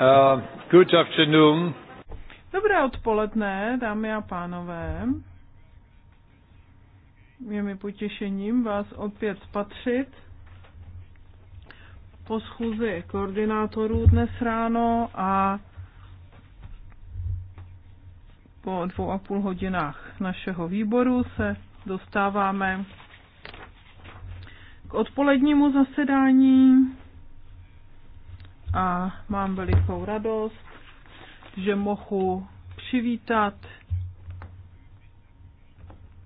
Uh, good afternoon. Dobré odpoledne, dámy a pánové. Je mi potěšením vás opět spatřit po schůzi koordinátorů dnes ráno a po dvou a půl hodinách našeho výboru se dostáváme k odpolednímu zasedání a mám velikou radost, že mohu přivítat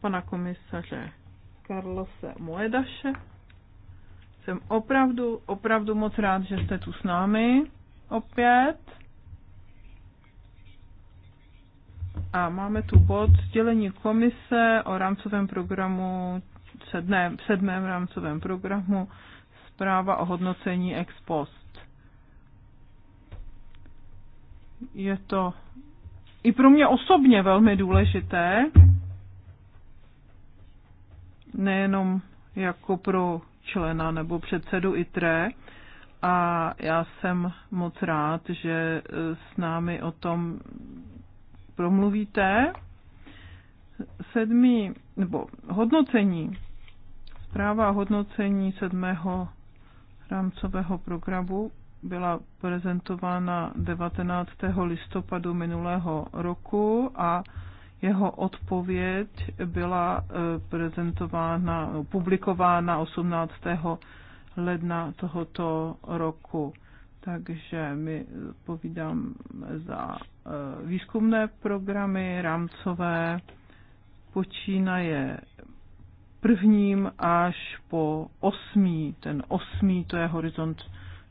pana komisaře Carlose Moedaše. Jsem opravdu, opravdu moc rád, že jste tu s námi opět. A máme tu bod sdělení komise o rámcovém programu, sedmém, sedmém rámcovém programu, zpráva o hodnocení ex post je to i pro mě osobně velmi důležité, nejenom jako pro člena nebo předsedu ITRE. A já jsem moc rád, že eh, s námi o tom promluvíte. Sedmý, nebo hodnocení, zpráva hodnocení sedmého rámcového programu byla prezentována 19. listopadu minulého roku a jeho odpověď byla eh, prezentována, publikována 18. ledna tohoto roku. Takže my povídám za eh, výzkumné programy rámcové počínaje prvním až po osmý. Ten osmý to je horizont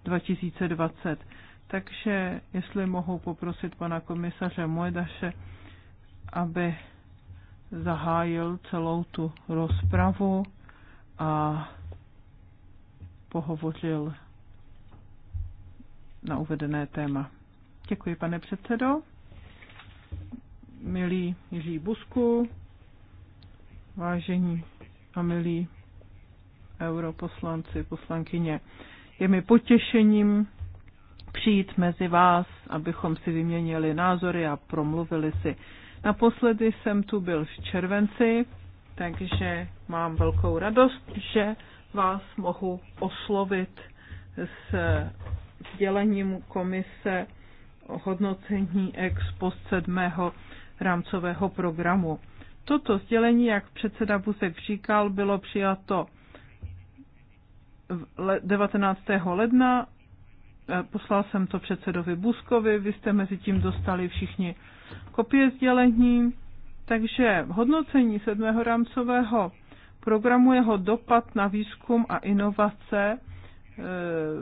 2020. Takže jestli mohu poprosit pana komisaře Moedaše, aby zahájil celou tu rozpravu a pohovořil na uvedené téma. Děkuji, pane předsedo. Milí Jiří Busku, vážení a milí europoslanci, poslankyně. Je mi potěšením přijít mezi vás, abychom si vyměnili názory a promluvili si. Naposledy jsem tu byl v červenci, takže mám velkou radost, že vás mohu oslovit s dělením komise o hodnocení ex post sedmého rámcového programu. Toto sdělení, jak předseda Busek říkal, bylo přijato 19. ledna. E, poslal jsem to předsedovi Buskovi, vy jste mezi tím dostali všichni kopie sdělení. Takže hodnocení sedmého rámcového programu jeho dopad na výzkum a inovace e,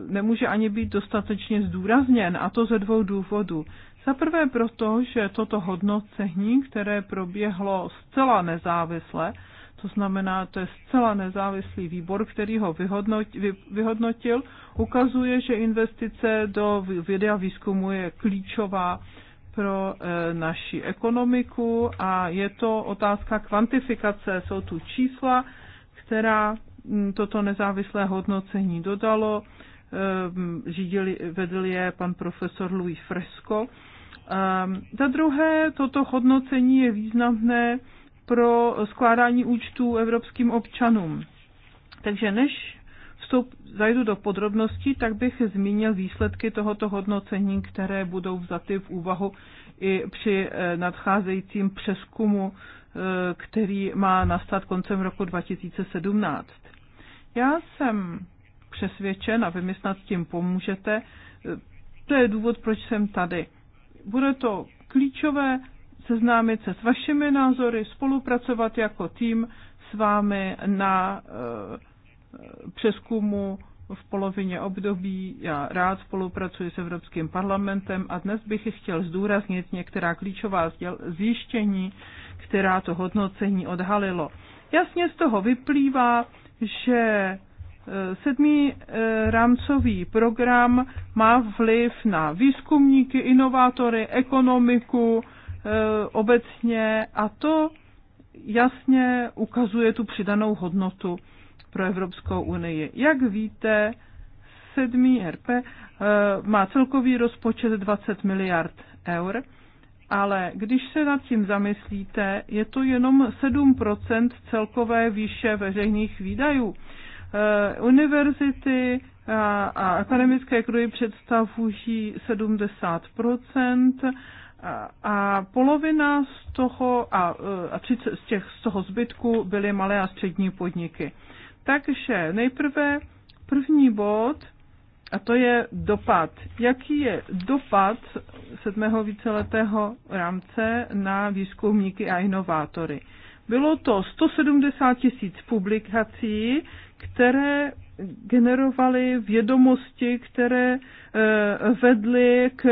nemůže ani být dostatečně zdůrazněn, a to ze dvou důvodů. Za prvé proto, že toto hodnocení, které proběhlo zcela nezávisle, to znamená, to je zcela nezávislý výbor, který ho vyhodnotil. Ukazuje, že investice do vědy a výzkumu je klíčová pro eh, naši ekonomiku a je to otázka kvantifikace. Jsou tu čísla, která hm, toto nezávislé hodnocení dodalo. Eh, řídili, vedl je pan profesor Louis Fresco. Eh, za druhé, toto hodnocení je významné pro skládání účtů evropským občanům. Takže než vstup, zajdu do podrobností, tak bych zmínil výsledky tohoto hodnocení, které budou vzaty v úvahu i při eh, nadcházejícím přeskumu, eh, který má nastat koncem roku 2017. Já jsem přesvědčen, a vy mi snad tím pomůžete, eh, to je důvod, proč jsem tady. Bude to klíčové seznámit se s vašimi názory, spolupracovat jako tým s vámi na eh, přeskumu v polovině období. Já rád spolupracuji s Evropským parlamentem a dnes bych chtěl zdůraznit některá klíčová zjištění, která to hodnocení odhalilo. Jasně z toho vyplývá, že eh, sedmý eh, rámcový program má vliv na výzkumníky, inovátory, ekonomiku, Eh, obecně a to jasně ukazuje tu přidanou hodnotu pro Evropskou unii. Jak víte, sedmý RP eh, má celkový rozpočet 20 miliard eur, ale když se nad tím zamyslíte, je to jenom 7 celkové výše veřejných výdajů. Eh, univerzity a akademické kruhy představují 70 a polovina z toho a, a 30 z, těch, z toho zbytku byly malé a střední podniky. Takže nejprve první bod, a to je dopad. Jaký je dopad sedmého víceletého rámce na výzkumníky a inovátory? Bylo to 170 tisíc publikací, které generovaly vědomosti, které eh, vedly k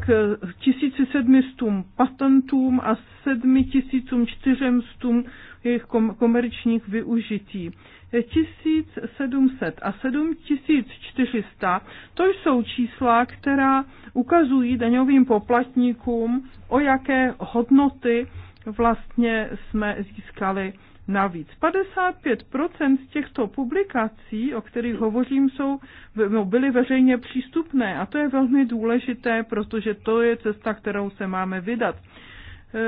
k 1700 patentům a 7400 jejich komerčních využití. 1700 a 7400 to jsou čísla, která ukazují daňovým poplatníkům, o jaké hodnoty vlastně jsme získali Navíc 55% z těchto publikací, o kterých hovořím, jsou, no, byly veřejně přístupné a to je velmi důležité, protože to je cesta, kterou se máme vydat. E,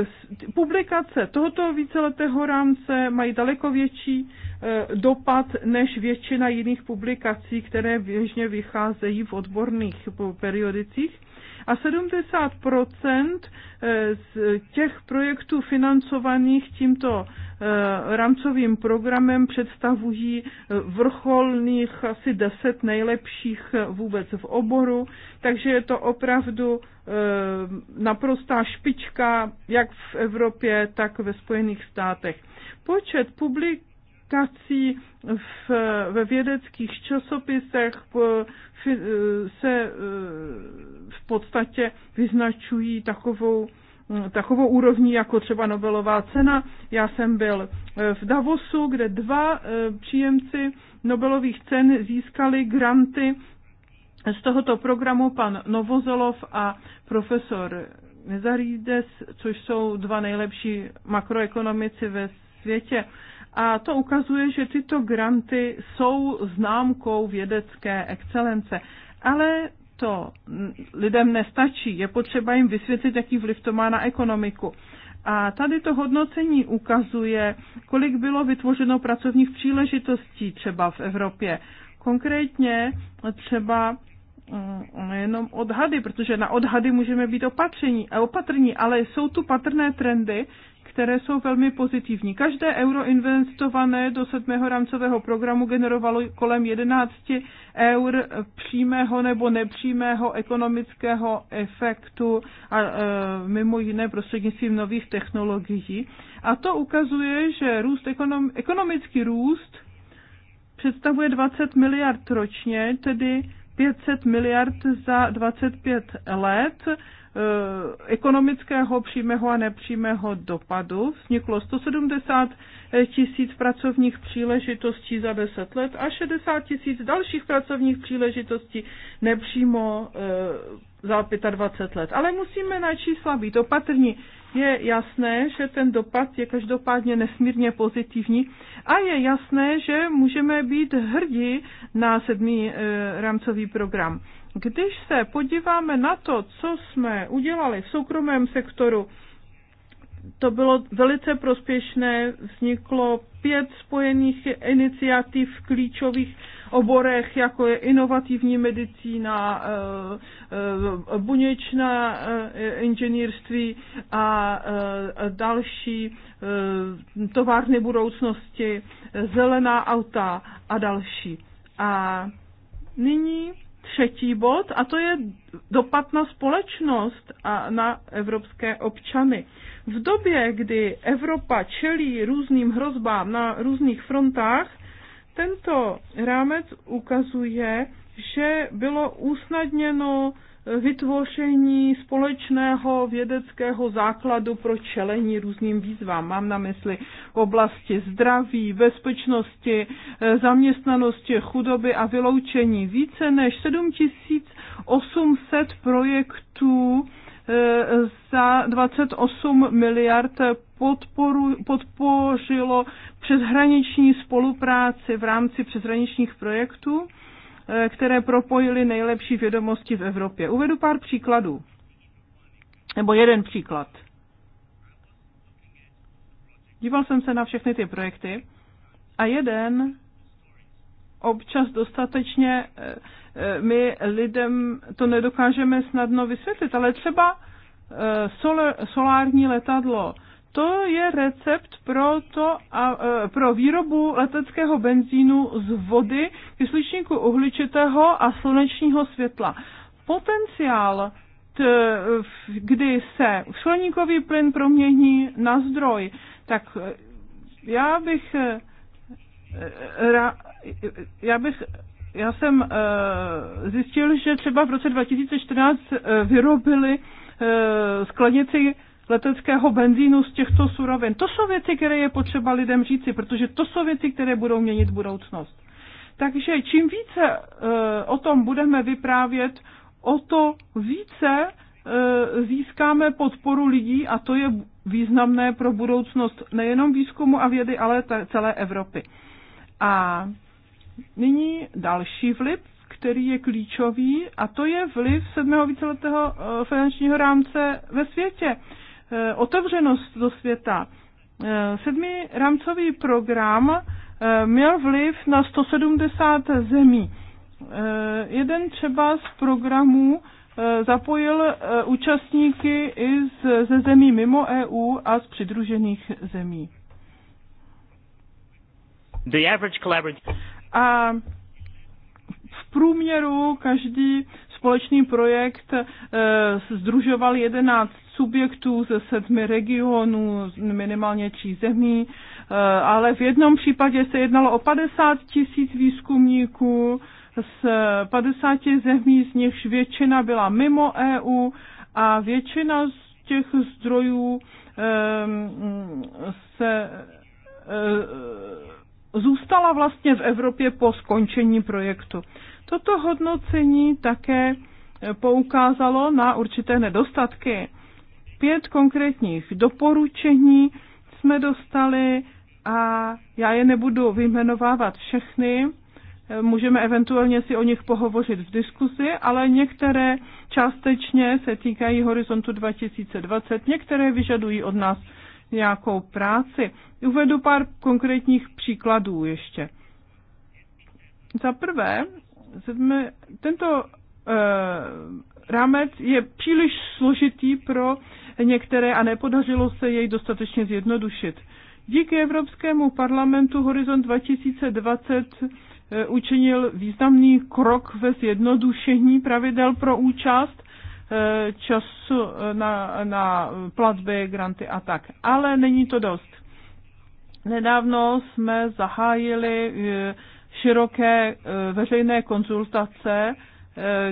e, publikace tohoto víceletého rámce mají daleko větší e, dopad než většina jiných publikací, které běžně vycházejí v odborných periodicích a 70 eh, z těch projektů financovaných tímto eh, rámcovým programem představují eh, vrcholných asi 10 nejlepších vůbec v oboru, takže je to opravdu naprostá špička jak v Evropě, tak ve Spojených státech. Počet publik publikací v, ve vědeckých časopisech se eh, v podstatě vyznačují takovou hm, takovou úrovní jako třeba Nobelová cena. Já jsem byl eh, v Davosu, kde dva eh, příjemci Nobelových cen získali granty z tohoto programu pan Novozolov a profesor Nezarides, což jsou dva nejlepší makroekonomici ve světě. A to ukazuje, že tyto granty jsou známkou vědecké excelence. Ale to lidem nestačí, je potřeba jim vysvětlit, jaký vliv to má na ekonomiku. A tady to hodnocení ukazuje, kolik bylo vytvořeno pracovních příležitostí třeba v Evropě. Konkrétně třeba mm, jenom odhady, protože na odhady můžeme být opatření, opatrní, ale jsou tu patrné trendy, které jsou velmi pozitivní. Každé euro investované do sedmého rámcového programu generovalo kolem 11 eur přímého nebo nepřímého ekonomického efektu a e, mimo jiné prostřednictvím nových technologií. A to ukazuje, že růst ekonom, ekonomický růst představuje 20 miliard ročně, tedy 500 miliard za 25 let Eh, ekonomického přímého a nepřímého dopadu vzniklo 170 tisíc pracovních příležitostí za 10 let a 60 tisíc dalších pracovních příležitostí nepřímo eh, za 25 let. Ale musíme na čísla být opatrní. Je jasné, že ten dopad je každopádně nesmírně pozitivní a je jasné, že můžeme být hrdí na sedmý eh, rámcový program. Když se podíváme na to, co jsme udělali v soukromém sektoru, to bylo velice prospěšné, vzniklo pět spojených iniciativ v klíčových oborech, jako je inovativní medicína, eh, eh, buněčná eh, inženýrství a další továrny budoucnosti, zelená auta a další. A nyní třetí bod a to je dopad na společnost a na evropské občany. V době, kdy Evropa čelí různým hrozbám na různých frontách, tento rámec ukazuje, že bylo usnadněno vytvoření společného vědeckého základu pro čelení různým výzvám. Mám na mysli oblasti zdraví, bezpečnosti, eh, zaměstnanosti, chudoby a vyloučení. Více než 7800 projektů eh, za 28 miliard podporu, podpořilo přeshraniční spolupráci v rámci přeshraničních projektů Eh, které propojily nejlepší vědomosti v Evropě. Uvedu pár příkladů, nebo jeden příklad. Díval jsem se na všechny ty projekty a jeden občas dostatečně eh, eh, my lidem to nedokážeme snadno vysvětlit, ale třeba solar, solární letadlo to je recept pro, to a, e, pro výrobu leteckého benzínu z vody, kysličníku uhličitého a slunečního světla. Potenciál, t, kdy se skleníkový plyn promění na zdroj, tak já bych e, e, já bych já jsem zjistil, že třeba v roce 2014 vyrobili sklenici leteckého benzínu z těchto surovin. To jsou věci, které je potřeba lidem říci, protože to jsou věci, které budou měnit budoucnost. Takže čím více eh, o tom budeme vyprávět, o to více eh, získáme podporu lidí a to je významné pro budoucnost nejenom výzkumu a vědy, ale celé Evropy. A nyní další vliv, který je klíčový, a to je vliv sedmého víceletého eh, finančního rámce ve světě. Eh, otevřenost do světa. Eh, sedmý rámcový program eh, měl vliv na 170 zemí. Jeden třeba z programů zapojil účastníky i ze zemí mimo EU a z přidružených zemí. The average collaborative... A v průměru každý společný projekt združoval 11 subjektů ze sedmi regionů, minimálně tří zemí, eh, ale v jednom případě se jednalo o 50 tisíc výzkumníků z 50 zemí, z nichž většina byla mimo EU a většina z těch zdrojů eh, se eh, zůstala vlastně v Evropě po skončení projektu. Toto hodnocení také poukázalo na určité nedostatky. Pět konkrétních doporučení jsme dostali a já je nebudu vyjmenovávat všechny. Můžeme eventuálně si o nich pohovořit v diskuzi, ale některé částečně se týkají horizontu 2020, některé vyžadují od nás nějakou práci. Uvedu pár konkrétních příkladů ještě. Za prvé, tento eh, rámec je příliš složitý pro některé a nepodařilo se jej dostatečně zjednodušit. Díky Evropskému parlamentu Horizont 2020 eh, učinil významný krok ve zjednodušení pravidel pro účast eh, času eh, na, na platby, granty a tak. Ale není to dost. Nedávno jsme zahájili široké veřejné konzultace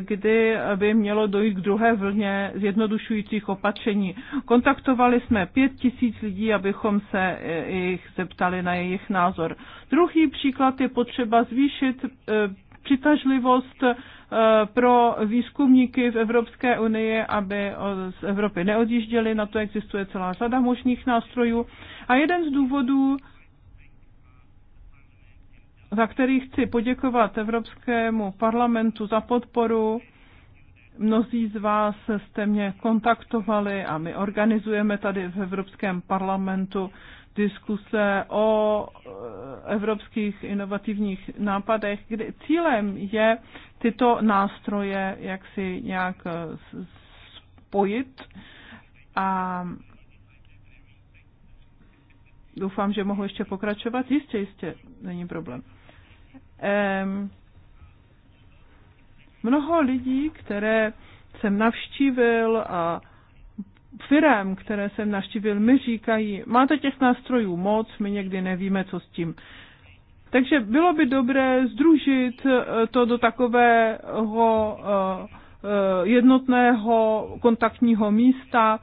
kdy by mělo dojít k druhé vlně zjednodušujících opatření. Kontaktovali jsme pět tisíc lidí, abychom se e, jich zeptali na jejich názor. Druhý příklad je potřeba zvýšit e, přitažlivost e, pro výzkumníky v Evropské unii, aby z Evropy neodjížděli. Na to existuje celá řada možných nástrojů. A jeden z důvodů, za který chci poděkovat Evropskému parlamentu za podporu. Mnozí z vás jste mě kontaktovali a my organizujeme tady v Evropském parlamentu diskuse o eh, evropských inovativních nápadech, kdy cílem je tyto nástroje jak si nějak eh, spojit a doufám, že mohu ještě pokračovat. Jistě, jistě, není problém mnoho lidí, které jsem navštívil a firem, které jsem navštívil, mi říkají, máte těch nástrojů moc, my někdy nevíme, co s tím. Takže bylo by dobré združit eh, to do takového eh, eh, jednotného kontaktního místa,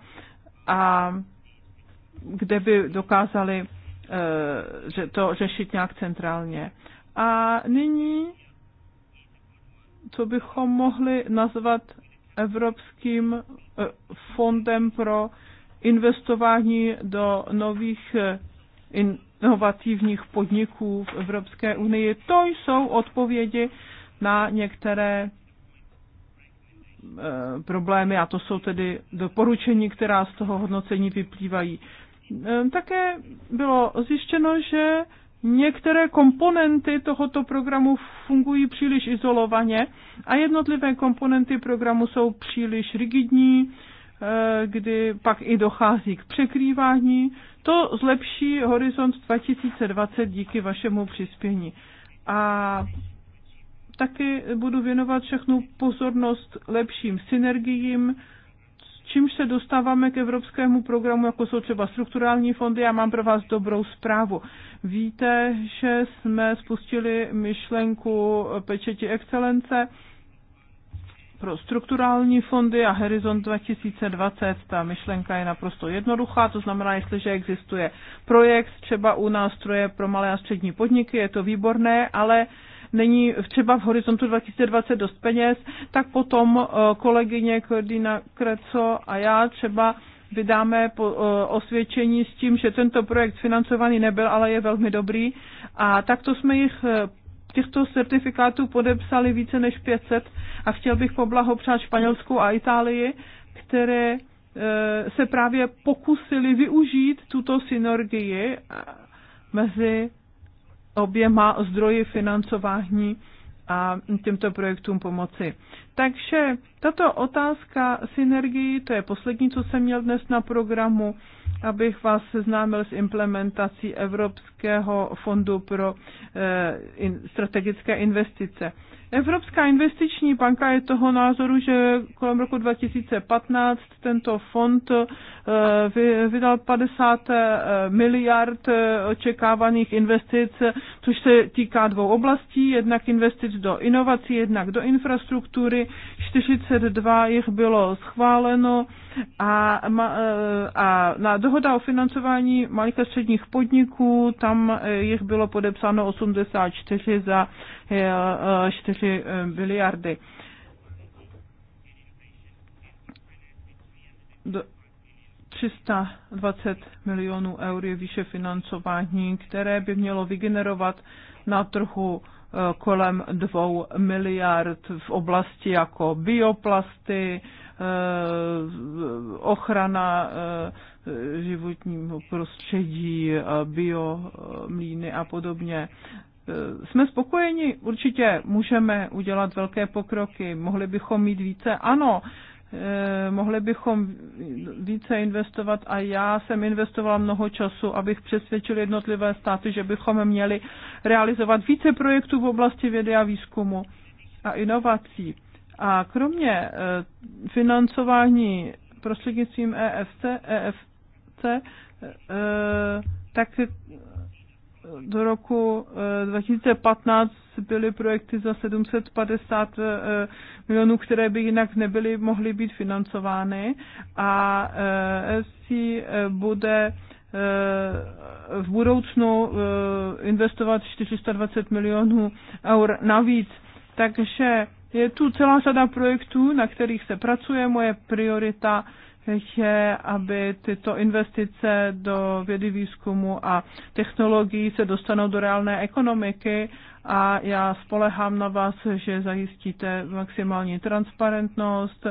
a kde by dokázali že to řešit nějak centrálně. A nyní, co bychom mohli nazvat Evropským eh, fondem pro investování do nových eh, inovativních podniků v Evropské unii. To jsou odpovědi na některé eh, problémy a to jsou tedy doporučení, která z toho hodnocení vyplývají. Také bylo zjištěno, že Některé komponenty tohoto programu fungují příliš izolovaně a jednotlivé komponenty programu jsou příliš rigidní, eh, kdy pak i dochází k překrývání. To zlepší horizont 2020 díky vašemu přispění. A taky budu věnovat všechnu pozornost lepším synergiím Čímž se dostáváme k evropskému programu, jako jsou třeba strukturální fondy, já mám pro vás dobrou zprávu. Víte, že jsme spustili myšlenku pečeti excelence pro strukturální fondy a Horizon 2020. Ta myšlenka je naprosto jednoduchá, to znamená, jestliže existuje projekt třeba u nástroje pro malé a střední podniky, je to výborné, ale není třeba v horizontu 2020 dost peněz, tak potom eh, kolegyně Kordina Kreco a já třeba vydáme eh, osvědčení s tím, že tento projekt financovaný nebyl, ale je velmi dobrý. A takto jsme jich eh, těchto certifikátů podepsali více než 500 a chtěl bych poblahopřát Španělsku a Itálii, které se právě pokusili využít tuto synergii mezi oběma zdroji financování a těmto projektům pomoci. Takže tato otázka synergii, to je poslední, co jsem měl dnes na programu, abych vás seznámil s implementací Evropského fondu pro eh, strategické investice. Evropská investiční banka je toho názoru, že kolem roku 2015 tento fond eh, vydal 50 eh, miliard eh, očekávaných investic, což se týká dvou oblastí, jednak investic do inovací, jednak do infrastruktury. 42 jich bylo schváleno a, a na dohoda o financování malých a středních podniků, tam jich bylo podepsáno 84 za 4 3 eh, biliardy. Do 320 milionů eur je výše financování, které by mělo vygenerovat na trhu eh, kolem 2 miliard v oblasti jako bioplasty, eh, ochrana životního prostředí, biomlíny a podobně. Eh, jsme spokojeni, určitě můžeme udělat velké pokroky, mohli bychom mít více, ano, eh, mohli bychom více investovat a já jsem investovala mnoho času, abych přesvědčil jednotlivé státy, že bychom měli realizovat více projektů v oblasti vědy a výzkumu a inovací. A kromě eh, financování prostřednictvím EFC, EFC tak do roku 2015 eh, byly projekty za 750 eh, milionů, které by jinak nebyly, mohly být financovány a eh, SC bude v budoucnu investovat 420 milionů eur navíc. Takže je tu celá řada projektů, na kterých se pracuje. Moje priorita je, aby tyto investice do vědy, výzkumu a technologií se dostanou do reálné ekonomiky a já spolehám na vás, že zajistíte maximální transparentnost,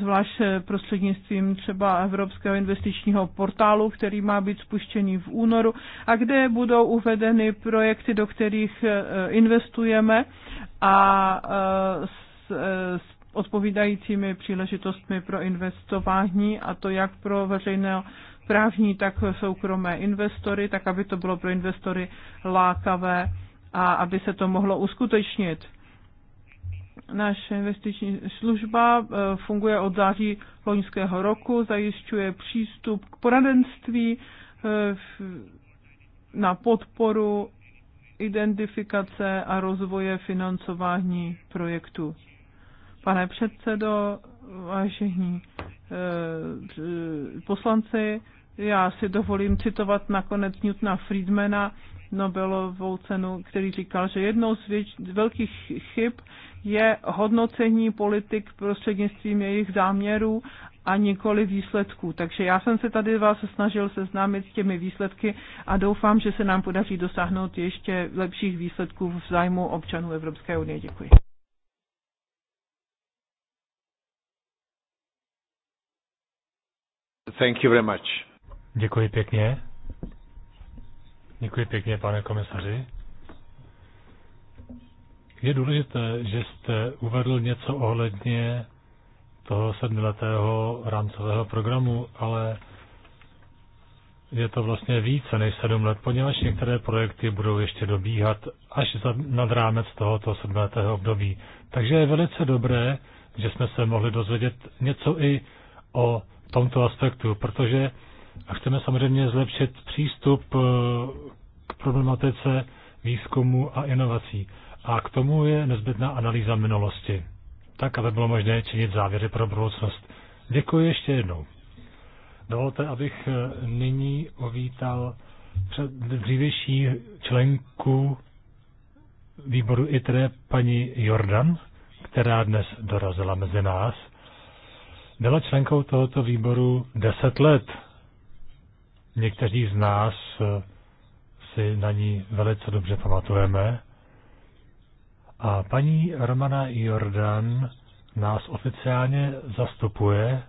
zvlášť prostřednictvím třeba Evropského investičního portálu, který má být spuštěný v únoru a kde budou uvedeny projekty, do kterých eh, investujeme a eh, s eh, odpovídajícími příležitostmi pro investování a to jak pro veřejné právní, tak soukromé investory, tak aby to bylo pro investory lákavé a aby se to mohlo uskutečnit. Naše investiční služba eh, funguje od září loňského roku, zajišťuje přístup k poradenství eh, na podporu identifikace a rozvoje financování projektů. Pane předsedo, vážení eh, poslanci, já si dovolím citovat nakonec Newtona Friedmana, Nobelovou cenu, který říkal, že jednou z věč- velkých chyb je hodnocení politik prostřednictvím jejich záměrů a nikoli výsledků. Takže já jsem se tady vás snažil seznámit s těmi výsledky a doufám, že se nám podaří dosáhnout ještě lepších výsledků v zájmu občanů Evropské unie. Děkuji. Thank you very much. Děkuji pěkně. Děkuji pěkně, pane komisaři. Je důležité, že jste uvedl něco ohledně toho sedmiletého rámcového programu, ale je to vlastně více než sedm let, poněvadž některé projekty budou ještě dobíhat až za, nad rámec tohoto sedmiletého období. Takže je velice dobré, že jsme se mohli dozvědět něco i o tomto aspektu, protože chceme samozřejmě zlepšit přístup eh, k problematice výzkumu a inovací. A k tomu je nezbytná analýza minulosti, tak aby bylo možné činit závěry pro budoucnost. Děkuji ještě jednou. Dovolte, abych eh, nyní ovítal před dřívější členku výboru ITRE paní Jordan, která dnes dorazila mezi nás. Byla členkou tohoto výboru deset let. Někteří z nás eh, si na ní velice dobře pamatujeme. A paní Romana Jordan nás oficiálně zastupuje,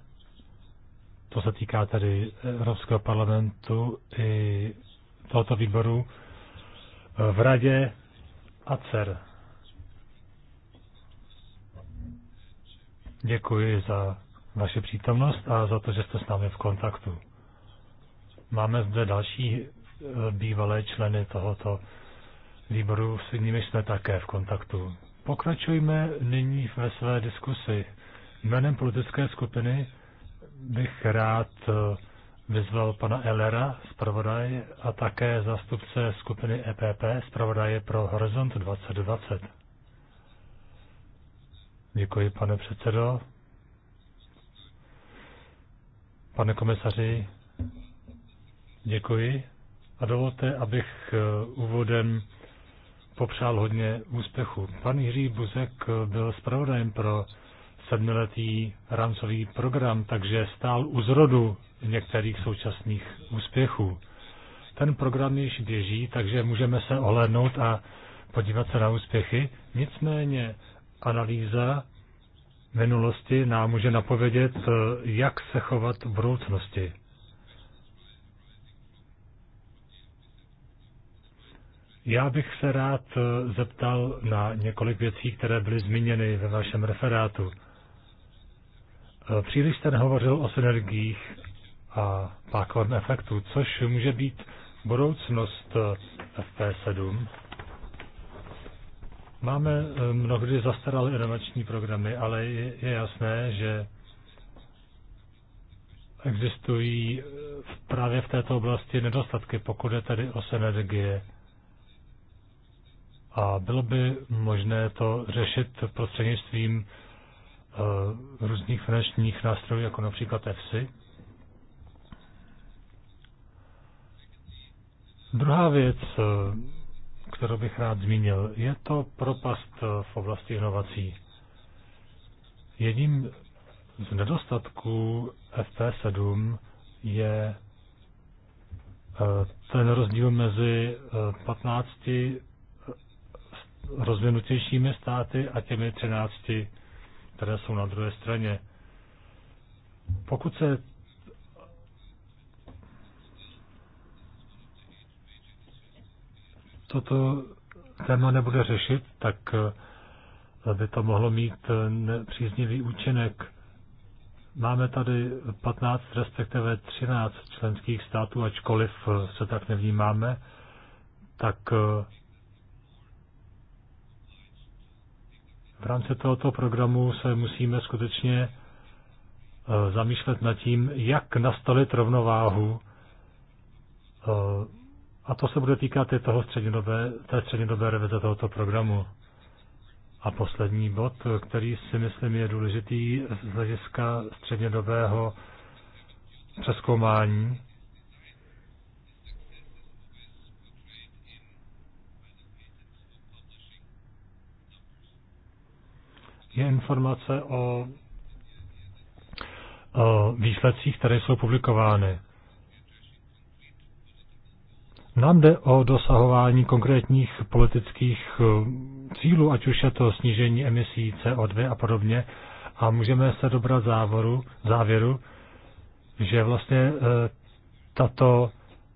to se týká tedy Evropského parlamentu i tohoto výboru, eh, v radě ACER. Děkuji za vaši přítomnost a za to, že jste s námi v kontaktu. Máme zde další e, bývalé členy tohoto výboru, s nimi jsme také v kontaktu. Pokračujme nyní ve své diskusi. Jménem politické skupiny bych rád e, vyzval pana Elera, zpravodaje, a také zástupce skupiny EPP, zpravodaje pro Horizont 2020. Děkuji, pane předsedo. Pane komisaři, děkuji a dovolte, abych eh, úvodem popřál hodně úspěchu. Pan Jiří Buzek eh, byl zpravodajem pro sedmiletý rámcový program, takže stál u zrodu některých současných úspěchů. Ten program již běží, takže můžeme se ohlednout a podívat se na úspěchy. Nicméně analýza minulosti nám může napovědět, eh, jak se chovat v budoucnosti. Já bych se rád eh, zeptal na několik věcí, které byly zmíněny ve vašem referátu. Eh, příliš jste nehovořil o synergiích a pákovém efektu, což může být budoucnost FP7. Máme eh, mnohdy zastaralé inovační programy, ale je, jasné, že existují eh, právě v této oblasti nedostatky, pokud je tedy o synergie. A bylo by možné to řešit prostřednictvím eh, různých finančních nástrojů, jako například EFSI. Druhá věc, kterou bych rád zmínil. Je to propast v oblasti inovací. Jedním z nedostatků FP7 je eh, ten rozdíl mezi 15 eh, eh, rozvinutějšími státy a těmi 13, které jsou na druhé straně. Pokud se toto téma nebude řešit, tak eh, by to mohlo mít eh, nepříznivý účinek. Máme tady 15, respektive 13 členských států, ačkoliv eh, se tak nevnímáme, tak v rámci tohoto programu se musíme skutečně zamýšlet nad tím, jak nastavit rovnováhu a to se bude týkat i toho střednědobé, té střednědobé revize tohoto programu. A poslední bod, který si myslím je důležitý z hlediska střednědobého přeskoumání, je informace o, o výsledcích, které jsou publikovány. Nám jde o dosahování konkrétních politických eh, cílů, ať už je to snížení emisí CO2 a podobně, a můžeme se dobrat závoru, závěru, že vlastně eh, tato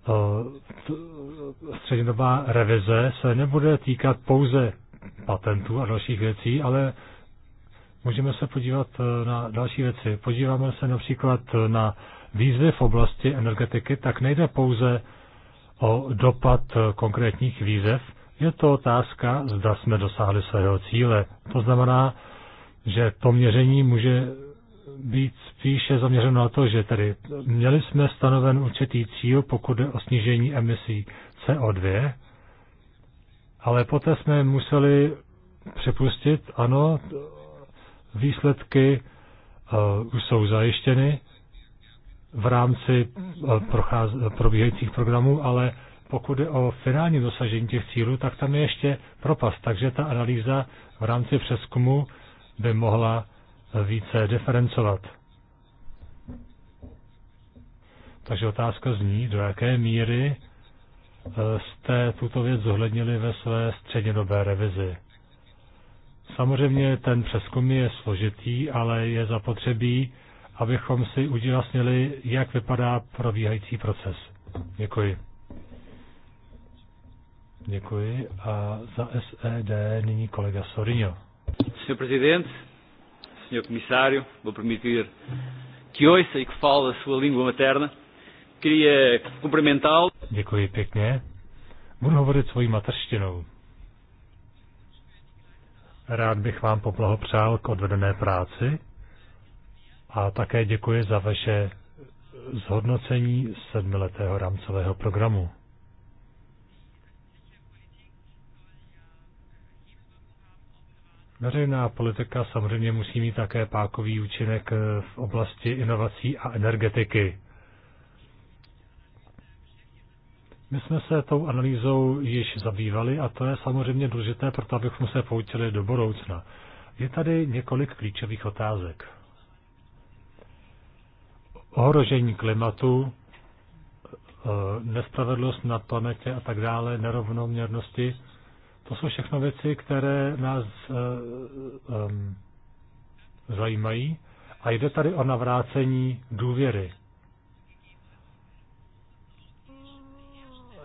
eh, střednědobá revize se nebude týkat pouze patentů a dalších věcí, ale můžeme se podívat na další věci. Podíváme se například na výzvy v oblasti energetiky, tak nejde pouze o dopad eh, konkrétních výzev, je to otázka, zda jsme dosáhli svého cíle. To znamená, že to měření může být spíše zaměřeno na to, že tedy měli jsme stanoven určitý cíl, pokud je o snížení emisí CO2, ale poté jsme museli přepustit. ano, výsledky uh, už jsou zajištěny, v rámci eh, eh, probíhajících programů, ale pokud je o finální dosažení těch cílů, tak tam je ještě propast. Takže ta analýza v rámci přeskumu by mohla eh, více diferencovat. Takže otázka zní, do jaké míry jste tuto věc zohlednili ve své střednědobé revizi. Samozřejmě ten přeskum je složitý, ale je zapotřebí abychom si ujasnili, jak vypadá probíhající proces. Děkuji. Děkuji. A za SED nyní kolega Sorinho. Senhor Presidente, Senhor Comissário, vou permitir que ouça e que fale a sua língua materna. Queria cumprimentá-lo. Děkuji pěkně. Budu hovořit svojí materštinou. Rád bych vám poblahopřál k odvedené práci a také děkuji za vaše zhodnocení sedmiletého rámcového programu. Veřejná politika samozřejmě musí mít také pákový účinek v oblasti inovací a energetiky. My jsme se tou analýzou již zabývali a to je samozřejmě důležité, proto abychom se poučili do budoucna. Je tady několik klíčových otázek ohrožení klimatu, e, nespravedlnost na planetě a tak dále, nerovnoměrnosti. To jsou všechno věci, které nás um, zajímají a jde tady o navrácení důvěry.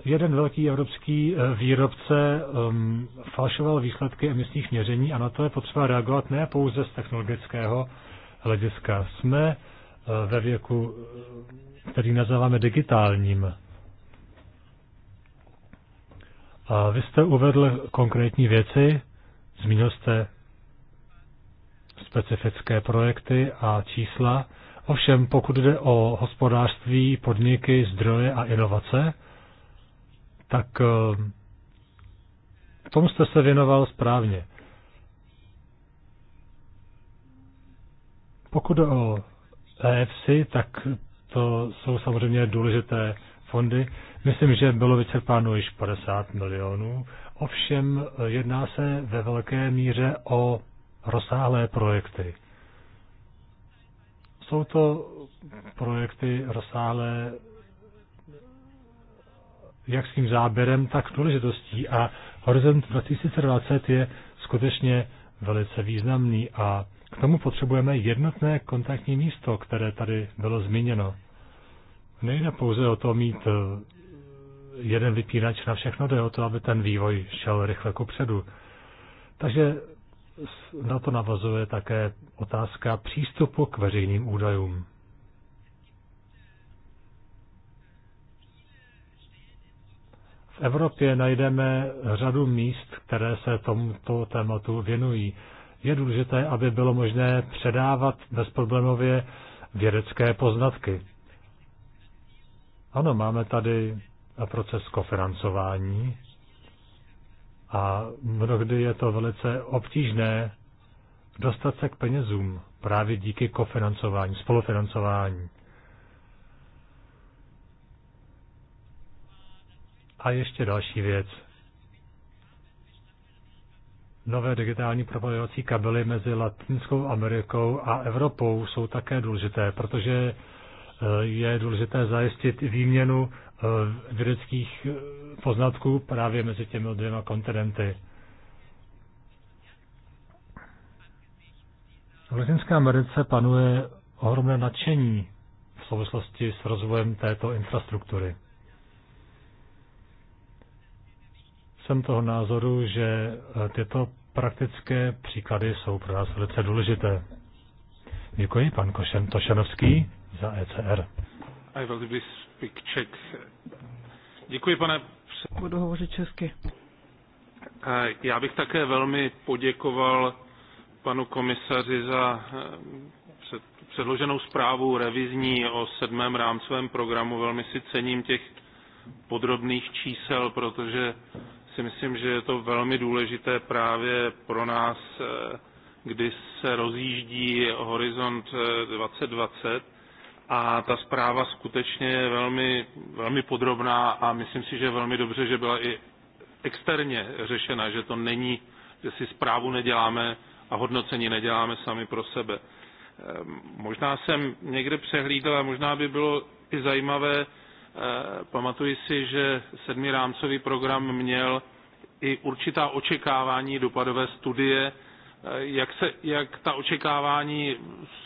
Jeden velký evropský výrobce um, falšoval výsledky emisních měření a na to je potřeba reagovat ne pouze z technologického hlediska. Jsme uh, Eh, ve věku, eh, který nazýváme digitálním. A vy jste uvedl konkrétní věci, zmínil jste specifické projekty a čísla. Ovšem, pokud jde o hospodářství, podniky, zdroje a inovace, tak eh, tomu jste se věnoval správně. Pokud jde o EFSI, tak to jsou samozřejmě důležité fondy. Myslím, že bylo vyčerpáno již 50 milionů. Ovšem jedná se ve velké míře o rozsáhlé projekty. Jsou to projekty rozsáhlé jak s tím záběrem, tak důležitostí. A Horizont 2020 je skutečně velice významný a k tomu potřebujeme jednotné kontaktní místo, které tady bylo zmíněno. Nejde pouze o to mít eh, jeden vypínač na všechno, jde o to, aby ten vývoj šel rychle kupředu. Takže na to navazuje také otázka přístupu k veřejným údajům. V Evropě najdeme řadu míst, které se tomuto tématu věnují. Je důležité, aby bylo možné předávat bezproblémově vědecké poznatky. Ano, máme tady proces kofinancování a mnohdy je to velice obtížné dostat se k penězům právě díky kofinancování, spolufinancování. A ještě další věc. Nové digitální propojovací kabely mezi Latinskou Amerikou a Evropou jsou také důležité, protože eh, je důležité zajistit výměnu eh, vědeckých eh, poznatků právě mezi těmi dvěma kontinenty. V Latinské Americe panuje ohromné nadšení v souvislosti s rozvojem této infrastruktury. Jsem toho názoru, že tyto praktické příklady jsou pro nás velice důležité. Děkuji, pan Košen Tošenovský za ECR. I will speak Czech. Děkuji, pane... Budu hovořit česky. Já bych také velmi poděkoval panu komisaři za eh, předloženou zprávu revizní o sedmém rámcovém programu. Velmi si cením těch podrobných čísel, protože si myslím, že je to velmi důležité právě pro nás, eh, kdy se rozjíždí horizont 2020 eh, a ta zpráva skutečně je velmi, velmi podrobná a myslím si, že je velmi dobře, že byla i externě řešena, že to není, že si zprávu neděláme a hodnocení neděláme sami pro sebe. Eh, možná jsem někde přehlídl a možná by bylo i zajímavé Eh, pamatuji si, že sedmý rámcový program měl i určitá očekávání dopadové studie, eh, jak, se, jak ta očekávání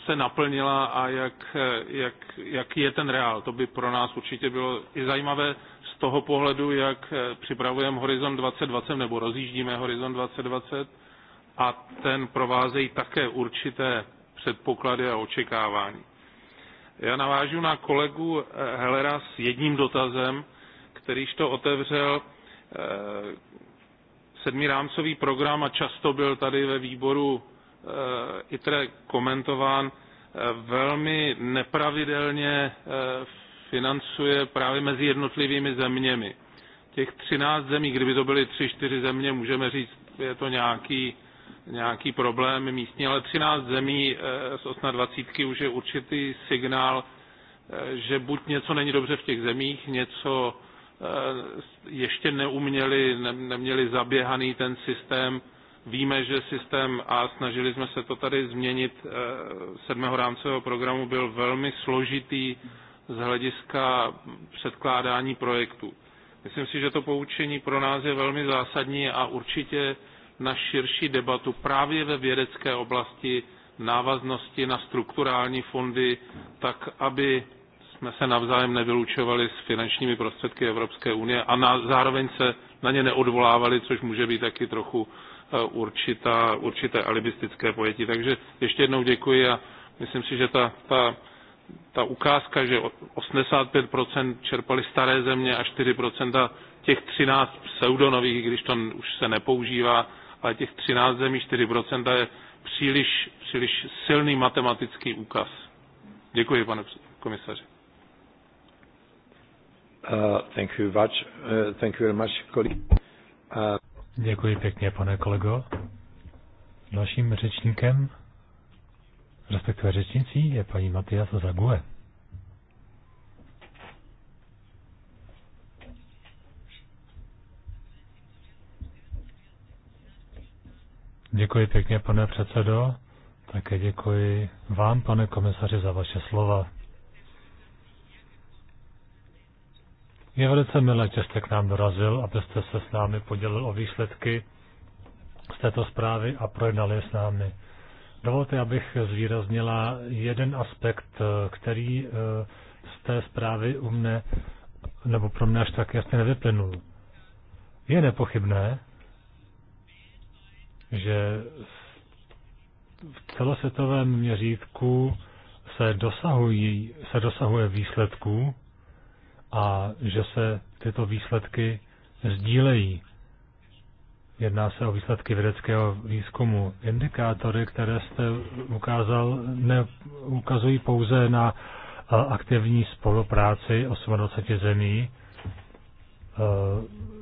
se naplnila a jak, eh, jak, jak je ten reál. To by pro nás určitě bylo i zajímavé z toho pohledu, jak připravujeme Horizon 2020 nebo rozjíždíme Horizon 2020 a ten provázejí také určité předpoklady a očekávání. Já navážu na kolegu eh, Helera s jedním dotazem, kterýž to otevřel eh, sedmi rámcový program a často byl tady ve výboru eh, ITRE komentován, velmi nepravidelně financuje právě mezi jednotlivými zeměmi. Těch 13 zemí, kdyby to byly 3-4 země, můžeme říct, je to nějaký nějaký problém místní, ale 13 zemí eh, z 28 už je určitý signál, eh, že buď něco není dobře v těch zemích, něco eh, ještě neuměli, neměli zaběhaný ten systém. Víme, že systém a snažili jsme se to tady změnit sedmého rámcového programu byl velmi složitý z hlediska předkládání projektů. Myslím si, že to poučení pro nás je velmi zásadní a určitě na širší debatu právě ve vědecké oblasti návaznosti na strukturální fondy, tak aby jsme se navzájem nevylučovali s finančními prostředky Evropské unie a na, zároveň se na ně neodvolávali, což může být taky trochu eh, určitá, určité alibistické pojetí. Takže ještě jednou děkuji a myslím si, že ta, ta, ta ukázka, že 85% čerpali staré země a 4% těch 13 pseudonových, když to už se nepoužívá, ale těch 13 zemí 4% je příliš, příliš silný matematický úkaz. Děkuji, pane komisaři. Uh, uh, uh, Děkuji pěkně, pane kolego. Dalším řečníkem, respektive řečnicí, je paní Matias Zague. Děkuji pěkně, pane předsedo. Také děkuji vám, pane komisaři, za vaše slova. Je velice milé, že jste k nám dorazil, abyste se s námi podělil o výsledky z této zprávy a projednali s námi. Dovolte, abych zvýraznila jeden aspekt, který eh, z té zprávy u mne, nebo pro mě až tak jasně nevyplynul. Je nepochybné, že v celosvětovém měřítku se, dosahují, se dosahuje výsledků a že se tyto výsledky sdílejí. Jedná se o výsledky vědeckého výzkumu. Indikátory, které jste ukázal, neukazují pouze na aktivní spolupráci 28 zemí, e,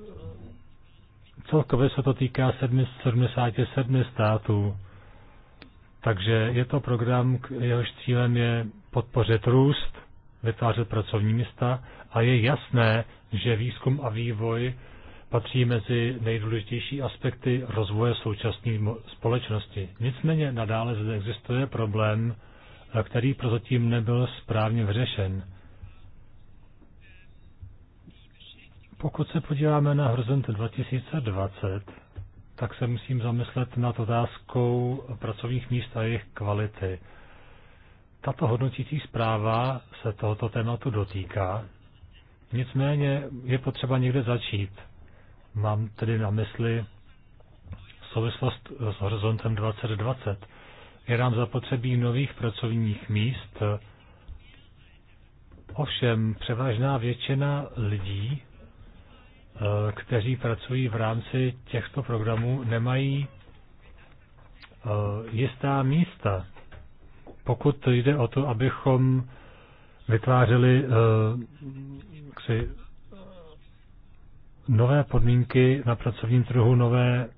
Celkově se to týká 77 států. Takže je to program, jehož cílem je podpořit růst, vytvářet pracovní místa a je jasné, že výzkum a vývoj patří mezi nejdůležitější aspekty rozvoje současné společnosti. Nicméně nadále zde existuje problém, který prozatím nebyl správně vyřešen. Pokud se podíváme na horizont 2020, tak se musím zamyslet nad otázkou pracovních míst a jejich kvality. Tato hodnotící zpráva se tohoto tématu dotýká, nicméně je potřeba někde začít. Mám tedy na mysli souvislost s horizontem 2020. Je nám zapotřebí nových pracovních míst, ovšem převážná většina lidí Eh, kteří pracují v rámci těchto programů, nemají eh, jistá místa. Pokud jde o to, abychom vytvářeli eh, kři, nové podmínky na pracovním trhu, nové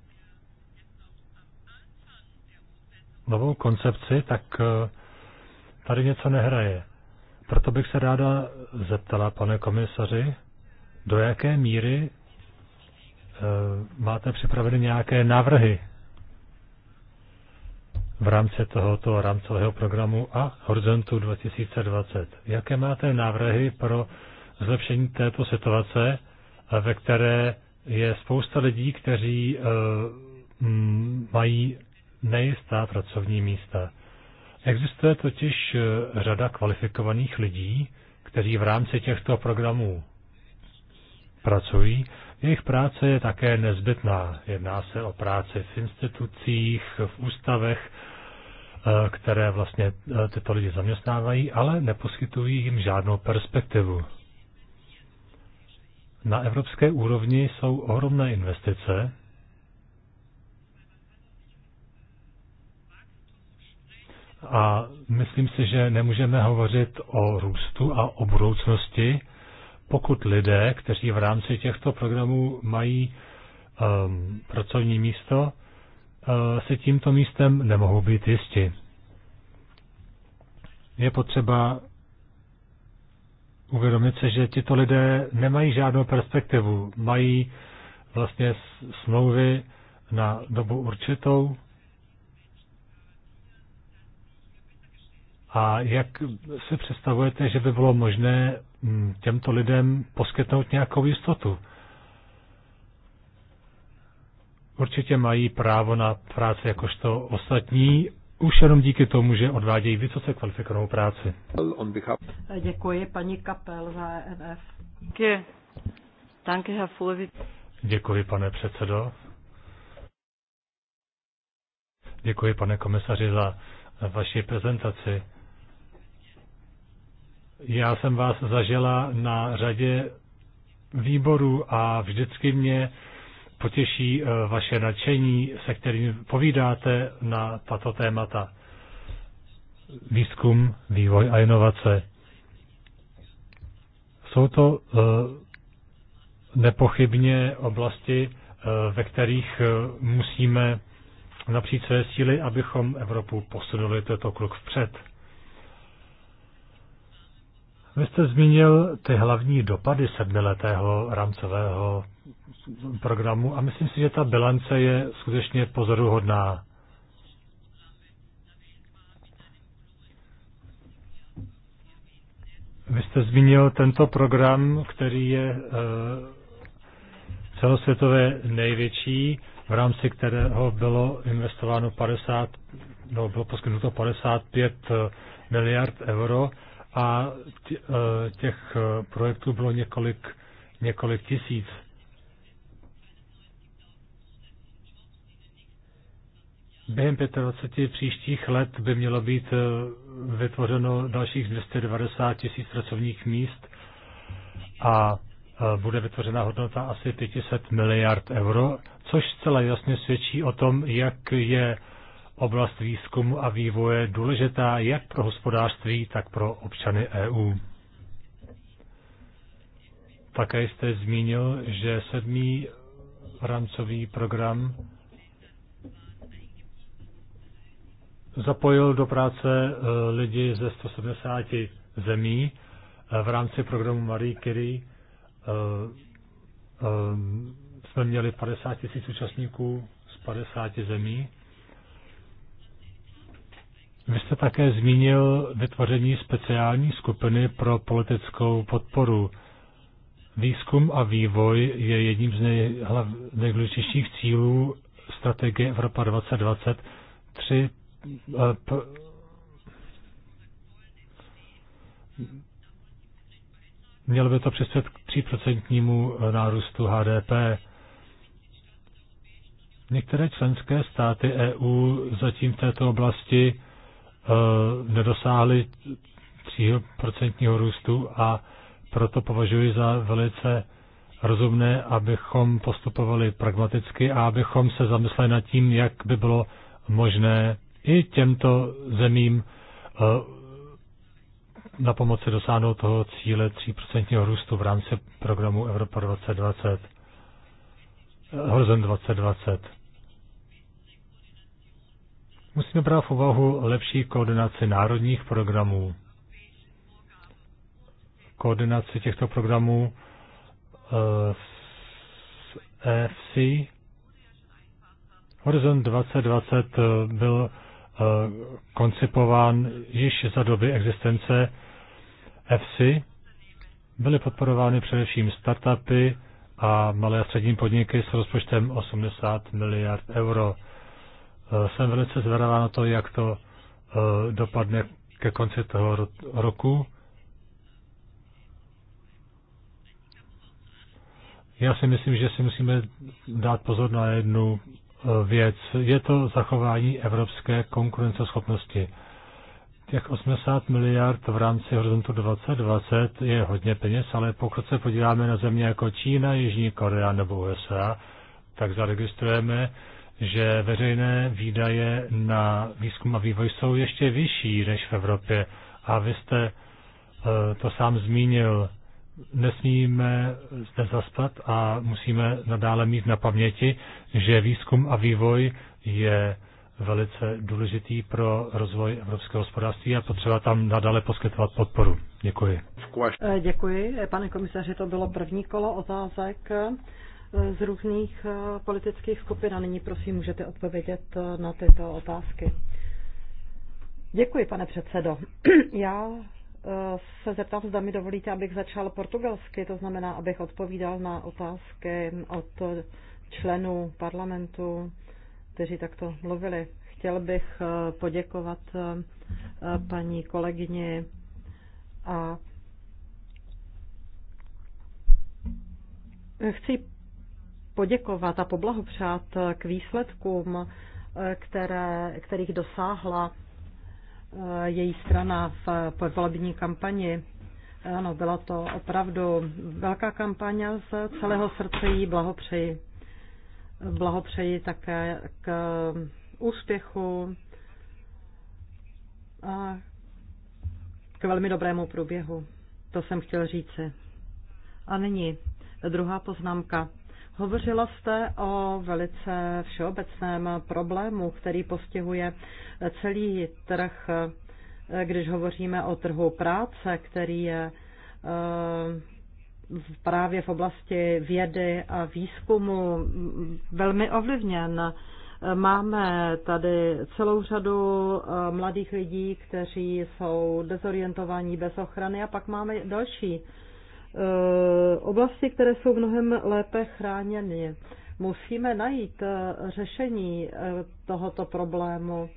novou koncepci, tak tady něco nehraje. Proto bych se ráda zeptala, pane komisaři, do jaké míry eh, máte připraveny nějaké návrhy v rámci tohoto rámcového programu a Horizontu 2020? Jaké máte návrhy pro zlepšení této situace, eh, ve které je spousta lidí, kteří eh, mají nejistá pracovní místa. Existuje totiž řada kvalifikovaných lidí, kteří v rámci těchto programů pracují. Jejich práce je také nezbytná. Jedná se o práci v institucích, v ústavech, eh, které vlastně eh, tyto lidi zaměstnávají, ale neposkytují jim žádnou perspektivu. Na evropské úrovni jsou ohromné investice. A myslím si, že nemůžeme hovořit o růstu a o budoucnosti, pokud lidé, kteří v rámci těchto programů mají um, pracovní místo, uh, se tímto místem nemohou být jisti. Je potřeba uvědomit se, že tito lidé nemají žádnou perspektivu. Mají vlastně smlouvy na dobu určitou a jak si představujete, že by bylo možné Mm, těmto lidem poskytnout nějakou jistotu. Určitě mají právo na práci jakožto ostatní, už jenom díky tomu, že odvádějí vysoce kvalifikovanou práci. Děkuji paní Kapel za e ENF. Děkuji, pane předsedo. Děkuji, pane komisaři, za vaši prezentaci. Já jsem vás zažila na řadě výborů a vždycky mě potěší eh, vaše nadšení, se kterým povídáte na tato témata. Výzkum, vývoj a inovace. Jsou to eh, nepochybně oblasti, eh, ve kterých musíme napříč své síly, abychom Evropu posunuli tento krok vpřed. Vy jste zmínil ty hlavní dopady sedmiletého rámcového programu a myslím si, že ta bilance je skutečně pozoruhodná. Vy jste zmínil tento program, který je eh, celosvětově největší, v rámci kterého bylo investováno 50, no, bylo poskytnuto 55 eh, miliard euro a e, těch e, projektů bylo několik, několik tisíc. Během 25 příštích let by mělo být e, vytvořeno dalších 290 tisíc pracovních míst a bude vytvořena hodnota asi 500 miliard euro, což zcela jasně svědčí o tom, jak je Oblast výzkumu a vývoje je důležitá jak pro hospodářství, tak pro občany EU. Také jste zmínil, že sedmý rámcový program zapojil do práce eh, lidi ze 170 zemí eh, v rámci programu Marie Curie eh, jsme měli 50 tisíc účastníků z 50 zemí. Vy jste také zmínil vytvoření speciální skupiny pro politickou podporu. Výzkum a vývoj je jedním z nejdůležitějších cílů strategie Evropa 2020. Tři, eh, p, mělo by to přispět k 3% eh, nárůstu HDP. Některé členské státy EU zatím v této oblasti Eh, nedosáhly 3% růstu a proto považuji za velice rozumné, abychom postupovali pragmaticky a abychom se zamysleli nad tím, jak by bylo možné i těmto zemím eh, na pomoci dosáhnout toho cíle 3% růstu v rámci programu Evropa 2020, eh, Horizon 2020. Musíme brát v úvahu lepší koordinaci národních programů. Koordinaci těchto programů eh, s EFC. Horizont 2020 eh, byl eh, koncipován již za doby existence EFC. Byly podporovány především startupy a malé a střední podniky s rozpočtem 80 miliard euro. Eh, jsem velice zvedavá na to, jak to eh, dopadne ke konci toho roku. Já si myslím, že si musíme dát pozor na jednu eh, věc. Je to zachování evropské konkurenceschopnosti. Těch 80 miliard v rámci horizontu 2020 je hodně peněz, ale pokud se podíváme na země jako Čína, Jižní Korea nebo USA, tak zaregistrujeme, že veřejné výdaje na výzkum a vývoj jsou ještě vyšší než v Evropě. A vy jste eh, to sám zmínil. Nesmíme zde zaspat a musíme nadále mít na paměti, že výzkum a vývoj je velice důležitý pro rozvoj evropského hospodářství a potřeba tam nadále poskytovat podporu. Děkuji. Eh, děkuji, pane komisaři, to bylo první kolo otázek z různých eh, politických skupin a nyní prosím můžete odpovědět eh, na tyto otázky. Děkuji, pane předsedo. Já eh, se zeptám, zda mi dovolíte, abych začal portugalsky, to znamená, abych odpovídal na otázky od členů parlamentu, kteří takto mluvili. Chtěl bych poděkovat paní kolegyni a chci poděkovat a poblahopřát k výsledkům, eh, které, kterých dosáhla eh, její strana v podvolební kampani. Ano, byla to opravdu velká kampaň a z celého srdce jí blahopřeji. Blahopřeji také k úspěchu a k velmi dobrému průběhu. To jsem chtěl říci. A nyní druhá poznámka. Hovořila jste o velice všeobecném problému, který postihuje celý trh, když hovoříme o trhu práce, který je eh, právě v oblasti vědy a výzkumu velmi ovlivněn. Máme tady celou řadu eh, mladých lidí, kteří jsou dezorientovaní bez ochrany a pak máme další Eh, oblasti, které jsou mnohem lépe chráněny. Musíme najít eh, řešení eh, tohoto problému.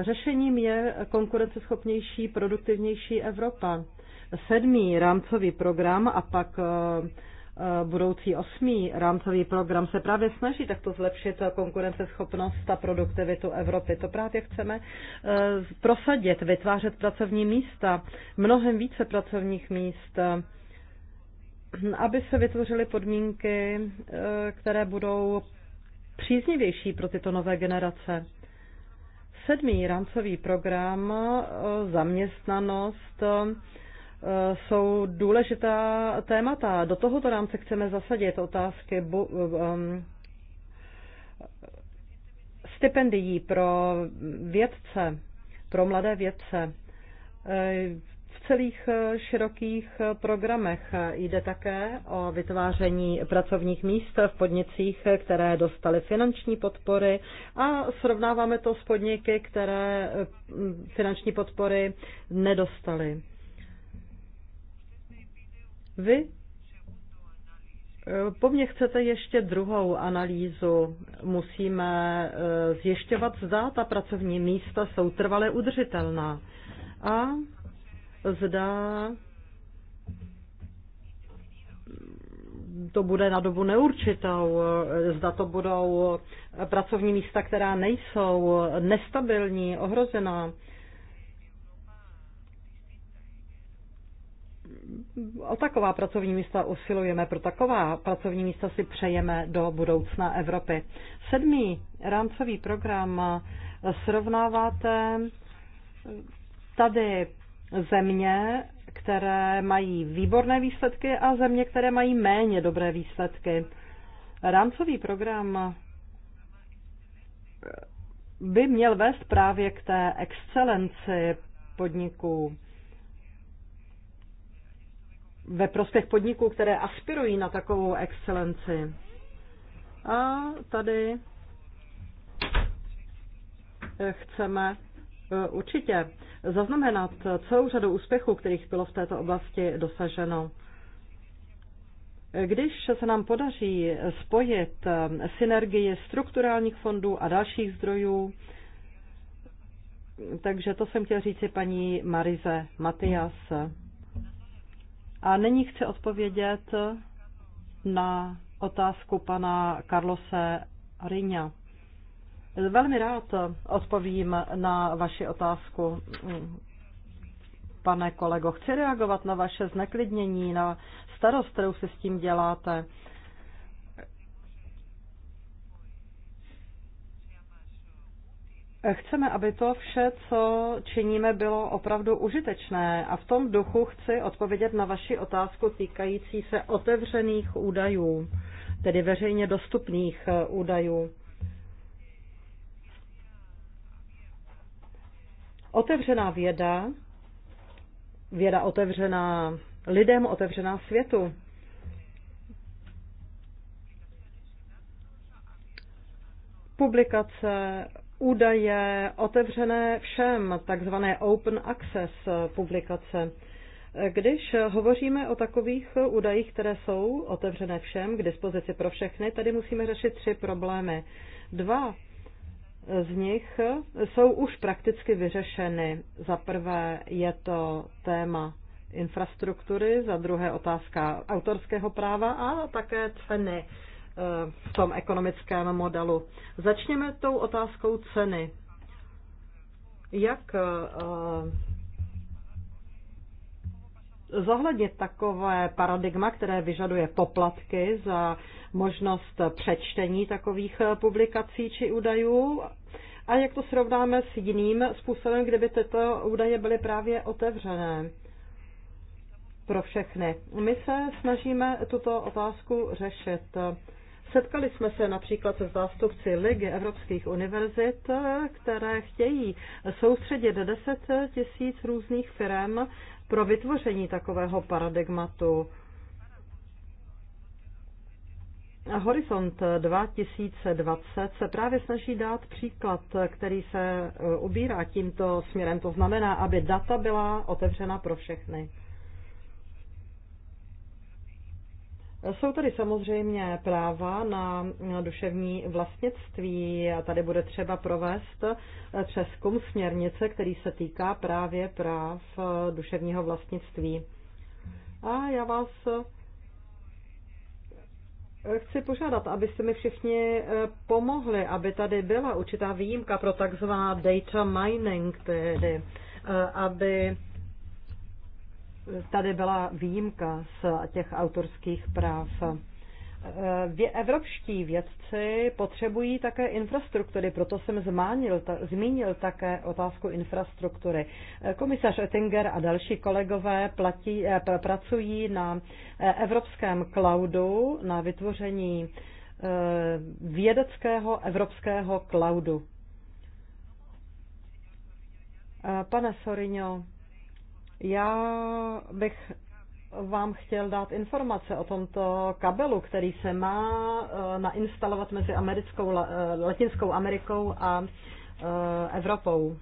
Řešením je konkurenceschopnější, produktivnější Evropa. Sedmý rámcový program a pak budoucí osmý rámcový program se právě snaží takto zlepšit konkurenceschopnost a produktivitu Evropy. To právě chceme prosadit, vytvářet pracovní místa, mnohem více pracovních míst aby se vytvořily podmínky, eh, které budou příznivější pro tyto nové generace. Sedmý rámcový program eh, zaměstnanost eh, jsou důležitá témata. Do tohoto rámce chceme zasadit otázky stipendií pro vědce, pro mladé vědce celých eh, širokých eh, programech. Jde také o vytváření pracovních míst v podnicích, které dostaly finanční podpory a srovnáváme to s podniky, které eh, finanční podpory nedostaly. Vy po mně chcete ještě druhou analýzu. Musíme zjišťovat, zda ta pracovní místa jsou trvale udržitelná. A zda to bude na dobu neurčitou, zda to budou pracovní místa, která nejsou nestabilní, ohrozená. O taková pracovní místa usilujeme, pro taková pracovní místa si přejeme do budoucna Evropy. Sedmý rámcový program srovnáváte tady země, které mají výborné výsledky a země, které mají méně dobré výsledky. Rámcový program by měl vést právě k té excelenci podniků ve prospěch podniků, které aspirují na takovou excelenci. A tady chceme Eh, určitě zaznamenat celou řadu úspěchů, kterých bylo v této oblasti dosaženo. Když se nám podaří spojit eh, synergie strukturálních fondů a dalších zdrojů, takže to jsem chtěl říci paní Marize Matias. A nyní chci odpovědět na otázku pana Carlose Riňa. Velmi rád odpovím na vaši otázku, mm, pane kolego. Chci reagovat na vaše zneklidnění, na starost, kterou si s tím děláte. Chceme, aby to vše, co činíme, bylo opravdu užitečné a v tom duchu chci odpovědět na vaši otázku týkající se otevřených údajů, tedy veřejně dostupných eh, údajů. Otevřená věda, věda otevřená lidem, otevřená světu. Publikace, údaje otevřené všem, takzvané open access publikace. Když hovoříme o takových údajích, které jsou otevřené všem, k dispozici pro všechny, tady musíme řešit tři problémy. Dva z nich jsou už prakticky vyřešeny. Za prvé je to téma infrastruktury, za druhé otázka autorského práva a také ceny eh, v tom ekonomickém modelu. Začněme tou otázkou ceny. Jak eh, zohlednit takové paradigma, které vyžaduje poplatky za možnost přečtení takových publikací či údajů a jak to srovnáme s jiným způsobem, kdyby tyto údaje byly právě otevřené pro všechny. My se snažíme tuto otázku řešit. Setkali jsme se například se zástupci Ligy evropských univerzit, které chtějí soustředit 10 tisíc různých firm pro vytvoření takového paradigmatu. Horizont 2020 se právě snaží dát příklad, který se e, ubírá tímto směrem. To znamená, aby data byla otevřena pro všechny. Jsou tady samozřejmě práva na duševní vlastnictví a tady bude třeba provést eh, přeskum směrnice, který se týká právě práv eh, duševního vlastnictví. A já vás eh, chci požádat, abyste mi všichni pomohli, aby tady byla určitá výjimka pro takzvaná data mining, tedy aby tady byla výjimka z těch autorských práv. Evropští vědci potřebují také infrastruktury, proto jsem zmánil, ta, zmínil také otázku infrastruktury. Komisař Oettinger a další kolegové platí, eh, pracují na eh, evropském cloudu, na vytvoření eh, vědeckého evropského cloudu. Pane Sorino, já bych vám chtěl dát informace o tomto kabelu, který se má eh, nainstalovat mezi americkou, eh, Latinskou Amerikou a eh, Evropou.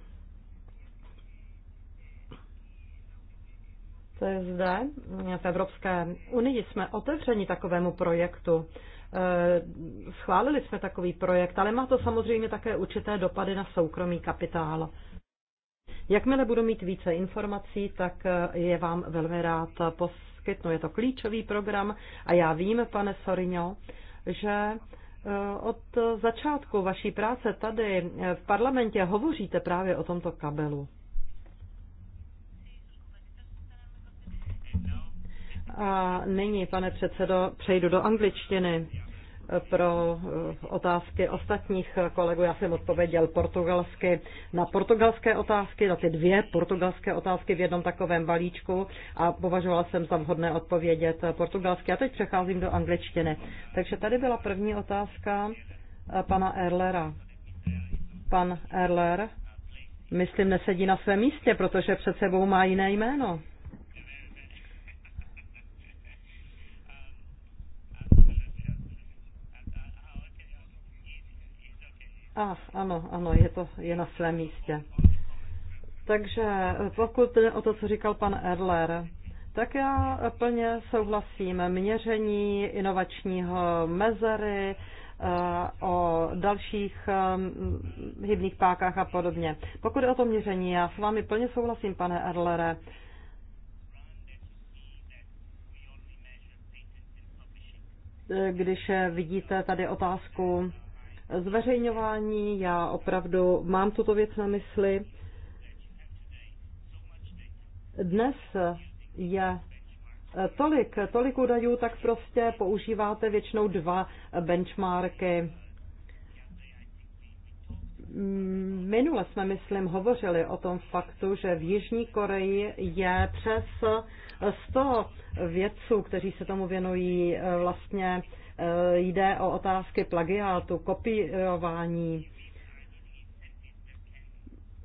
To je zde. V Evropské unii jsme otevřeni takovému projektu. Schválili jsme takový projekt, ale má to samozřejmě také určité dopady na soukromý kapitál. Jakmile budu mít více informací, tak eh, je vám velmi rád poskytnu. Je to klíčový program a já vím, pane Sorino, že eh, od začátku vaší práce tady eh, v parlamentě hovoříte právě o tomto kabelu. A nyní, pane předsedo, přejdu do angličtiny pro eh, otázky ostatních kolegů. Já jsem odpověděl portugalsky na portugalské otázky, na ty dvě portugalské otázky v jednom takovém balíčku a považovala jsem za vhodné odpovědět portugalsky. A teď přecházím do angličtiny. Takže tady byla první otázka eh, pana Erlera. Pan Erler, myslím, nesedí na svém místě, protože před sebou má jiné jméno. A, ano, ano, je to je na svém místě. Takže eh, pokud o to, co říkal pan Erler, tak já plně souhlasím. Měření inovačního mezery, eh, o dalších eh, hybných pákách a podobně. Pokud je o to měření, já s vámi plně souhlasím, pane Erlere. Když vidíte tady otázku Zveřejňování, já opravdu mám tuto věc na mysli. Dnes je tolik, tolik údajů, tak prostě používáte většinou dva benchmarky. Minule jsme, myslím, hovořili o tom faktu, že v Jižní Koreji je přes 100 vědců, kteří se tomu věnují vlastně Eh, jde o otázky plagiátu, kopiování.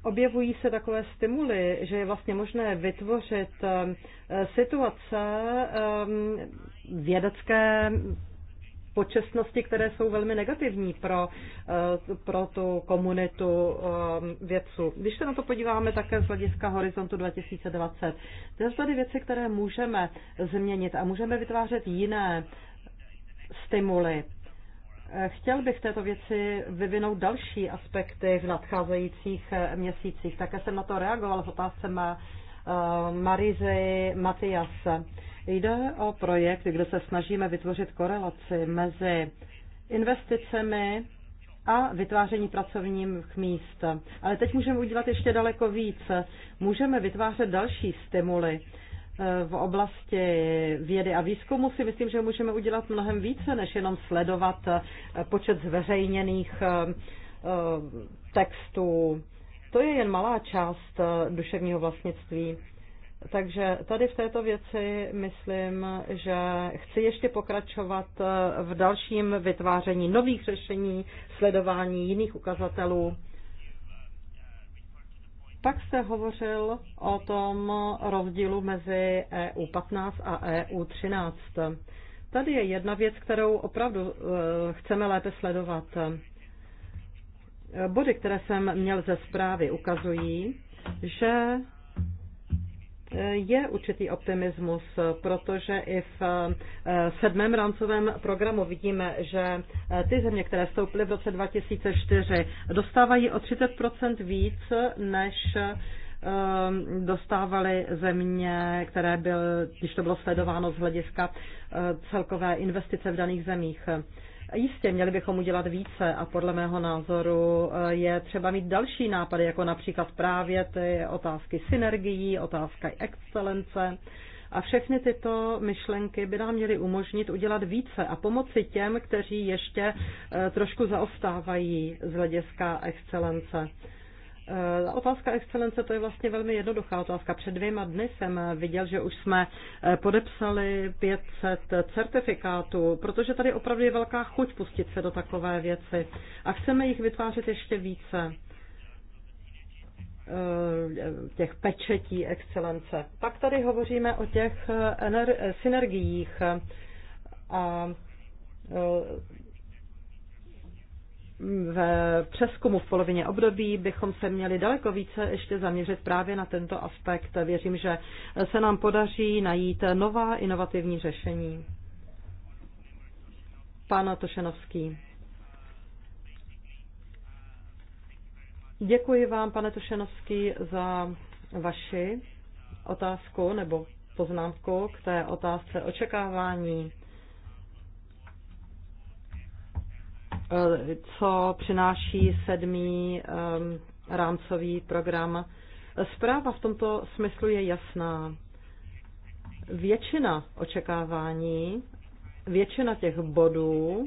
Objevují se takové stimuly, že je vlastně možné vytvořit eh, situace eh, vědecké počestnosti, které jsou velmi negativní pro, pro tu komunitu vědců. Když se na to podíváme také z hlediska horizontu 2020, to jsou tady věci, které můžeme změnit a můžeme vytvářet jiné stimuly. Chtěl bych v této věci vyvinout další aspekty v nadcházejících eh, měsících. Také jsem na to reagoval v otázce má eh, Marizy Matias. Jde o projekt, kde se snažíme vytvořit korelaci mezi investicemi a vytváření pracovních míst. Ale teď můžeme udělat ještě daleko víc. Můžeme vytvářet další stimuly v oblasti vědy a výzkumu si myslím, že můžeme udělat mnohem více, než jenom sledovat eh, počet zveřejněných eh, eh, textů. To je jen malá část duševního vlastnictví. Takže tady v této věci myslím, že chci ještě pokračovat v dalším vytváření nových řešení, sledování jiných ukazatelů. Pak jste hovořil o tom rozdílu mezi EU 15 a EU 13. Tady je jedna věc, kterou opravdu eh, chceme lépe sledovat. Body, které jsem měl ze zprávy, ukazují, že je určitý optimismus, protože i v eh, sedmém rámcovém programu vidíme, že eh, ty země, které vstoupily v roce 2004, dostávají o 30 víc než eh, dostávaly země, které byly, když to bylo sledováno z hlediska celkové investice v daných zemích. Jistě měli bychom udělat více a podle mého názoru eh, je třeba mít další nápady, jako například právě ty otázky synergií, otázka excelence. A všechny tyto myšlenky by nám měly umožnit udělat více a pomoci těm, kteří ještě eh, trošku zaostávají z hlediska excelence. Eh, otázka excelence, to je vlastně velmi jednoduchá otázka. Před dvěma dny jsem viděl, že už jsme eh, podepsali 500 certifikátů, protože tady opravdu je velká chuť pustit se do takové věci a chceme jich vytvářet ještě více eh, těch pečetí excelence. Pak tady hovoříme o těch synergiích a v přeskumu v polovině období bychom se měli daleko více ještě zaměřit právě na tento aspekt. Věřím, že se nám podaří najít nová inovativní řešení. Pána Tošenovský. Děkuji vám, pane Tošenovský, za vaši otázku nebo poznámku k té otázce očekávání Eh, co přináší sedmý eh, rámcový program. Zpráva v tomto smyslu je jasná. Většina očekávání, většina těch bodů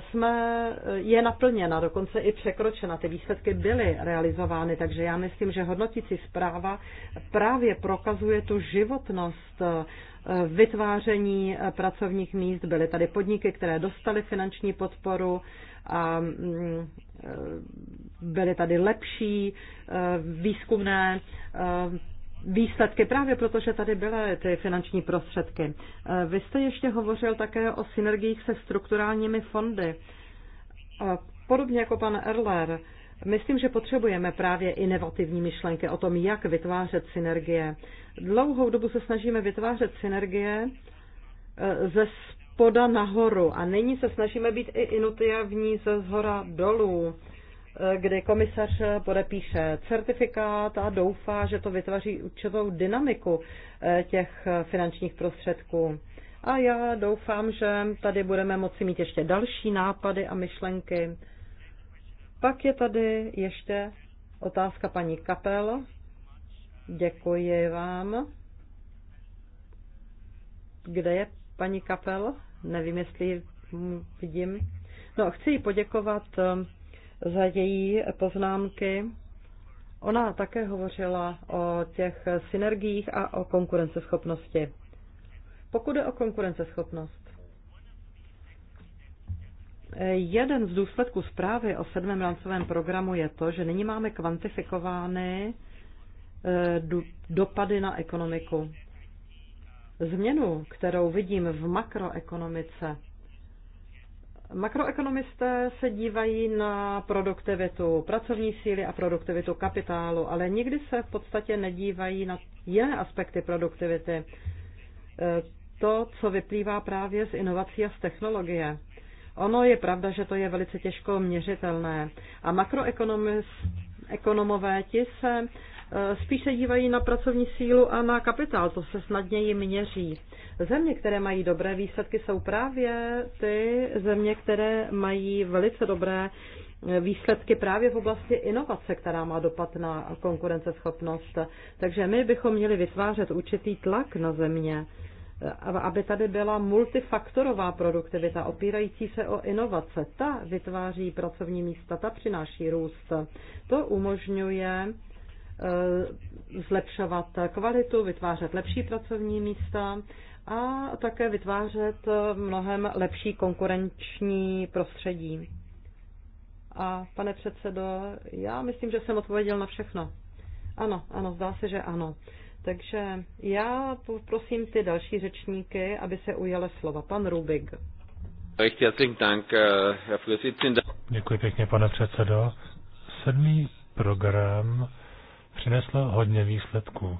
jsme, je naplněna, dokonce i překročena. Ty výsledky byly realizovány, takže já myslím, že hodnotící zpráva právě prokazuje tu životnost eh, vytváření pracovních míst. Byly tady podniky, které dostaly finanční podporu a mm, eh, byly tady lepší eh, výzkumné výsledky, právě protože tady byly ty finanční prostředky. Eh, vy jste ještě hovořil také o synergiích se strukturálními fondy. Eh, podobně jako pan Erler, Myslím, že potřebujeme právě inovativní myšlenky o tom, jak vytvářet synergie. Dlouhou dobu se snažíme vytvářet synergie eh, ze spoda nahoru a nyní se snažíme být i inovativní ze zhora dolů. Eh, kdy komisař podepíše certifikát a doufá, že to vytvoří určitou dynamiku eh, těch finančních prostředků. A já doufám, že tady budeme moci mít ještě další nápady a myšlenky. Pak je tady ještě otázka paní Kapel. Děkuji vám. Kde je paní Kapel? Nevím, jestli vidím. No, chci jí poděkovat eh, za její poznámky. Ona také hovořila o těch synergiích a o konkurenceschopnosti. Pokud je o konkurenceschopnost, jeden z důsledků zprávy o sedmém rámcovém programu je to, že nyní máme kvantifikovány eh, dopady na ekonomiku. Změnu, kterou vidím v makroekonomice, Makroekonomisté se dívají na produktivitu pracovní síly a produktivitu kapitálu, ale nikdy se v podstatě nedívají na jiné aspekty produktivity. E, to, co vyplývá právě z inovací a z technologie. Ono je pravda, že to je velice těžko měřitelné. A makroekonomové ti se Eh, spíš se dívají na pracovní sílu a na kapitál, to se snadněji měří. Země, které mají dobré výsledky, jsou právě ty země, které mají velice dobré eh, výsledky právě v oblasti inovace, která má dopad na konkurenceschopnost. Takže my bychom měli vytvářet určitý tlak na země, eh, aby tady byla multifaktorová produktivita, opírající se o inovace. Ta vytváří pracovní místa, ta přináší růst. To umožňuje Eh, zlepšovat kvalitu, vytvářet lepší pracovní místa a také vytvářet eh, mnohem lepší konkurenční prostředí. A pane předsedo, já myslím, že jsem odpověděl na všechno. Ano, ano, zdá se, že ano. Takže já poprosím ty další řečníky, aby se ujele slova. Pan Rubik. Eh, Děkuji pěkně, pane předsedo. Sedmý program Přineslo hodně výsledků.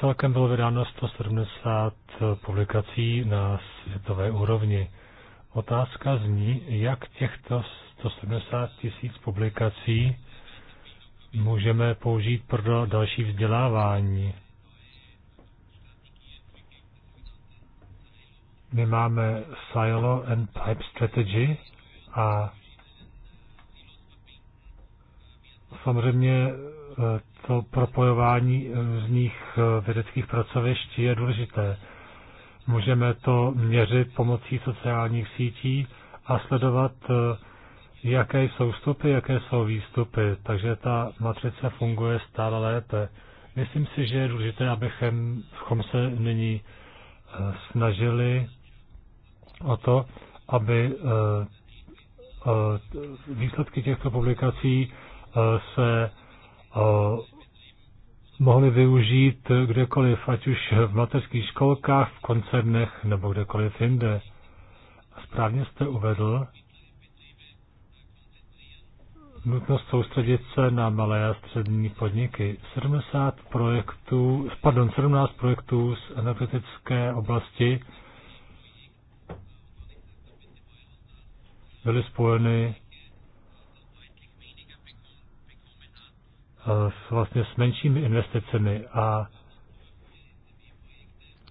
Celkem bylo vydáno 170 eh, publikací na světové úrovni. Otázka zní, jak těchto 170 tisíc publikací můžeme použít pro další vzdělávání. My máme silo and pipe strategy a Samozřejmě eh, to propojování různých eh, vědeckých pracovišť je důležité. Můžeme to měřit pomocí sociálních sítí a sledovat, eh, jaké jsou vstupy, jaké jsou výstupy. Takže ta matrice funguje stále lépe. Myslím si, že je důležité, abychom se nyní snažili o to, aby výsledky těchto publikací se eh, mohli využít kdekoliv, ať už v mateřských školkách, v koncernech nebo kdekoliv jinde. Správně jste uvedl nutnost soustředit se na malé a střední podniky. 70 projektů, pardon, 17 projektů z energetické oblasti byly spojeny s, vlastně s menšími investicemi a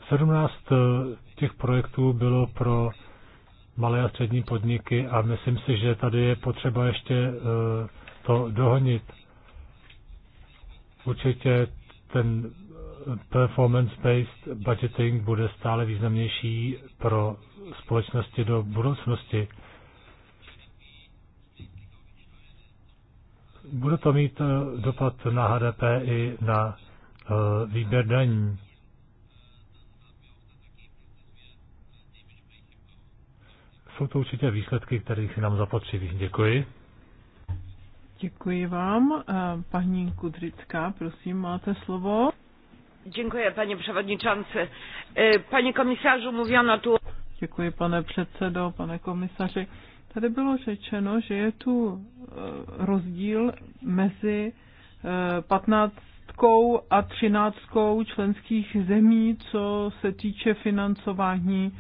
17 eh, těch projektů bylo pro malé a střední podniky a myslím si, že tady je potřeba ještě eh, to dohonit. Určitě ten eh, performance-based budgeting bude stále významnější pro společnosti do budoucnosti. Bude to mít eh, dopad na HDP i na eh, výběr daní. Jsou to určitě výsledky, kterých nám zapotřebí. Děkuji. Děkuji vám. Eh, paní Kudrická, prosím, máte slovo. Děkuji, paní převodničance. przewodniczący. komisářu, komisarzu, na tu. Děkuji pane předsedo, pane komisaři. Tady bylo řečeno, že je tu eh, rozdíl mezi 15 eh, a 13 členských zemí, co se týče financování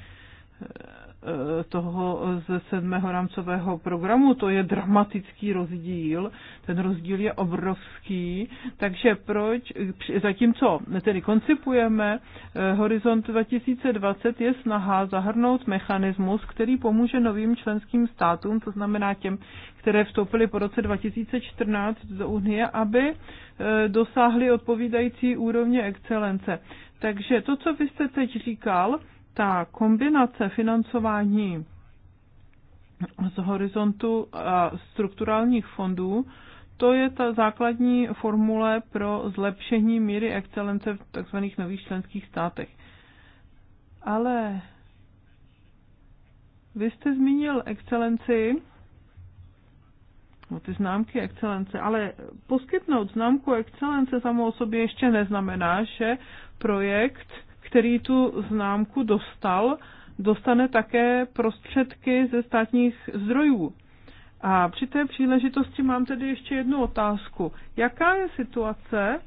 eh, Eh, toho ze sedmého rámcového programu. To je dramatický rozdíl. Ten rozdíl je obrovský. Takže proč, zatímco tedy koncipujeme eh, Horizont 2020, je snaha zahrnout mechanismus, který pomůže novým členským státům, to znamená těm, které vstoupily po roce 2014 do Unie, aby eh, dosáhly odpovídající úrovně excelence. Takže to, co vy jste teď říkal, ta kombinace financování z horizontu a strukturálních fondů, to je ta základní formule pro zlepšení míry excelence v tzv. nových členských státech. Ale vy jste zmínil excelenci, no ty známky excelence, ale poskytnout známku excelence samo o sobě ještě neznamená, že projekt který tu známku dostal, dostane také prostředky ze státních zdrojů. A při té příležitosti mám tedy ještě jednu otázku. Jaká je situace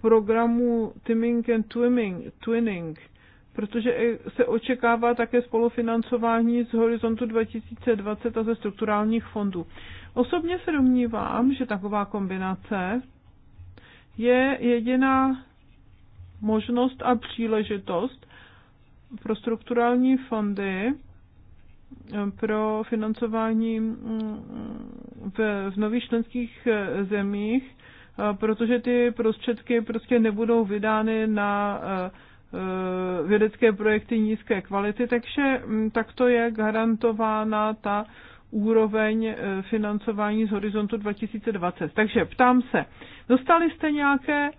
programu Timing and Twinning, twinning protože se očekává také spolufinancování z horizontu 2020 a ze strukturálních fondů. Osobně se domnívám, že taková kombinace je jediná možnost a příležitost pro strukturální fondy eh, pro financování mm, mm, v, v nových členských eh, zemích, eh, protože ty prostředky prostě nebudou vydány na vědecké projekty nízké kvality, takže mm, takto je garantována ta úroveň eh, financování z horizontu 2020. Takže ptám se, dostali jste nějaké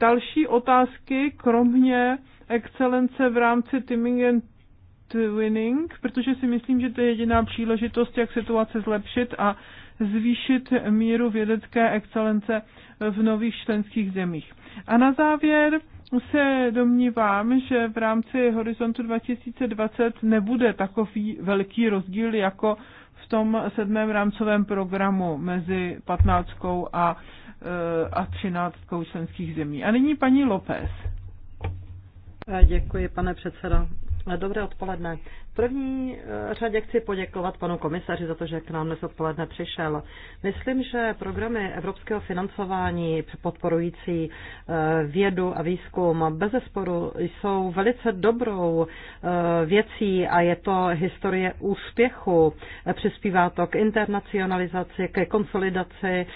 další otázky, kromě excelence v rámci Timing and Twinning, protože si myslím, že to je jediná příležitost, jak situace zlepšit a zvýšit míru vědecké excelence v nových členských zemích. A na závěr se domnívám, že v rámci Horizontu 2020 nebude takový velký rozdíl jako v tom sedmém rámcovém programu mezi 15 a, e, a 13 členských zemí. A nyní paní López. Děkuji, pane předsedo. Dobré odpoledne první eh, řadě chci poděkovat panu komisaři za to, že k nám dnes odpoledne přišel. Myslím, že programy evropského financování podporující eh, vědu a výzkum bez zesporu jsou velice dobrou eh, věcí a je to historie úspěchu. Přispívá to k internacionalizaci, ke konsolidaci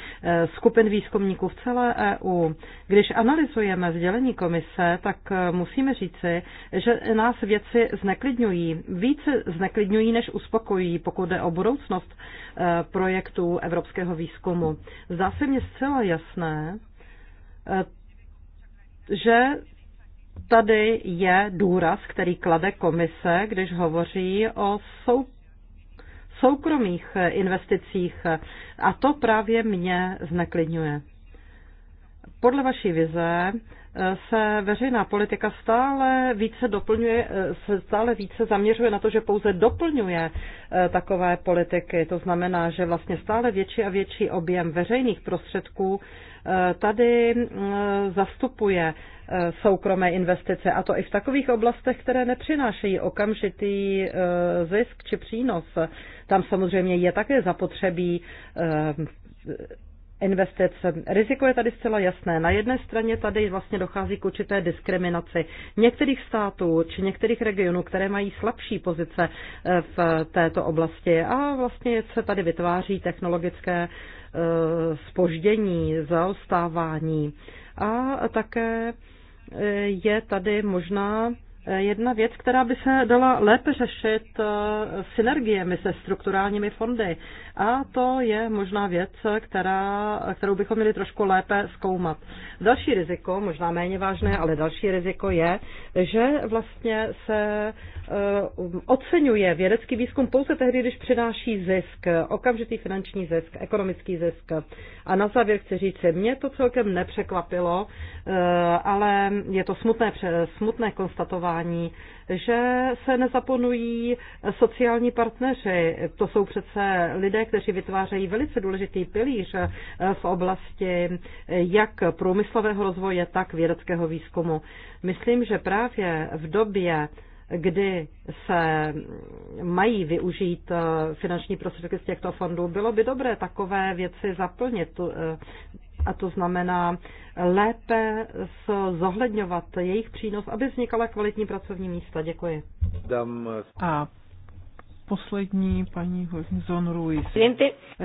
skupin výzkumníků v celé EU. Když analyzujeme sdělení komise, tak musíme říci, že nás věci zneklidňují. Ví více zneklidňují, než uspokojí, pokud jde o budoucnost eh, projektu evropského výzkumu. Zdá se mně zcela jasné, eh, že tady je důraz, který klade komise, když hovoří o sou, soukromých eh, investicích. A to právě mě zneklidňuje. Podle vaší vize se veřejná politika stále více doplňuje, eh, se stále více zaměřuje na to, že pouze doplňuje eh, takové politiky. To znamená, že vlastně stále větší a větší objem veřejných prostředků eh, tady mm, zastupuje soukromé investice, a to i v takových oblastech, které nepřinášejí okamžitý zisk či přínos. Tam samozřejmě je také zapotřebí Investice. Riziko je tady zcela jasné. Na jedné straně tady vlastně dochází k určité diskriminaci některých států či některých regionů, které mají slabší pozice eh, v této oblasti a vlastně se tady vytváří technologické spoždění, eh, zaostávání a také eh, je tady možná jedna věc, která by se dala lépe řešit eh, synergiemi se strukturálními fondy. A to je možná věc, která, kterou bychom měli trošku lépe zkoumat. Další riziko, možná méně vážné, ale další riziko je, že vlastně se Eh, oceňuje vědecký výzkum pouze tehdy, když přináší zisk, okamžitý finanční zisk, ekonomický zisk. A na závěr chci říct, mě to celkem nepřekvapilo, eh, ale je to smutné, smutné konstatování, že se nezaponují sociální partneři. To jsou přece lidé, kteří vytvářejí velice důležitý pilíř eh, v oblasti jak průmyslového rozvoje, tak vědeckého výzkumu. Myslím, že právě v době kdy se mají využít eh, finanční prostředky z těchto fondů, bylo by dobré takové věci zaplnit. Eh, a to znamená lépe zohledňovat jejich přínos, aby vznikala kvalitní pracovní místa. Děkuji. Eh, a poslední paní Horizon Ruiz.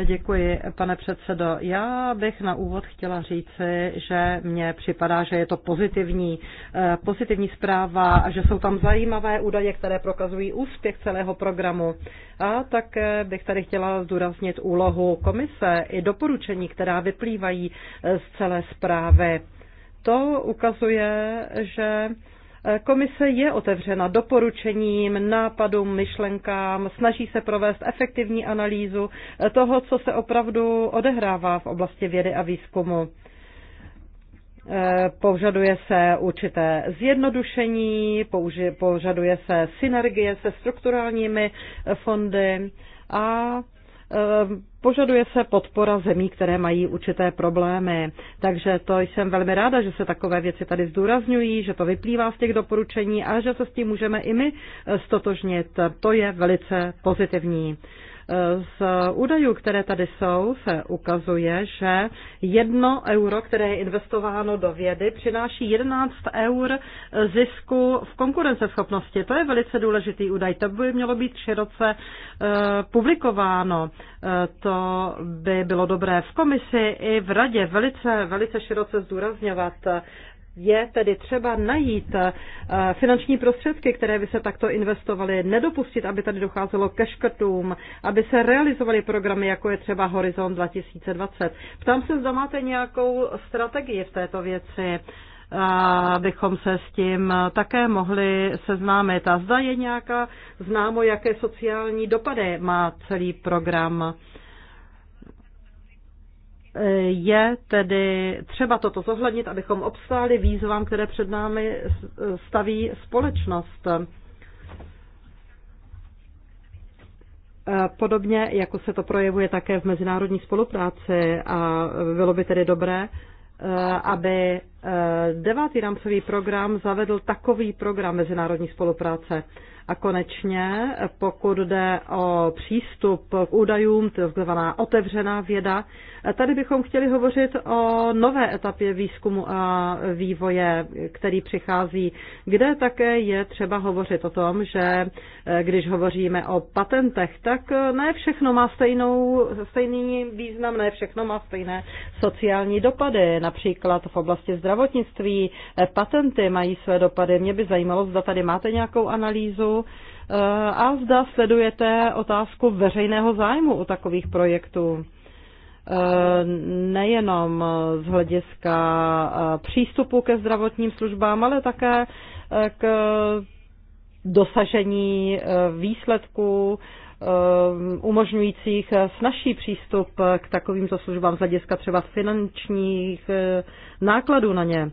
Děkuji, pane předsedo. Já bych na úvod chtěla říci, že mně připadá, že je to pozitivní, eh, pozitivní zpráva a že jsou tam zajímavé údaje, které prokazují úspěch celého programu. A tak bych tady chtěla zdůraznit úlohu komise i doporučení, která vyplývají eh, z celé zprávy. To ukazuje, že Komise je otevřena doporučením, nápadům, myšlenkám, snaží se provést efektivní analýzu toho, co se opravdu odehrává v oblasti vědy a výzkumu. Eh, požaduje se určité zjednodušení, požaduje se synergie se strukturálními eh, fondy a eh, Požaduje se podpora zemí, které mají určité problémy. Takže to jsem velmi ráda, že se takové věci tady zdůrazňují, že to vyplývá z těch doporučení a že se s tím můžeme i my eh, stotožnit. To je velice pozitivní. Z údajů, které tady jsou, se ukazuje, že jedno euro, které je investováno do vědy, přináší 11 eur zisku v konkurenceschopnosti. To je velice důležitý údaj. To by mělo být široce eh, publikováno. Eh, to by bylo dobré v komisi i v radě velice, velice široce zdůrazňovat je tedy třeba najít eh, finanční prostředky, které by se takto investovaly, nedopustit, aby tady docházelo ke škrtům, aby se realizovaly programy, jako je třeba Horizont 2020. Ptám se, zda máte nějakou strategii v této věci, abychom se s tím také mohli seznámit. A zda je nějaká známo, jaké sociální dopady má celý program je tedy třeba toto zohlednit, abychom obstáli výzvám, které před námi staví společnost. Podobně, jako se to projevuje také v mezinárodní spolupráci a bylo by tedy dobré, e, aby e, devátý rámcový program zavedl takový program mezinárodní spolupráce. A konečně, pokud jde o přístup k údajům, to znamená otevřená věda, tady bychom chtěli hovořit o nové etapě výzkumu a vývoje, který přichází, kde také je třeba hovořit o tom, že eh, když hovoříme o patentech, tak eh, ne všechno má stejnou, stejný význam, ne všechno má stejné sociální dopady. Například v oblasti zdravotnictví eh, patenty mají své dopady. Mě by zajímalo, zda tady máte nějakou analýzu, Eh, a zda sledujete otázku veřejného zájmu u takových projektů eh, nejenom z hlediska eh, přístupu ke zdravotním službám, ale také k dosažení výsledků umožňujících snažší přístup k takovýmto službám z hlediska třeba finančních nákladů na ně.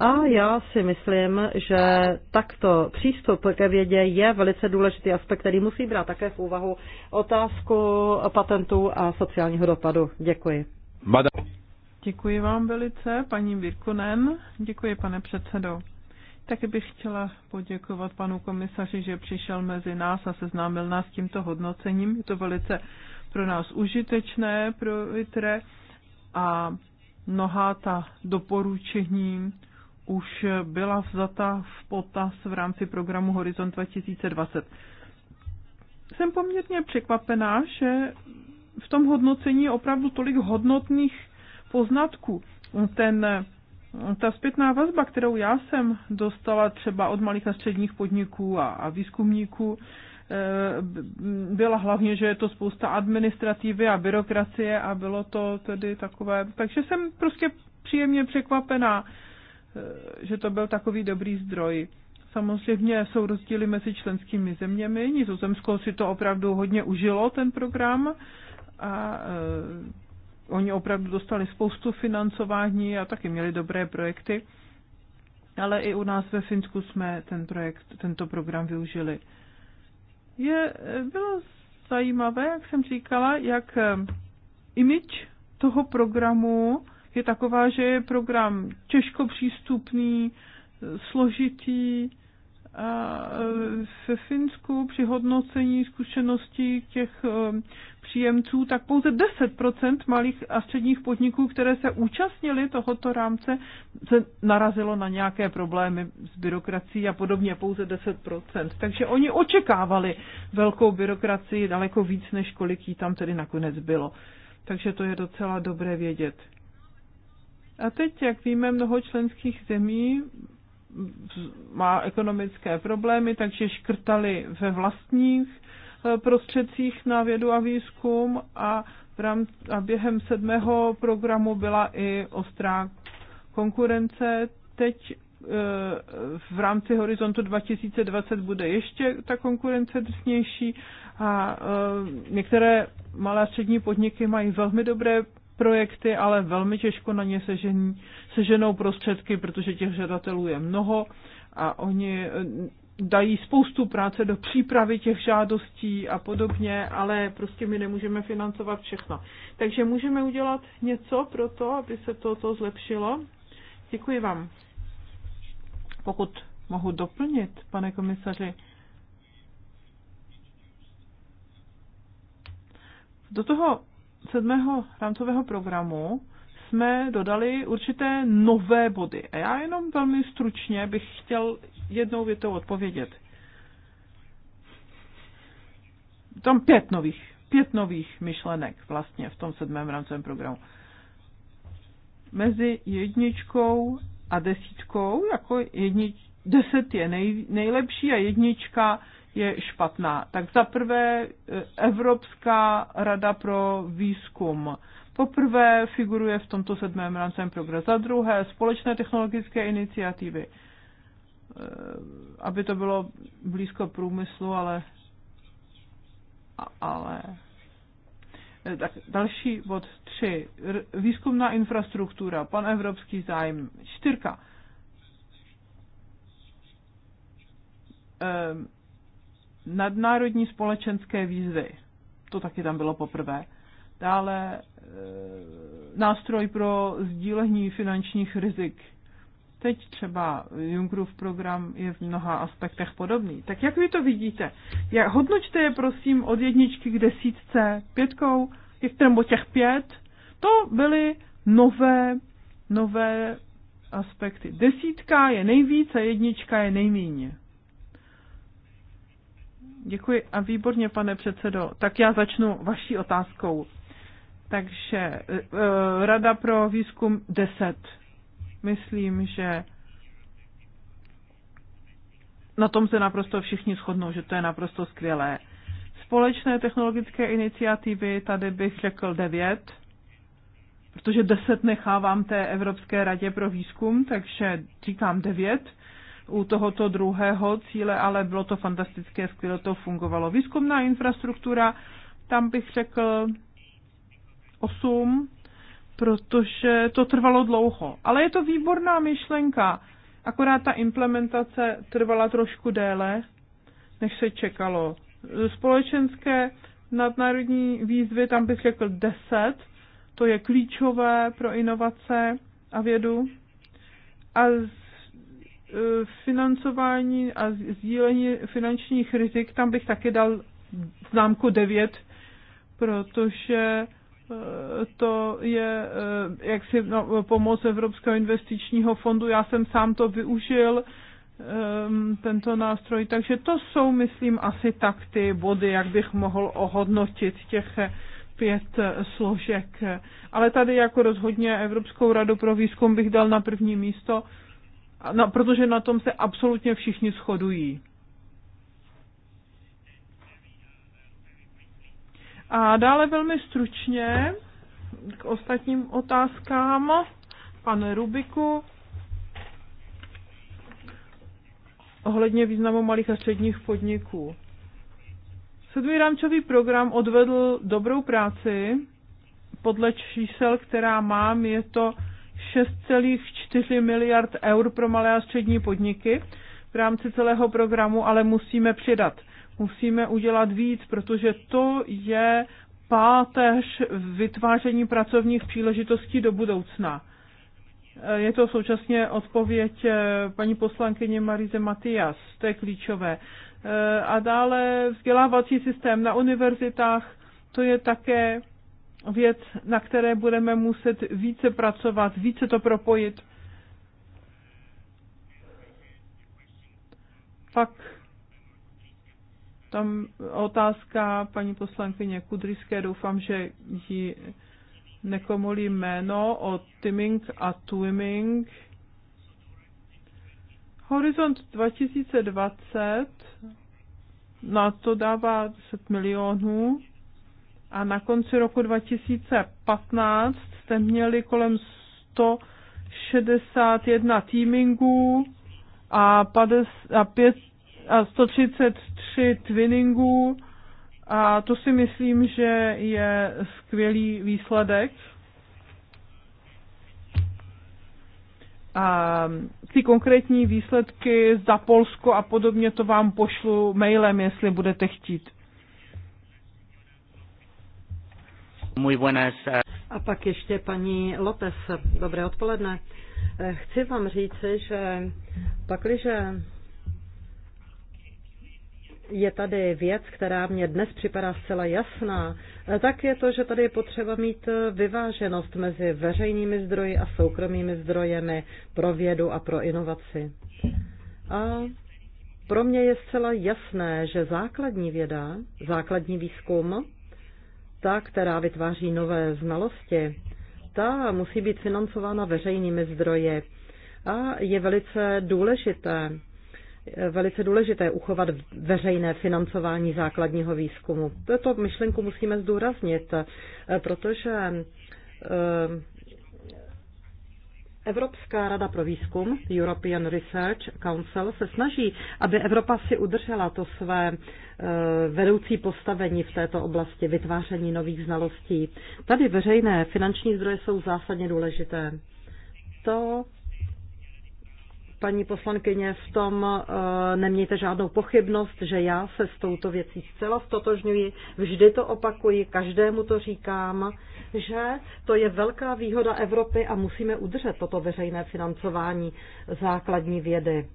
A já si myslím, že takto přístup ke vědě je velice důležitý aspekt, který musí brát také v úvahu otázku patentů a sociálního dopadu. Děkuji. Madame. Děkuji vám velice, paní Virkunen. Děkuji, pane předsedo. Taky bych chtěla poděkovat panu komisaři, že přišel mezi nás a seznámil nás s tímto hodnocením. Je to velice pro nás užitečné, pro ITRE a mnohá ta doporučení už byla vzata v potaz v rámci programu Horizont 2020. Jsem poměrně překvapená, že v tom hodnocení je opravdu tolik hodnotných poznatků. Ten, ta zpětná vazba, kterou já jsem dostala třeba od malých a středních podniků a, a výzkumníků, e, byla hlavně, že je to spousta administrativy a byrokracie a bylo to tedy takové. Takže jsem prostě příjemně překvapená Eh, že to byl takový dobrý zdroj. Samozřejmě jsou rozdíly mezi členskými zeměmi. Nizozemsko si to opravdu hodně užilo, ten program, a e, oni opravdu dostali spoustu financování a taky měli dobré projekty. Ale i u nás ve Finsku jsme ten projekt, tento program využili. Je, eh, bylo zajímavé, jak jsem říkala, jak image toho programu je taková, že je program těžko přístupný, složitý. A e, ve Finsku při hodnocení zkušeností těch e, příjemců, tak pouze 10% malých a středních podniků, které se účastnili tohoto rámce, se narazilo na nějaké problémy s byrokracií a podobně, pouze 10%. Takže oni očekávali velkou byrokracii daleko víc, než kolik jí tam tedy nakonec bylo. Takže to je docela dobré vědět. A teď, jak víme, mnoho členských zemí má ekonomické problémy, takže škrtali ve vlastních eh, prostředcích na vědu a výzkum a, v rámci, a během sedmého programu byla i ostrá konkurence. Teď eh, v rámci horizontu 2020 bude ještě ta konkurence drsnější a eh, některé malé a střední podniky mají velmi dobré projekty, ale velmi těžko na ně sežení, seženou prostředky, protože těch žadatelů je mnoho a oni eh, dají spoustu práce do přípravy těch žádostí a podobně, ale prostě my nemůžeme financovat všechno. Takže můžeme udělat něco pro to, aby se toto zlepšilo. Děkuji vám. Pokud mohu doplnit, pane komisaři, do toho sedmého rámcového programu jsme dodali určité nové body. A já jenom velmi stručně bych chtěl jednou větou odpovědět. Tam pět nových, pět nových myšlenek vlastně v tom sedmém rámcovém programu. Mezi jedničkou a desítkou, jako jednič, deset je nej, nejlepší a jednička je špatná. Tak za prvé eh, Evropská rada pro výzkum. Poprvé figuruje v tomto sedmém rámcem programu. Za druhé společné technologické iniciativy. Eh, aby to bylo blízko průmyslu, ale ale eh, tak další bod tři. Výzkumná infrastruktura, pan evropský zájem. Čtyřka. Ehm, nadnárodní společenské výzvy. To taky tam bylo poprvé. Dále e, nástroj pro sdílení finančních rizik. Teď třeba Junckerův program je v mnoha aspektech podobný. Tak jak vy to vidíte? Jak, hodnočte je prosím od jedničky k desítce pětkou, nebo těch pět. To byly nové, nové aspekty. Desítka je nejvíce, jednička je nejméně. Děkuji a výborně, pane předsedo. Tak já začnu vaší otázkou. Takže eh, eh, Rada pro výzkum 10. Myslím, že na tom se naprosto všichni shodnou, že to je naprosto skvělé. Společné technologické iniciativy, tady bych řekl 9, protože 10 nechávám té Evropské radě pro výzkum, takže říkám 9 u tohoto druhého cíle, ale bylo to fantastické, skvěle to fungovalo. Výzkumná infrastruktura, tam bych řekl 8, protože to trvalo dlouho. Ale je to výborná myšlenka, akorát ta implementace trvala trošku déle, než se čekalo. Společenské nadnárodní výzvy, tam bych řekl 10, to je klíčové pro inovace a vědu. A E, financování a sdílení finančních rizik, tam bych taky dal známku 9, protože e, to je e, jak si no, pomoc Evropského investičního fondu. Já jsem sám to využil, ehm, tento nástroj. Takže to jsou, myslím, asi tak ty body, jak bych mohl ohodnotit těch pět složek. Ale tady jako rozhodně Evropskou radu pro výzkum bych dal na první místo, No, protože na tom se absolutně všichni shodují. A dále velmi stručně k ostatním otázkám. Pane Rubiku, ohledně významu malých a středních podniků. Sedmý rámčový program odvedl dobrou práci. Podle čísel, která mám, je to 6,4 miliard eur pro malé a střední podniky v rámci celého programu, ale musíme přidat. Musíme udělat víc, protože to je páteř vytváření pracovních příležitostí do budoucna. E, je to současně odpověď e, paní poslankyně Marize Matias, to je klíčové. E, a dále vzdělávací systém na univerzitách, to je také věc, na které budeme muset více pracovat, více to propojit. Pak tam otázka paní poslankyně Kudryské, doufám, že ji nekomolí jméno o Timing a Twimming. Horizont 2020 na to dává 10 milionů a na konci roku 2015 jste měli kolem 161 teamingů a, 50, a, 5, a 133 twinningů a to si myslím, že je skvělý výsledek. A ty konkrétní výsledky za Polsko a podobně to vám pošlu mailem, jestli budete chtít. Muy buenas. Eh. A pak ještě paní López. Dobré odpoledne. Eh, chci vám říci, že pakliže je tady věc, která mě dnes připadá zcela jasná, eh, tak je to, že tady je potřeba mít vyváženost mezi veřejnými zdroji a soukromými zdrojemi pro vědu a pro inovaci. A pro mě je zcela jasné, že základní věda, základní výzkum ta, která vytváří nové znalosti, ta musí být financována veřejnými zdroji. A je velice důležité, velice důležité uchovat veřejné financování základního výzkumu. Toto myšlenku musíme zdůraznit, protože Evropská rada pro výzkum, European Research Council, se snaží, aby Evropa si udržela to své eh, vedoucí postavení v této oblasti vytváření nových znalostí. Tady veřejné finanční zdroje jsou zásadně důležité. To paní poslankyně, v tom eh, nemějte žádnou pochybnost, že já se s touto věcí zcela stotožňuji, vždy to opakuji, každému to říkám, že to je velká výhoda Evropy a musíme udržet toto veřejné financování základní vědy.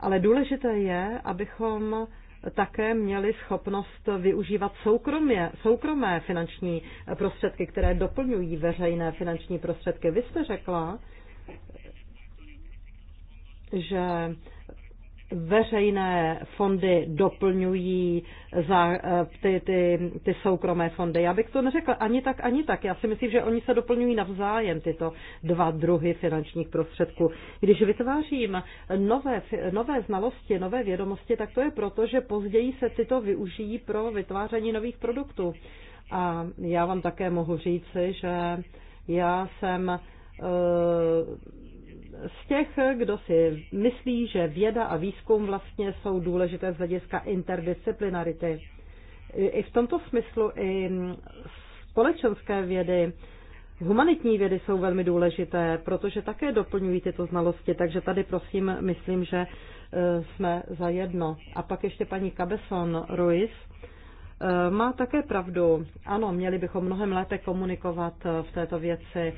Ale důležité je, abychom také měli schopnost využívat soukromě, soukromé finanční prostředky, které doplňují veřejné finanční prostředky. Vy jste řekla, že veřejné fondy doplňují za eh, ty, ty, ty soukromé fondy. Já bych to neřekla ani tak, ani tak. Já si myslím, že oni se doplňují navzájem, tyto dva druhy finančních prostředků. Když vytvářím nové, nové znalosti, nové vědomosti, tak to je proto, že později se tyto využijí pro vytváření nových produktů. A já vám také mohu říci, že já jsem eh, z těch, kdo si myslí, že věda a výzkum vlastně jsou důležité z hlediska interdisciplinarity. I v tomto smyslu i společenské vědy, humanitní vědy jsou velmi důležité, protože také doplňují tyto znalosti, takže tady prosím, myslím, že e, jsme za jedno. A pak ještě paní Cabeson Ruiz Eh, má také pravdu. Ano, měli bychom mnohem lépe komunikovat eh, v této věci eh,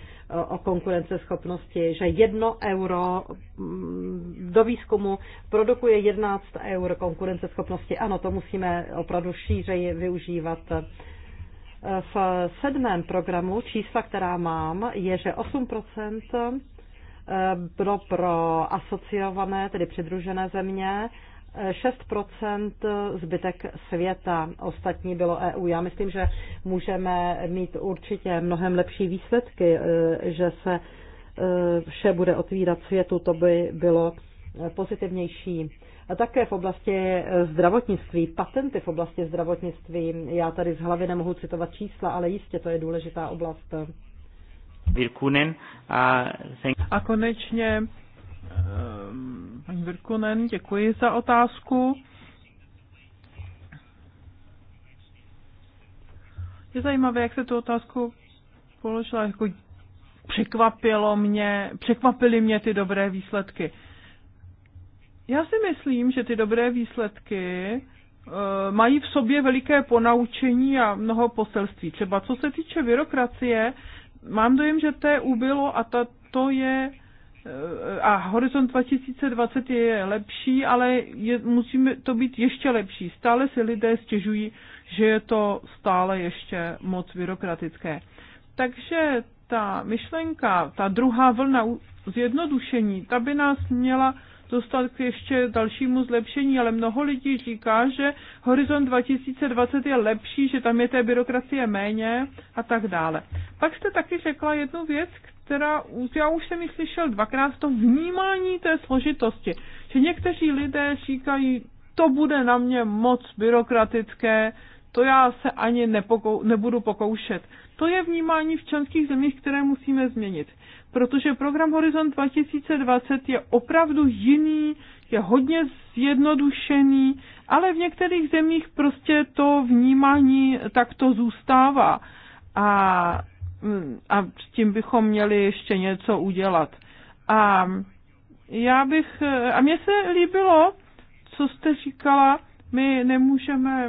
o konkurenceschopnosti, že jedno euro mm, do výzkumu produkuje 11 eur konkurenceschopnosti. Ano, to musíme opravdu šířeji využívat. V sedmém programu čísla, která mám, je, že 8 pro, pro asociované, tedy přidružené země, 6% zbytek světa, ostatní bylo EU. Já myslím, že můžeme mít určitě mnohem lepší výsledky, eh, že se eh, vše bude otvírat světu, to by bylo pozitivnější. A také v oblasti zdravotnictví, patenty v oblasti zdravotnictví, já tady z hlavy nemohu citovat čísla, ale jistě to je důležitá oblast. a konečně Ehm, paní Virkunen, děkuji za otázku. Je zajímavé, jak se tu otázku položila. Jako překvapilo mě, překvapily mě ty dobré výsledky. Já si myslím, že ty dobré výsledky eh, mají v sobě veliké ponaučení a mnoho poselství. Třeba co se týče byrokracie, mám dojem, že to je ubylo a ta, to je a Horizont 2020 je lepší, ale je, musíme to být ještě lepší. Stále si lidé stěžují, že je to stále ještě moc byrokratické. Takže ta myšlenka, ta druhá vlna zjednodušení, ta by nás měla dostat k ještě dalšímu zlepšení, ale mnoho lidí říká, že Horizont 2020 je lepší, že tam je té byrokracie méně a tak dále. Pak jste taky řekla jednu věc, která, já už jsem ji slyšel dvakrát, to vnímání té složitosti. Že někteří lidé říkají, to bude na mě moc byrokratické, to já se ani nepokou, nebudu pokoušet. To je vnímání v členských zemích, které musíme změnit. Protože program Horizont 2020 je opravdu jiný, je hodně zjednodušený, ale v některých zemích prostě to vnímání takto zůstává. A a s tím bychom měli ještě něco udělat. A já bych, a mně se líbilo, co jste říkala, my nemůžeme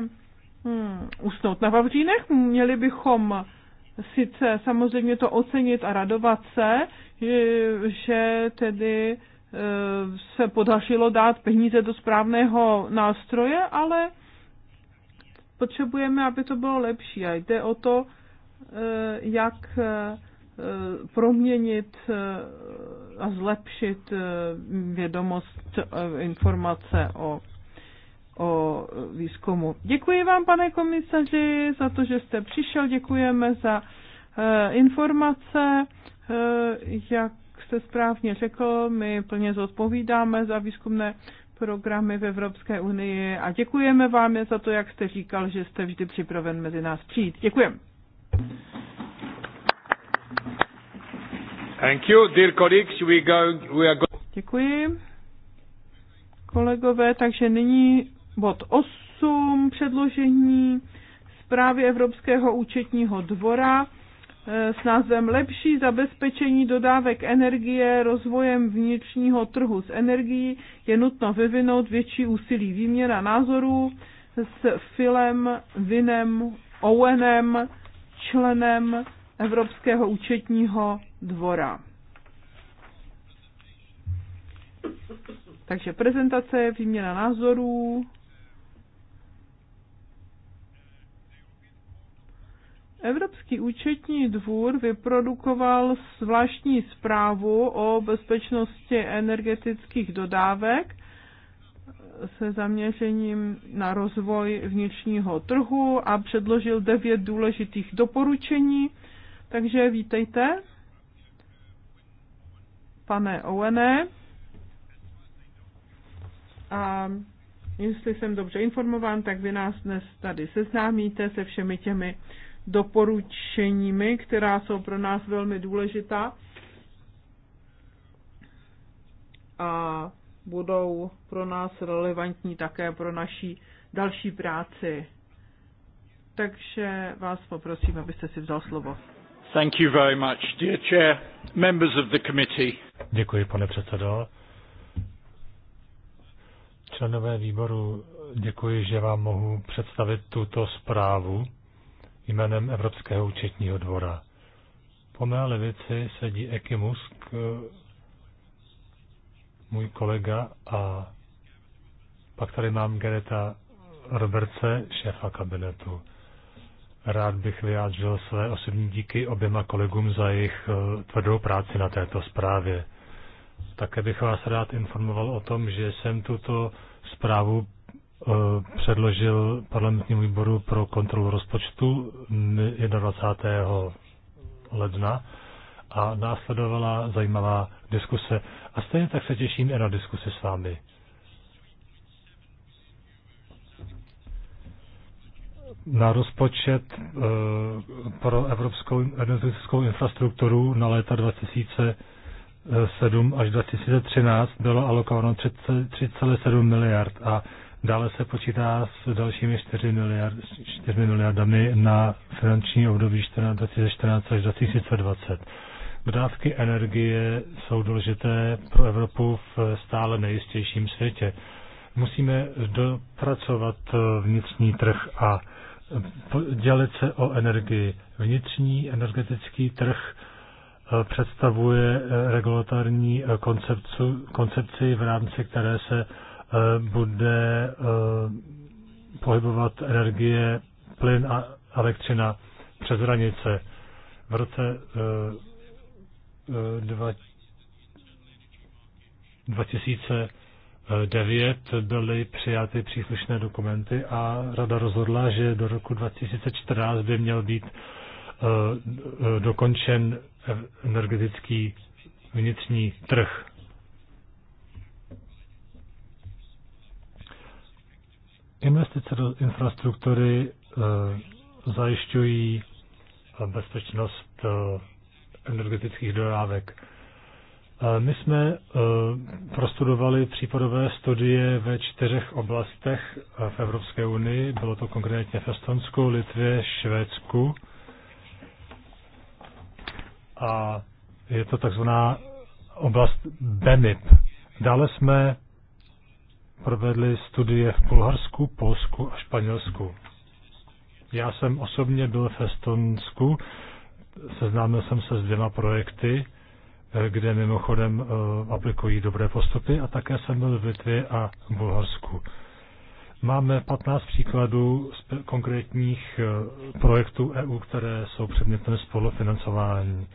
hmm, usnout na Vavřínech, měli bychom sice samozřejmě to ocenit a radovat se, že tedy eh, se podařilo dát peníze do správného nástroje, ale potřebujeme, aby to bylo lepší. A jde o to, Eh, jak eh, proměnit eh, a zlepšit vědomost informace o, o výzkumu. Děkuji vám, pane komisaři, za to, že jste přišel. Děkujeme za informace. Jak jste správně řekl, my plně zodpovídáme za výzkumné programy v Evropské unii a děkujeme vám za to, jak jste říkal, že jste vždy připraven mezi nás přijít. Děkujeme. Thank you, dear colleagues. We go, we are go- Děkuji. Kolegové, takže nyní bod 8 předložení zprávy Evropského účetního dvora eh, s názvem Lepší zabezpečení dodávek energie rozvojem vnitřního trhu s energií je nutno vyvinout větší úsilí výměna názorů s Filem Vinem Owenem členem Evropského účetního dvora. Takže prezentace, výměna názorů. Evropský účetní dvůr vyprodukoval zvláštní zprávu o bezpečnosti energetických dodávek se zaměřením na rozvoj vnitřního trhu a předložil devět důležitých doporučení. Takže vítejte, pane Owené. A jestli jsem dobře informován, tak vy nás dnes tady seznámíte se všemi těmi doporučeními, která jsou pro nás velmi důležitá. A budou pro nás relevantní také pro naší další práci. Takže vás poprosím, abyste si vzal slovo. Thank you very much, dear chair, members of the committee. Děkuji, pane předsedo. Členové výboru, děkuji, že vám mohu představit tuto zprávu jménem Evropského účetního dvora. Po mé levici sedí ekimusk můj kolega a pak tady mám Gereta Roberce, šéfa kabinetu. Rád bych vyjádřil své osobní díky oběma kolegům za jejich eh, tvrdou práci na této zprávě. Také bych vás rád informoval o tom, že jsem tuto zprávu eh, předložil parlamentnímu výboru pro kontrolu rozpočtu 21. ledna a následovala zajímavá diskuse. A stejně tak se těším i na diskuse s vámi. Na rozpočet eh, pro evropskou energetickou infrastrukturu na léta 2007 až 2013 bylo alokováno 3,7 miliard a Dále se počítá s dalšími 4, miliard, 4 miliardami na finanční období 2014 až 2020. Dodávky energie jsou důležité pro Evropu v stále nejistějším světě. Musíme dopracovat vnitřní trh a dělit se o energii. Vnitřní energetický trh eh, představuje eh, regulatorní eh, koncepci, v rámci které se bude pohybovat energie, plyn a elektřina přes hranice. V roce 2009 byly přijaty příslušné dokumenty a rada rozhodla, že do roku 2014 by měl být eh, eh, dokončen energetický vnitřní trh. Investice do infrastruktury eh, zajišťují bezpečnost energetických dodávek. E, my jsme e, prostudovali případové studie ve čtyřech oblastech v Evropské unii. Bylo to konkrétně v Estonsku, Litvě, Švédsku. A je to takzvaná oblast BEMIP. Dále jsme provedli studie v Bulharsku, Polsku a Španělsku. Já jsem osobně byl v Estonsku seznámil jsem se s dvěma projekty, eh, kde mimochodem eh, aplikují dobré postupy a také jsem byl v Litvě a Bulharsku. Máme 15 příkladů z konkrétních eh, projektů EU, které jsou předmětem spolufinancování.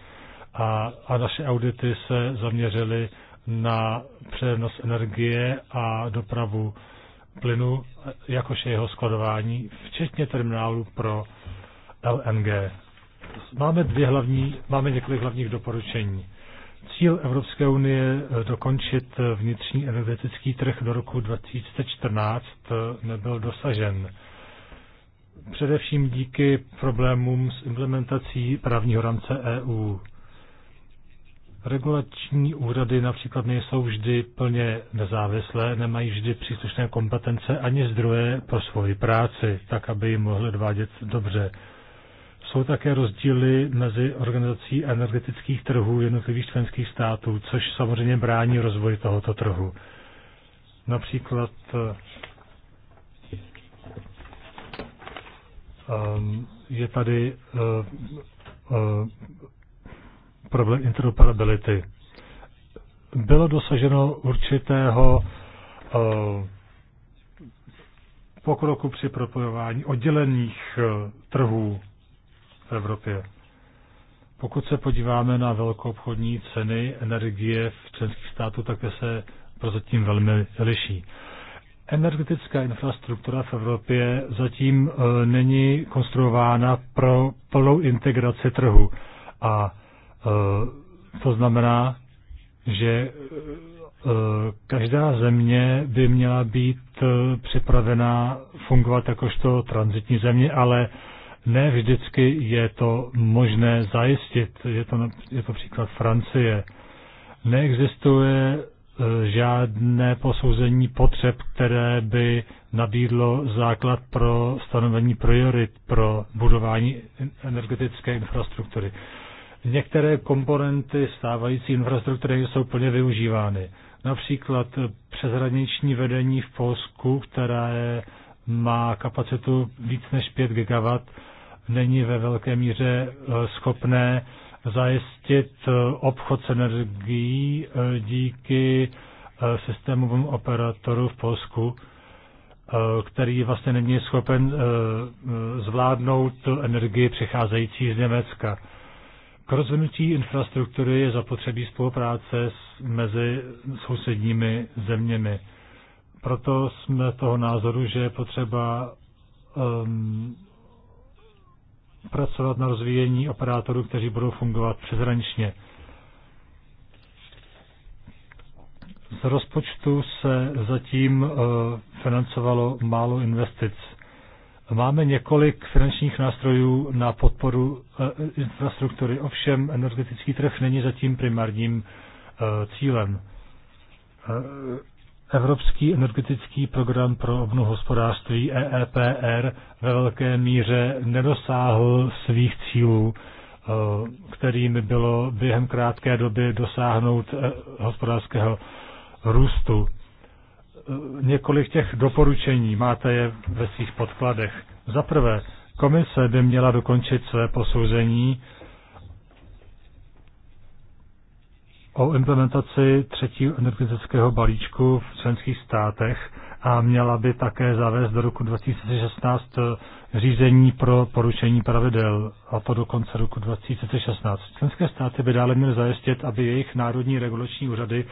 A, a naše audity se zaměřily na přenos energie a dopravu plynu, jakož je jeho skladování, včetně terminálu pro LNG. Máme dvě hlavní, máme několik hlavních doporučení. Cíl Evropské unie eh, dokončit eh, vnitřní energetický trh do roku 2014 eh, nebyl dosažen. Především díky problémům s implementací právního rámce EU. Regulační úřady například nejsou vždy plně nezávislé, nemají vždy příslušné kompetence ani zdroje pro svoji práci, tak aby ji mohly dvádět dobře. Jsou také rozdíly mezi organizací energetických trhů jednotlivých členských států, což samozřejmě brání rozvoji tohoto trhu. Například ehm, je tady eh, eh, problém interoperability. Bylo dosaženo určitého eh, pokroku při propojování oddělených trhů v Evropě. Pokud se podíváme na velkoobchodní ceny energie v členských států, tak se prozatím velmi liší. Energetická infrastruktura v Evropě zatím e, není konstruována pro plnou integraci trhu. A e, to znamená, že e, každá země by měla být připravená fungovat jakožto tranzitní země, ale ne vždycky je to možné zajistit. Je to, je to příklad Francie. Neexistuje e, žádné posouzení potřeb, které by nabídlo základ pro stanovení priorit pro budování energetické infrastruktury. Některé komponenty stávající infrastruktury jsou plně využívány. Například přeshraniční vedení v Polsku, které má kapacitu víc než 5 GW, není ve velké míře eh, schopné zajistit eh, obchod s energií eh, díky systémovému operatoru v Polsku, který vlastně není schopen zvládnout energii přicházející z Německa. K rozvinutí infrastruktury je zapotřebí spolupráce s, mezi sousedními zeměmi. Proto jsme toho názoru, že je potřeba um, pracovat na rozvíjení operátorů, kteří budou fungovat přeshraničně. Z rozpočtu se zatím eh, financovalo málo investic. Máme několik finančních nástrojů na podporu eh, infrastruktury, ovšem energetický trh není zatím primárním eh, cílem. Evropský energetický program pro obnovu hospodářství EEPR ve velké míře nedosáhl svých cílů, eh, kterými bylo během krátké doby dosáhnout eh, hospodářského růstu. Eh, několik těch doporučení máte je ve svých podkladech. Za prvé, komise by měla dokončit své posouzení o implementaci třetího energetického balíčku v členských státech a měla by také zavést do roku 2016 eh, řízení pro porušení pravidel, a to do konce roku 2016. Členské státy by dále měly zajistit, aby jejich národní regulační úřady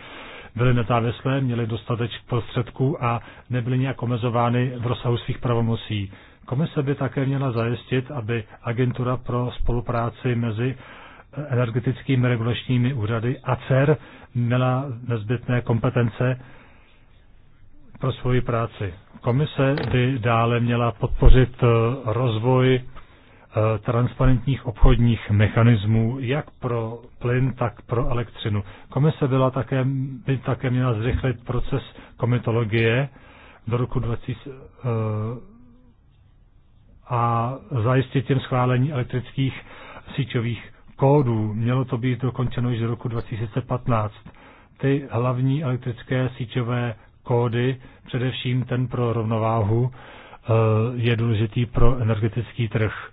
byly nezávislé, měly dostatek prostředků a nebyly nějak omezovány v rozsahu svých pravomocí. Komise by také měla zajistit, aby agentura pro spolupráci mezi energetickými regulačními úřady ACER měla nezbytné kompetence pro svoji práci. Komise by dále měla podpořit eh, rozvoj eh, transparentních obchodních mechanismů jak pro plyn, tak pro elektřinu. Komise byla také, by také měla zrychlit proces komitologie do roku 2000 eh, a zajistit tím schválení elektrických síťových kódů. Mělo to být dokončeno již do roku 2015. Ty hlavní elektrické síťové kódy, především ten pro rovnováhu, eh, je důležitý pro energetický trh.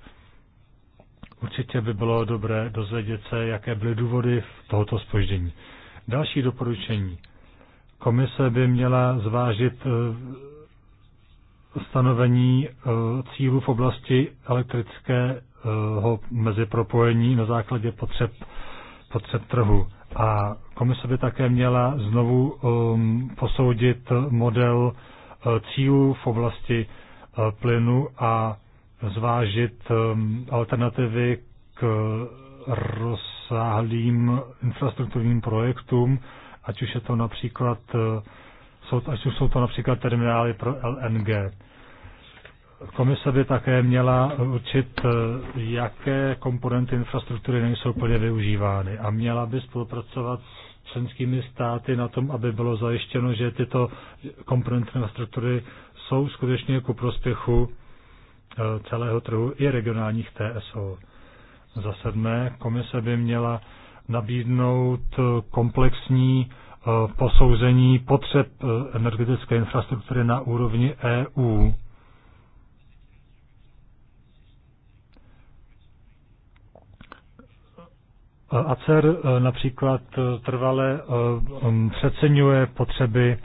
Určitě by bylo dobré dozvědět se, jaké byly důvody v tohoto spoždění. Další doporučení. Komise by měla zvážit eh, stanovení eh, cílů v oblasti elektrické mezi propojení na základě potřeb, potřeb trhu. A komise by také měla znovu um, posoudit model uh, cílů v oblasti uh, plynu a zvážit um, alternativy k rozsáhlým infrastrukturním projektům, ať už je to například, uh, jsou, ať už jsou to například terminály pro LNG. Komise by také měla určit, eh, jaké komponenty infrastruktury nejsou plně využívány a měla by spolupracovat s členskými státy na tom, aby bylo zajištěno, že tyto komponenty infrastruktury jsou skutečně ku prospěchu eh, celého trhu i regionálních TSO. Za sedmé, komise by měla nabídnout komplexní eh, posouzení potřeb energetické infrastruktury na úrovni EU Eh, ACER eh, například eh, trvale mm, přeceňuje potřeby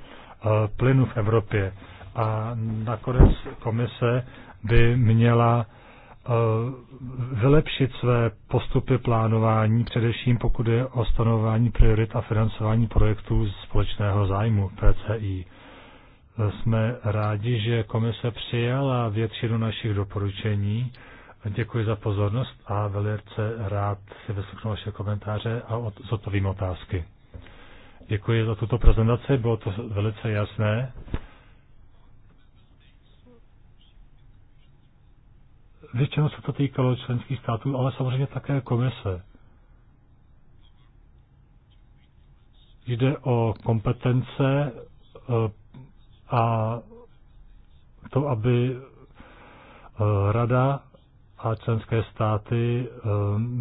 plynu v Evropě a nakonec komise by měla vylepšit své postupy plánování, především pokud je o stanování priorit a financování projektů společného zájmu PCI. Jsme rádi, že komise přijala většinu našich doporučení, Děkuji za pozornost a velice rád si vyslechnu vaše komentáře a zodpovím otázky. Děkuji za tuto prezentaci, bylo to velice jasné. Většinou se to týkalo členských států, ale samozřejmě také komise. Jde o kompetence eh, a to, aby eh, rada a členské státy ehm,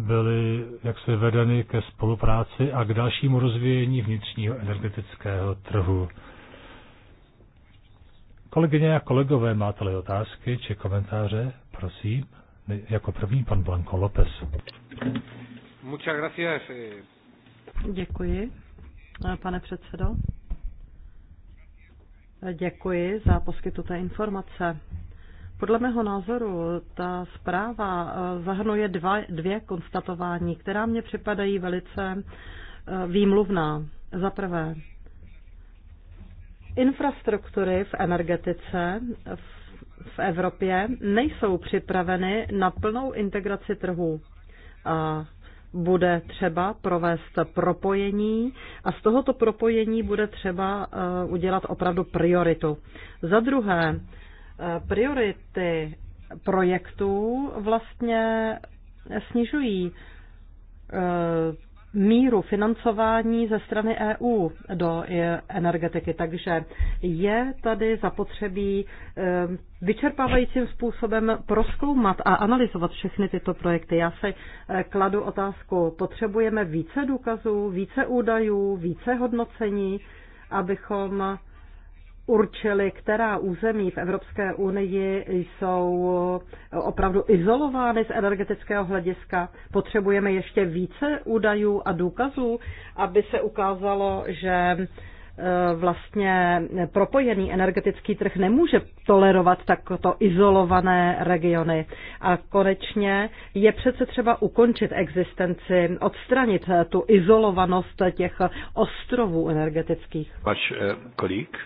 byly jaksi vedeny ke spolupráci a k dalšímu rozvíjení vnitřního energetického trhu. Kolegyně a kolegové, máte-li otázky či komentáře, prosím. Jako první pan Blanco López. Eh. Děkuji, eh, pane předsedo. Děkuji za poskytnuté informace. Podle mého názoru ta zpráva eh, zahrnuje dva, dvě konstatování, která mě připadají velice eh, výmluvná. Za prvé, infrastruktury v energetice v Evropě nejsou připraveny na plnou integraci trhů. A bude třeba provést propojení a z tohoto propojení bude třeba eh, udělat opravdu prioritu. Za druhé, priority projektů vlastně snižují eh, míru financování ze strany EU do eh, energetiky. Takže je tady zapotřebí eh, vyčerpávajícím způsobem proskoumat a analyzovat všechny tyto projekty. Já se kladu otázku, potřebujeme více důkazů, více údajů, více hodnocení, abychom určili, která území v Evropské unii jsou opravdu izolovány z energetického hlediska. Potřebujeme ještě více údajů a důkazů, aby se ukázalo, že e, vlastně propojený energetický trh nemůže tolerovat takto izolované regiony. A konečně je přece třeba ukončit existenci, odstranit tu izolovanost těch ostrovů energetických. Váš e, kolik?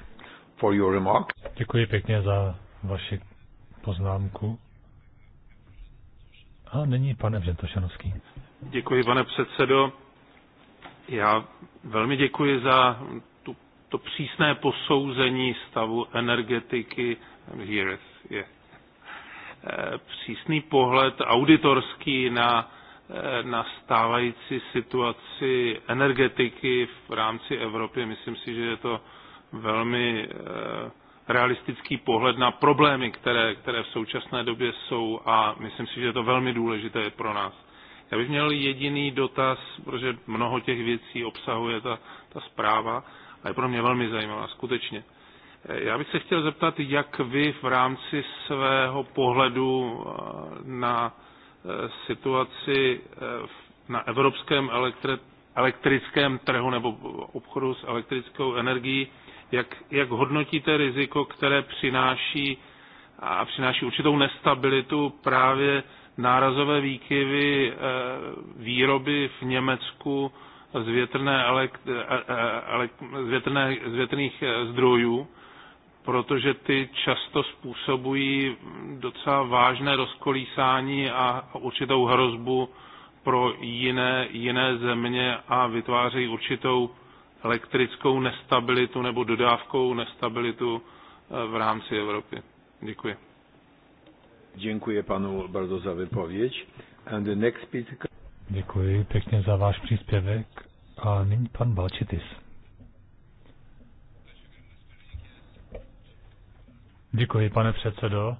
for your remark. Děkuji pěkně za vaši poznámku. A nyní pane Evžen Děkuji, pane předsedo. Já velmi děkuji za tu, to přísné posouzení stavu energetiky. Here yeah. Eh, přísný pohled auditorský na, eh, na stávající situaci energetiky v rámci Evropy. Myslím si, že je to velmi eh, realistický pohled na problémy, které, které v současné době jsou a myslím si, že je to velmi důležité pro nás. Já bych měl jediný dotaz, protože mnoho těch věcí obsahuje ta, ta zpráva a je pro mě velmi zajímavá, skutečně. Eh, já bych se chtěl zeptat, jak vy v rámci svého pohledu eh, na situaci na evropském elektrickém trhu nebo obchodu s elektrickou energií jak, jak hodnotíte riziko, které přináší a přináší určitou nestabilitu právě nárazové výkyvy eh, výroby v Německu z, větrné elekt, eh, eh, z, větrné, z větrných zdrojů, protože ty často způsobují docela vážné rozkolísání a určitou hrozbu pro jiné, jiné země a vytvářejí určitou elektrickou nestabilitu nebo dodávkou nestabilitu eh, v rámci Evropy. Děkuji. Děkuji panu bardzo za vypověď. And the next speaker... Děkuji pěkně za váš příspěvek. A nyní pan Balčitis. Děkuji, pane předsedo.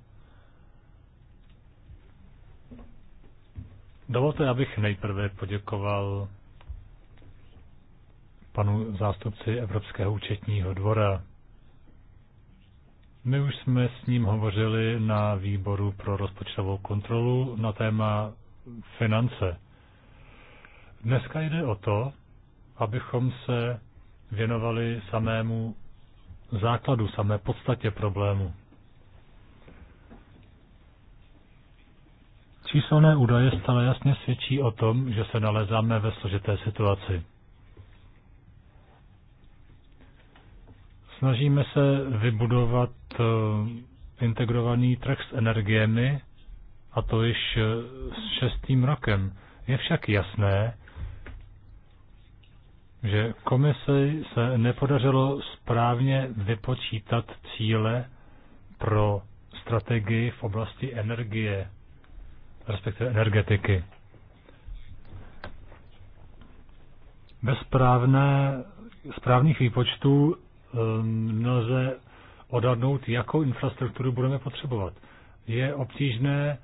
Dovolte, abych nejprve poděkoval panu zástupci Evropského účetního dvora. My už jsme s ním hovořili na výboru pro rozpočtovou kontrolu na téma finance. Dneska jde o to, abychom se věnovali samému základu, samé podstatě problému. Číselné údaje stále jasně svědčí o tom, že se nalezáme ve složité situaci. Snažíme se vybudovat eh, integrovaný trh s energiemi, a to již eh, s šestým rokem. Je však jasné, že Komise se nepodařilo správně vypočítat cíle pro strategii v oblasti energie, respektive energetiky. Bez správné, správných výpočtů Ehm, nelze odhadnout, jakou infrastrukturu budeme potřebovat. Je obtížné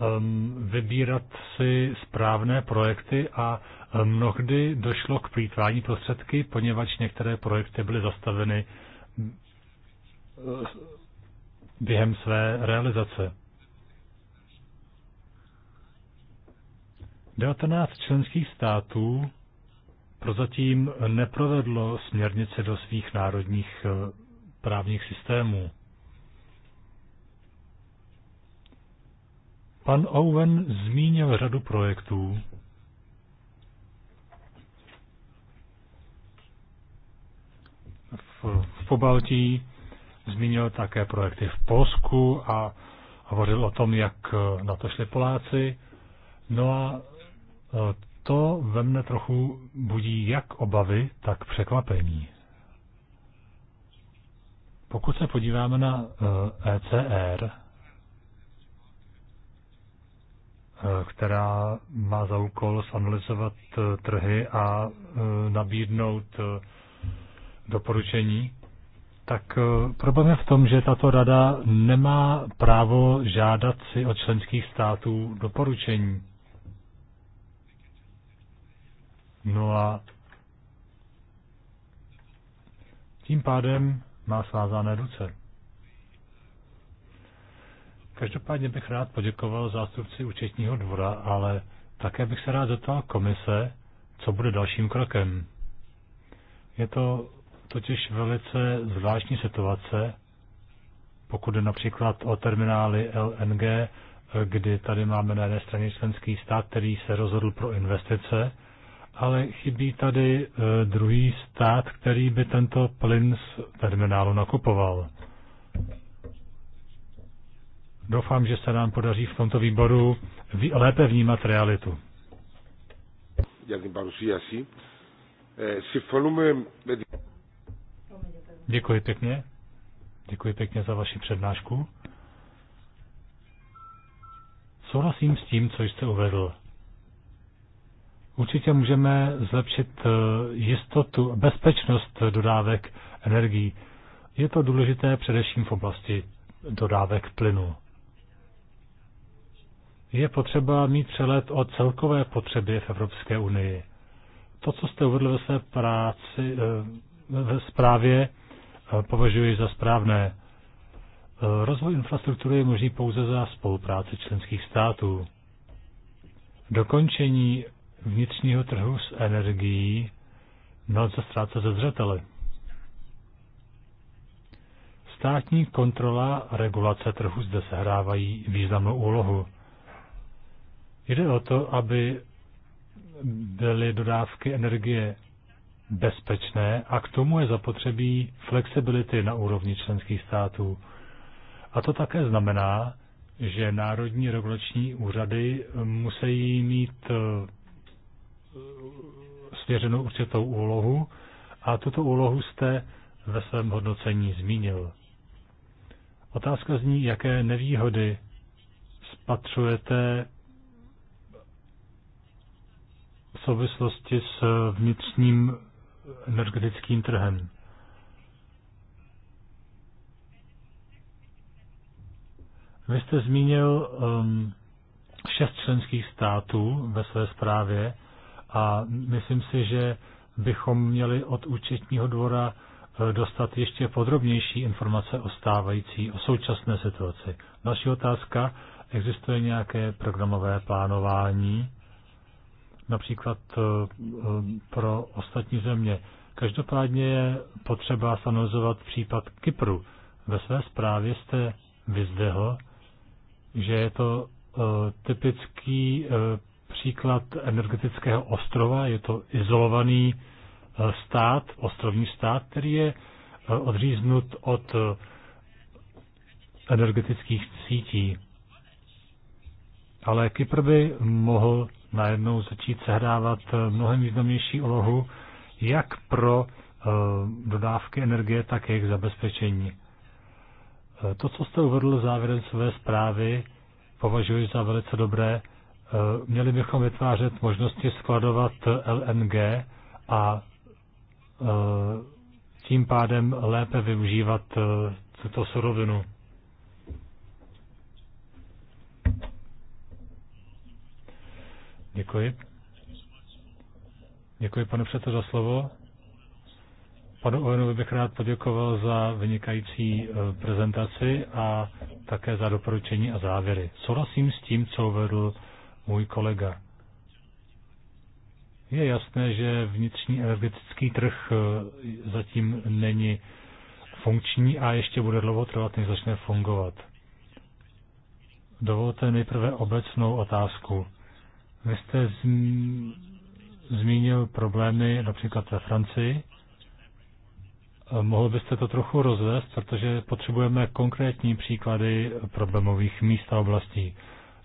ehm, vybírat si správné projekty a ehm, mnohdy došlo k plýtvání prostředky, poněvadž některé projekty byly zastaveny během své realizace. 19 členských států prozatím neprovedlo směrnice do svých národních eh, právních systémů. Pan Owen zmínil řadu projektů, v Pobaltí, zmínil také projekty v Polsku a hovořil o tom, jak eh, na to šli Poláci. No a eh, to ve mne trochu budí jak obavy, tak překvapení. Pokud se podíváme na ECR, eh, e eh, která má za úkol zanalizovat eh, trhy a nabídnout doporučení, tak problém je v tom, že tato rada nemá právo žádat si od členských států doporučení. No a Tím pádem má svázané ruce. Každopádně bych rád poděkoval zástupci účetního dvora, ale také bych se rád zeptal komise, co bude dalším krokem. Je to totiž velice zvláštní situace, pokud je například o terminály LNG, kdy tady máme na jedné straně členský stát, který se rozhodl pro investice, ale chybí tady e, druhý stát, který by tento plyn z terminálu nakupoval. Doufám, že se nám podaří v tomto výboru lépe vnímat realitu. Děkuji pěkně. Děkuji pěkně za vaši přednášku. Souhlasím s tím, co jste uvedl. Určitě můžeme zlepšit eh, jistotu, bezpečnost dodávek energií. Je to důležité především v oblasti dodávek plynu. Je potřeba mít přelet o celkové potřeby v Evropské unii. To, co jste uvedl ve své práci, eh, ve zprávě, eh, považuji za správné. Rozvoj infrastruktury je možný pouze za spolupráci členských států. Dokončení vnitřního trhu s energií nelze ztrácet ze zřetele. Státní kontrola a regulace trhu zde sehrávají významnou úlohu. Jde o to, aby byly dodávky energie bezpečné a k tomu je zapotřebí flexibility na úrovni členských států. A to také znamená, že národní regulační úřady musí mít svěřenou určitou úlohu a tuto úlohu jste ve svém hodnocení zmínil. Otázka zní, jaké nevýhody spatřujete v souvislosti s vnitřním energetickým trhem. Vy jste zmínil um, šest členských států ve své zprávě a myslím si, že bychom měli od účetního dvora eh, dostat ještě podrobnější informace o stávající, o současné situaci. Další otázka. Existuje nějaké programové plánování, například eh, eh, pro ostatní země? Každopádně je potřeba sanalizovat případ Kypru. Ve své zprávě jste vyzdehl, že je to typický příklad energetického ostrova. Je to izolovaný eh, stát, ostrovní stát, který je eh, odříznut od eh, energetických sítí. Ale Kypr by mohl najednou začít sehrávat mnohem významnější úlohu jak pro dodávky energie, tak jejich zabezpečení. To, co jste uvedl závěrem své zprávy, považuji za velice dobré Eh, měli bychom vytvářet možnosti skladovat LNG a eh, tím pádem lépe využívat eh, tuto surovinu. Děkuji. Děkuji, pane předsedo, za slovo. Panu Ovenovi bych rád poděkoval za vynikající prezentaci a také za doporučení a závěry. Souhlasím s tím, co uvedl můj kolega. Je jasné, že vnitřní energetický trh eh, zatím není funkční a ještě bude dlouho trvat, než začne fungovat. Dovolte nejprve obecnou otázku. Vy jste zmínil problémy například ve Francii. Eh, mohl byste to trochu rozvést, protože potřebujeme konkrétní příklady problémových míst a oblastí.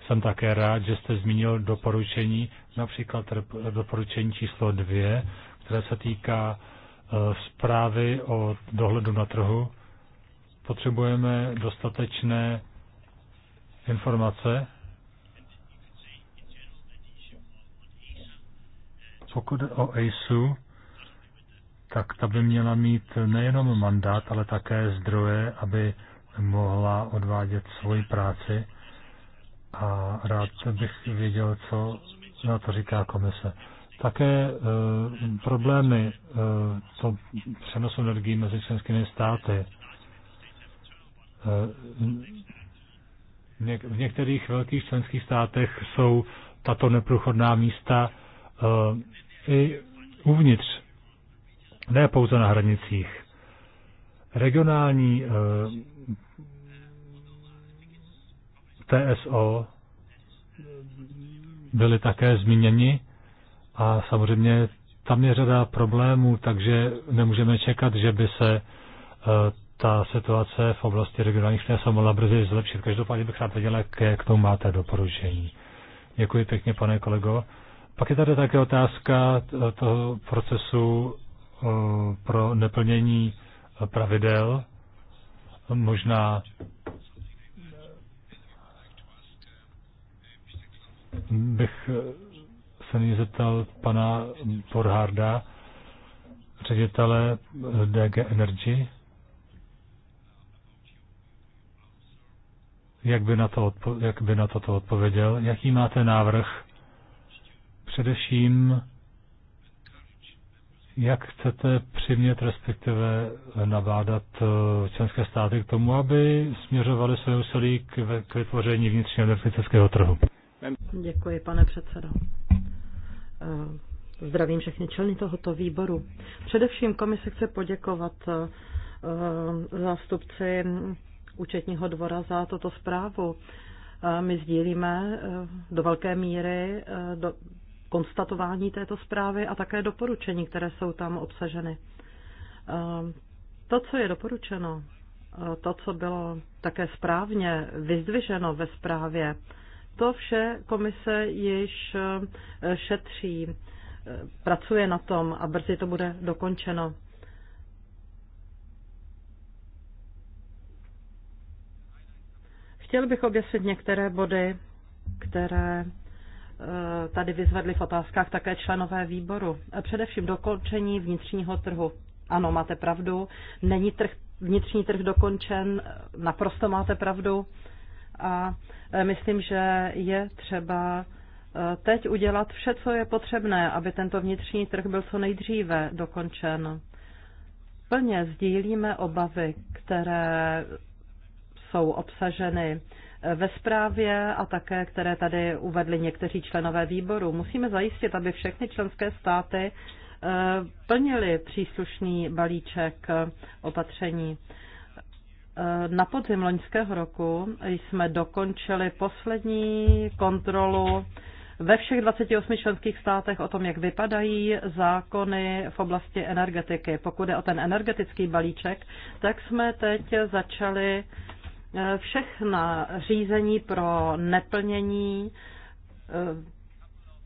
Jsem také rád, že jste zmínil doporučení, například doporučení číslo dvě, které se týká e, zprávy o dohledu na trhu. Potřebujeme dostatečné informace. Pokud o ASU, tak ta by měla mít nejenom mandát, ale také zdroje, aby mohla odvádět svoji práci a rád bych věděl, co na to říká komise. Také e, problémy e, to přenosu energii mezi členskými státy. E, v některých velkých členských státech jsou tato neprůchodná místa e, i uvnitř, ne pouze na hranicích. Regionální e, TSO byli také zmíněni a samozřejmě tam je řada problémů, takže nemůžeme čekat, že by se eh, ta situace v oblasti regionálních financí mohla brzy zlepšit. Každopádně bych rád věděl, jaké k tomu máte doporučení. Děkuji pěkně, pane kolego. Pak je tady také otázka toho procesu eh, pro neplnění pravidel. Možná bych se nyní zeptal pana Borharda, ředitele DG Energy, jak by na, to odpo- jak by na toto odpověděl, jaký máte návrh, především jak chcete přimět, respektive nabádat eh, členské státy k tomu, aby směřovali své úsilí k vytvoření vnitřního energetického trhu? Děkuji, pane předsedo. Eh, zdravím všechny členy tohoto výboru. Především komise chce poděkovat eh, zástupci účetního dvora za toto zprávu. Eh, my sdílíme do velké míry do konstatování této zprávy a také doporučení, které jsou tam obsaženy. To, co je doporučeno, to, co bylo také správně vyzdviženo ve zprávě, to vše komise již eh, šetří, eh, pracuje na tom a brzy to bude dokončeno. Chtěl bych objasnit některé body, které eh, tady vyzvedli v otázkách také členové výboru. Především dokončení vnitřního trhu. Ano, máte pravdu, není trh, vnitřní trh dokončen, naprosto máte pravdu a e, myslím, že je třeba e, teď udělat vše, co je potřebné, aby tento vnitřní trh byl co nejdříve dokončen. Plně sdílíme obavy, které jsou obsaženy e, ve zprávě a také, které tady uvedli někteří členové výboru. Musíme zajistit, aby všechny členské státy plnili příslušný balíček opatření. Na podzim loňského roku jsme dokončili poslední kontrolu ve všech 28 členských státech o tom, jak vypadají zákony v oblasti energetiky. Pokud je o ten energetický balíček, tak jsme teď začali eh, všechna řízení pro neplnění eh,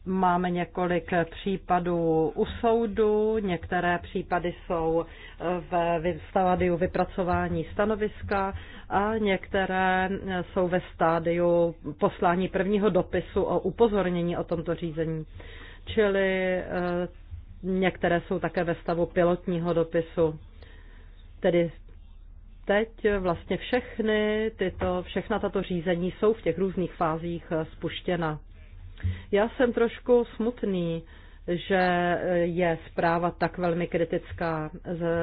Máme několik případů u soudu, některé případy jsou eh, v stádiu vypracování stanoviska a některé eh, jsou ve stádiu poslání prvního dopisu o upozornění o tomto řízení. Čili eh, některé jsou také ve stavu pilotního dopisu. Tedy teď vlastně všechny tyto, všechna tato řízení jsou v těch různých fázích spuštěna. Já jsem trošku smutný, že je zpráva tak velmi kritická ze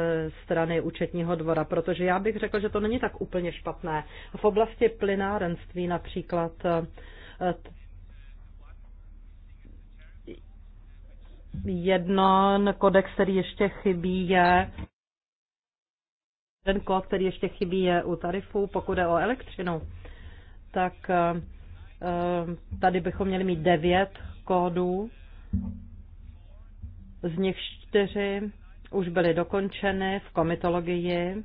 strany účetního dvora, protože já bych řekl, že to není tak úplně špatné. V oblasti plynárenství například eh, jeden kodex, který ještě chybí, je ten kód, který ještě chybí, je u tarifů, pokud je o elektřinu. Tak eh, Ehm, tady bychom měli mít devět kódů, z nich čtyři už byly dokončeny v komitologii,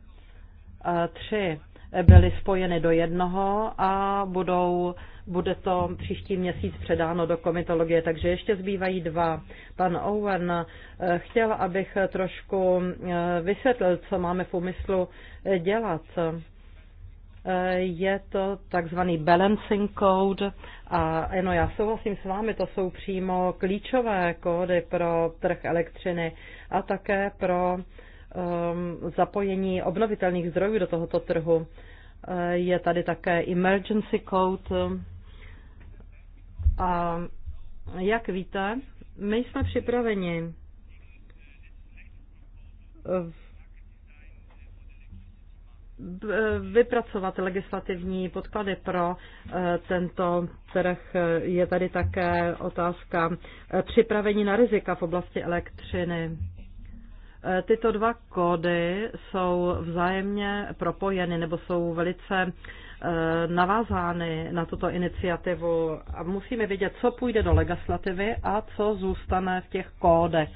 tři byly spojeny do jednoho a budou, bude to příští měsíc předáno do komitologie, takže ještě zbývají dva. Pan Owen eh, chtěl, abych trošku eh, vysvětlil, co máme v úmyslu eh, dělat je to takzvaný balancing code a no já souhlasím s vámi, to jsou přímo klíčové kódy pro trh elektřiny a také pro um, zapojení obnovitelných zdrojů do tohoto trhu. Uh, je tady také emergency code a jak víte, my jsme připraveni v Eh, vypracovat legislativní podklady pro eh, tento trh. Je tady také otázka eh, připravení na rizika v oblasti elektřiny. Tyto dva kódy jsou vzájemně propojeny nebo jsou velice navázány na tuto iniciativu a musíme vědět, co půjde do legislativy a co zůstane v těch kódech.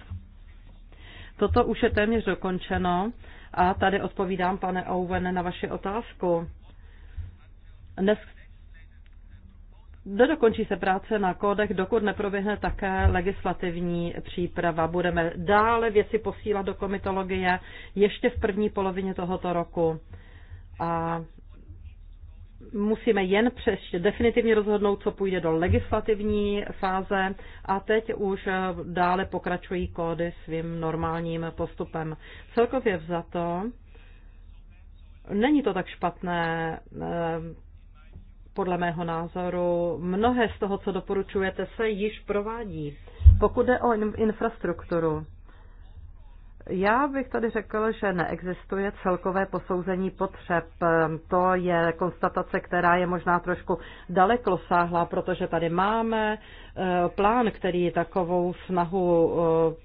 Toto už je téměř dokončeno a tady odpovídám, pane Owen, na vaši otázku. Dnes Nedokončí se práce na kódech, dokud neproběhne také legislativní příprava. Budeme dále věci posílat do komitologie ještě v první polovině tohoto roku. A musíme jen přeš, definitivně rozhodnout, co půjde do legislativní fáze a teď už dále pokračují kódy svým normálním postupem. Celkově vzato není to tak špatné eh, podle mého názoru. Mnohé z toho, co doporučujete, se již provádí. Pokud jde o infrastrukturu, já bych tady řekl, že neexistuje celkové posouzení potřeb. To je konstatace, která je možná trošku dalekosáhlá, protože tady máme eh, plán, který takovou snahu eh,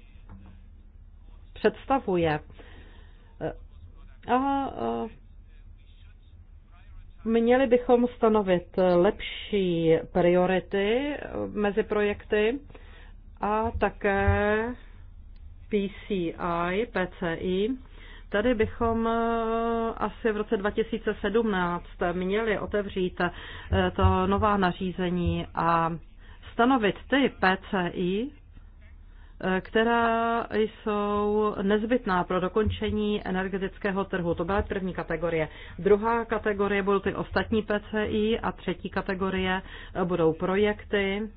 představuje. Eh, a měli bychom stanovit lepší priority mezi projekty a také PCI, PCI, Tady bychom eh, asi v roce 2017 měli otevřít eh, to nová nařízení a stanovit ty PCI, eh, která jsou nezbytná pro dokončení energetického trhu. To byla první kategorie. Druhá kategorie budou ty ostatní PCI a třetí kategorie budou projekty,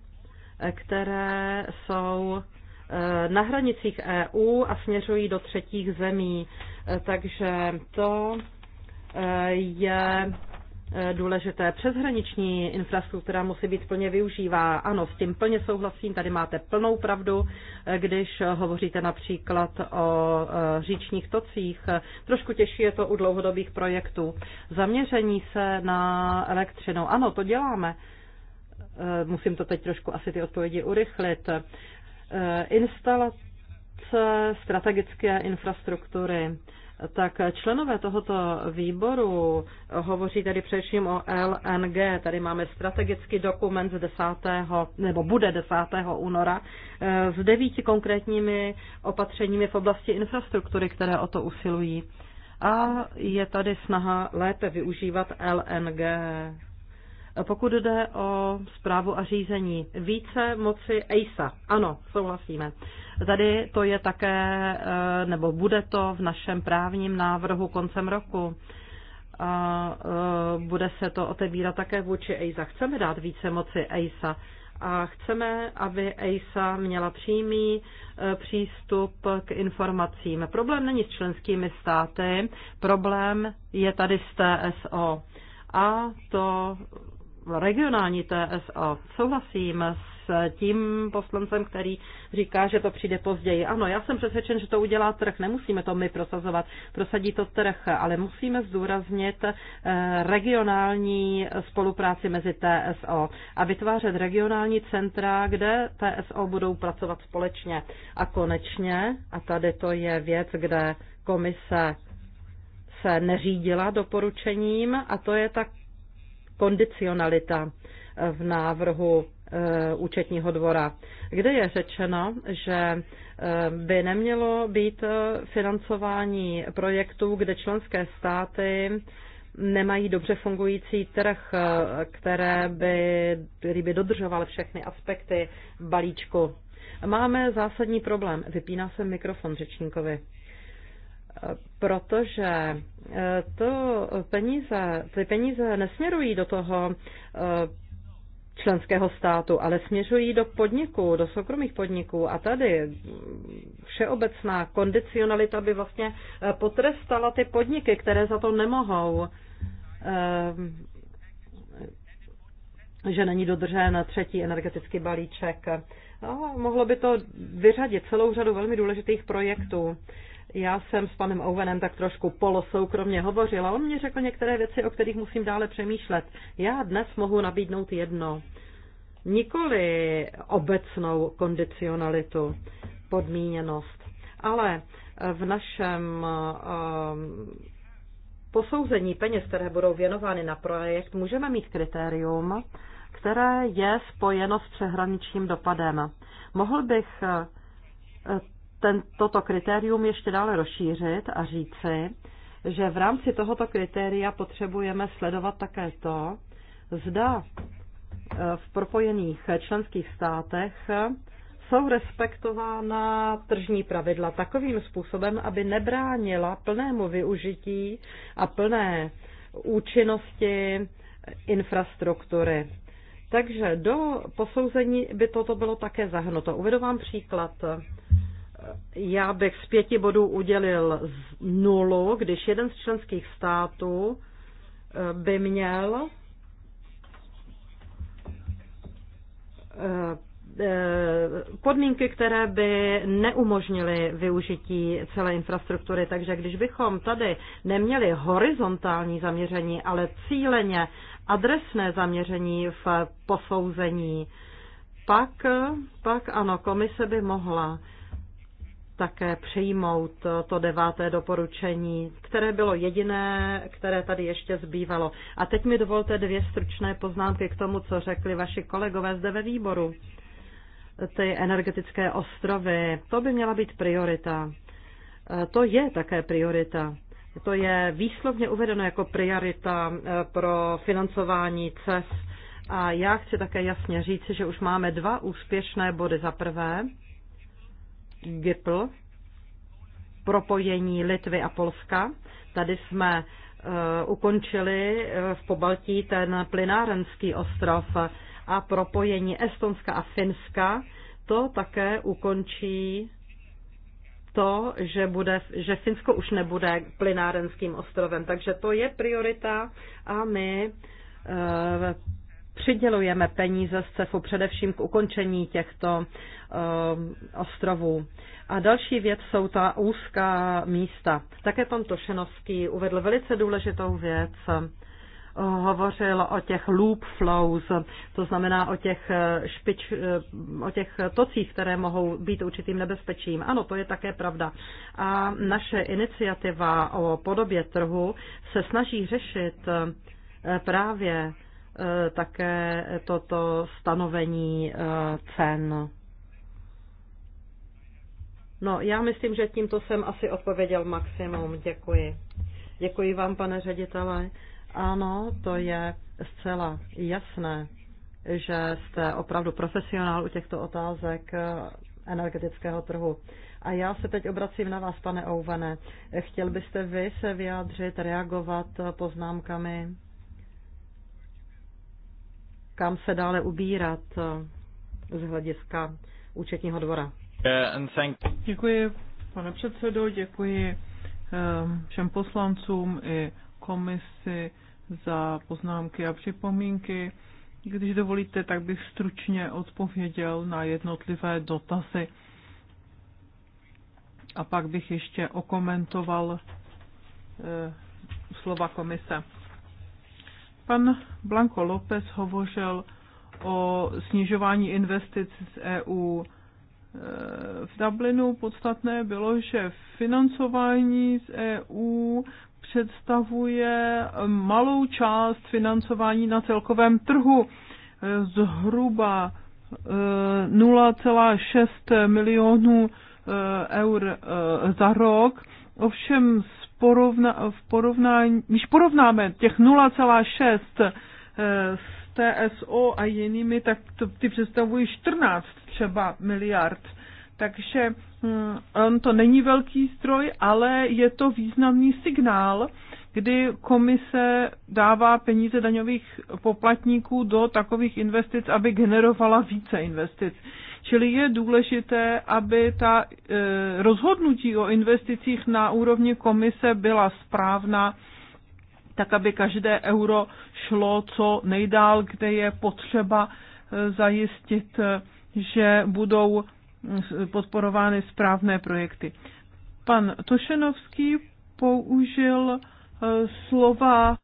které jsou Eh, na hranicích EU a směřují do třetích zemí. Eh, takže to eh, je důležité. Přeshraniční infrastruktura musí být plně využívá. Ano, s tím plně souhlasím, tady máte plnou pravdu, když hovoříte například o říčních tocích. Trošku těžší je to u dlouhodobých projektů. Zaměření se na elektřinu. Ano, to děláme. Musím to teď trošku asi ty odpovědi urychlit. Eh, instalace strategické infrastruktury. Tak členové tohoto výboru hovoří tady především o LNG. Tady máme strategický dokument z 10. nebo bude 10. února eh, s devíti konkrétními opatřeními v oblasti infrastruktury, které o to usilují. A je tady snaha lépe využívat LNG pokud jde o zprávu a řízení, více moci EISA. Ano, souhlasíme. Tady to je také, eh, nebo bude to v našem právním návrhu koncem roku. A eh, bude se to otevírat také vůči EISA. Chceme dát více moci EISA a chceme, aby EISA měla přímý eh, přístup k informacím. Problém není s členskými státy, problém je tady s TSO. A to regionální TSO Souhlasím s tím poslancem, který říká, že to přijde později. Ano, já jsem přesvědčen, že to udělá trh. Nemusíme to my prosazovat. Prosadí to trh, ale musíme zdůraznit eh, regionální spolupráci mezi TSO a vytvářet regionální centra, kde TSO budou pracovat společně. A konečně, a tady to je věc, kde komise se neřídila doporučením a to je tak kondicionalita v návrhu eh, účetního dvora, kde je řečeno, že eh, by nemělo být eh, financování projektů, kde členské státy nemají dobře fungující trh, které by, který by dodržoval všechny aspekty balíčku. Máme zásadní problém. Vypíná se mikrofon řečníkovi protože eh, to peníze, ty peníze nesměrují do toho eh, členského státu, ale směřují do podniků, do soukromých podniků. A tady všeobecná kondicionalita by vlastně eh, potrestala ty podniky, které za to nemohou, že není dodržen třetí energetický balíček. No, mohlo by to vyřadit celou řadu velmi důležitých projektů. Já jsem s panem Owenem tak trošku polosoukromně hovořila. On mě řekl některé věci, o kterých musím dále přemýšlet. Já dnes mohu nabídnout jedno. Nikoli obecnou kondicionalitu, podmíněnost, ale v našem ehm, posouzení peněz, které budou věnovány na projekt, můžeme mít kritérium, které je spojeno s přehraničním dopadem. Mohl bych eh, ten, toto kritérium ještě dále rozšířit a říci, že v rámci tohoto kritéria potřebujeme sledovat také to, zda e, v propojených členských státech jsou respektována tržní pravidla takovým způsobem, aby nebránila plnému využití a plné účinnosti infrastruktury. Takže do posouzení by toto bylo také zahrnuto. Uvedu vám příklad. Já bych z pěti bodů udělil nulu, když jeden z členských států eh, by měl eh, eh, podmínky, které by neumožnily využití celé infrastruktury. Takže když bychom tady neměli horizontální zaměření, ale cíleně adresné zaměření v posouzení, pak, pak ano, komise by mohla také přijmout to deváté doporučení, které bylo jediné, které tady ještě zbývalo. A teď mi dovolte dvě stručné poznámky k tomu, co řekli vaši kolegové zde ve výboru. Ty energetické ostrovy, to by měla být priorita. To je také priorita. To je výslovně uvedeno jako priorita eh, pro financování CES. A já chci také jasně říct, že už máme dva úspěšné body. Za prvé, GIPL, propojení Litvy a Polska. Tady jsme eh, ukončili eh, v Pobaltí ten plynárenský ostrov a propojení Estonska a Finska. To také ukončí to, že, bude, že Finsko už nebude plynárenským ostrovem. Takže to je priorita a my eh, přidělujeme peníze z CEFu především k ukončení těchto eh, ostrovů. A další věc jsou ta úzká místa. Také pan Tošenovský uvedl velice důležitou věc. Hovořil o těch loop flows, to znamená o těch, eh, špič, eh, o těch tocích, které mohou být určitým nebezpečím. Ano, to je také pravda. A naše iniciativa o podobě trhu se snaží řešit právě Eh, také toto stanovení eh, cen. No, já myslím, že tímto jsem asi odpověděl maximum. Děkuji. Děkuji vám, pane ředitele. Ano, to je zcela jasné, že jste opravdu profesionál u těchto otázek eh, energetického trhu. A já se teď obracím na vás, pane Ouvene. Chtěl byste vy se vyjádřit, reagovat poznámkami? kam se dále ubírat eh, z hlediska účetního dvora. Děkuji, pane předsedo, děkuji eh, všem poslancům i komisi za poznámky a připomínky. Když dovolíte, tak bych stručně odpověděl na jednotlivé dotazy. A pak bych ještě okomentoval eh, slova komise. Pan Blanco López hovořil o snižování investic z EU. E, v Dublinu podstatné bylo, že financování z EU představuje malou část financování na celkovém trhu, e, zhruba 0,6 e, milionů eur za rok. Ovšem z porovna, v porovnání, když porovnáme těch 0,6 eh, s TSO a jinými, tak to, ty představují 14 třeba miliard. Takže hm, on to není velký stroj, ale je to významný signál, kdy komise dává peníze daňových poplatníků do takových investic, aby generovala více investic. Čili je důležité, aby ta e, rozhodnutí o investicích na úrovni komise byla správná, tak aby každé euro šlo co nejdál, kde je potřeba e, zajistit, e, že budou podporovány správné projekty. Pan Tošenovský použil slova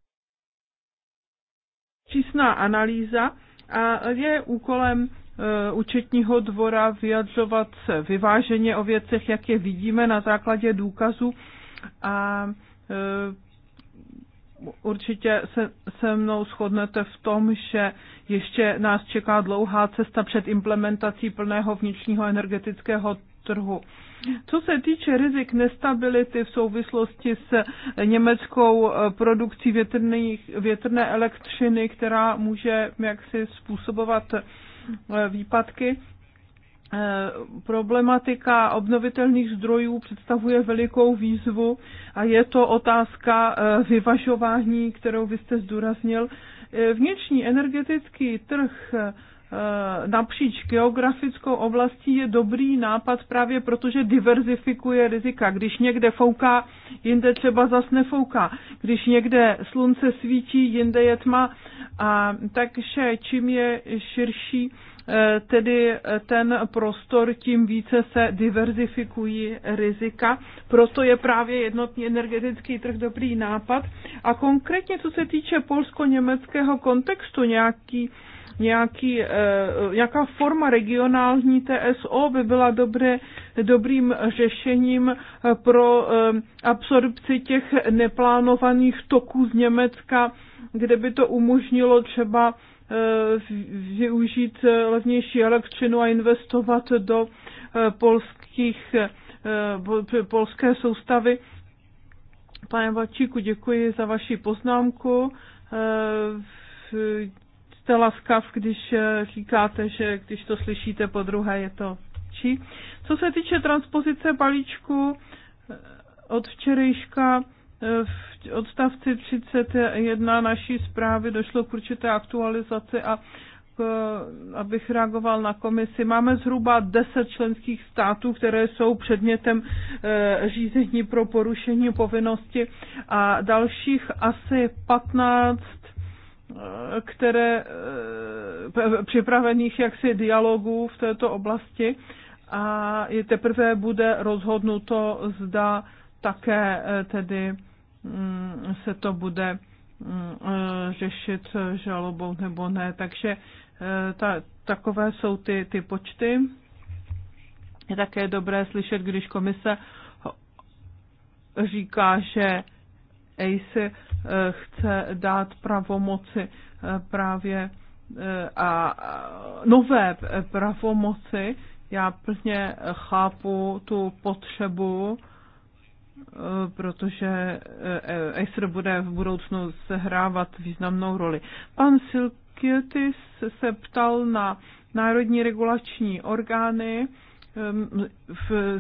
přísná analýza a je úkolem Eh, účetního dvora vyjadřovat se vyváženě o věcech, jak je vidíme na základě důkazů a eh, určitě se, se mnou shodnete v tom, že ještě nás čeká dlouhá cesta před implementací plného vnitřního energetického trhu. Co se týče rizik nestability v souvislosti s německou eh, produkcí větrných, větrné elektřiny, která může jaksi způsobovat Eh, výpadky. Eh, problematika obnovitelných zdrojů představuje velikou výzvu a je to otázka eh, vyvažování, kterou vy jste zdůraznil. Vnitřní energetický trh Eh, napříč geografickou oblastí je dobrý nápad právě protože diverzifikuje rizika. Když někde fouká, jinde třeba zas nefouká. Když někde slunce svítí, jinde je tma. A takže čím je širší eh, tedy eh, ten prostor, tím více se diverzifikují rizika. Proto je právě jednotný energetický trh dobrý nápad. A konkrétně, co se týče polsko-německého kontextu, nějaký nějaký, eh, nějaká forma regionální TSO by byla dobré, dobrým řešením eh, pro eh, absorpci těch neplánovaných toků z Německa, kde by to umožnilo třeba využít levnější elektřinu a investovat do polských, polské soustavy. Pane Vačíku, děkuji za vaši poznámku jste laskav, když eh, říkáte, že když to slyšíte po druhé, je to či. Co se týče transpozice balíčku eh, od včerejška, eh, v odstavci 31 naší zprávy došlo k určité aktualizaci a abych reagoval na komisi. Máme zhruba 10 členských států, které jsou předmětem řízení pro porušení povinnosti a dalších asi 15 Eh, které eh, připravených jaksi dialogů v této oblasti a teprve bude rozhodnuto, zda také eh, tedy mm, se to bude mm, řešit žalobou nebo ne. Takže ta, takové jsou ty, ty počty. Je také dobré slyšet, když komise říká, že ACE eh, chce dát pravomoci eh, právě eh, a nové pravomoci. Já plně chápu tu potřebu, protože ACE bude v budoucnu sehrávat významnou roli. Pan Silkiotis se ptal na národní regulační orgány. Ehm,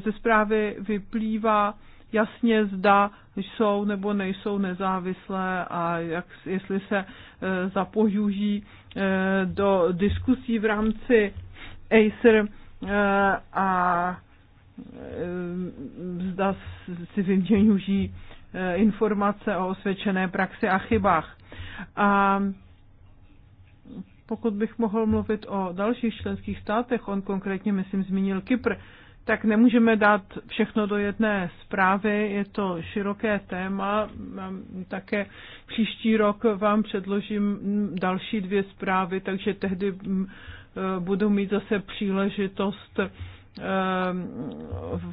ze zprávy vyplývá, jasně, zda jsou nebo nejsou nezávislé a jak, jestli se e, zapojují e, do diskusí v rámci Acer e, a zda si vyměňují informace o osvědčené praxi a chybách. A pokud bych mohl mluvit o dalších členských státech, on konkrétně, myslím, zmínil Kypr, tak nemůžeme dát všechno do jedné zprávy. Je to široké téma. Také příští rok vám předložím další dvě zprávy, takže tehdy mm, eh, budu mít zase příležitost eh,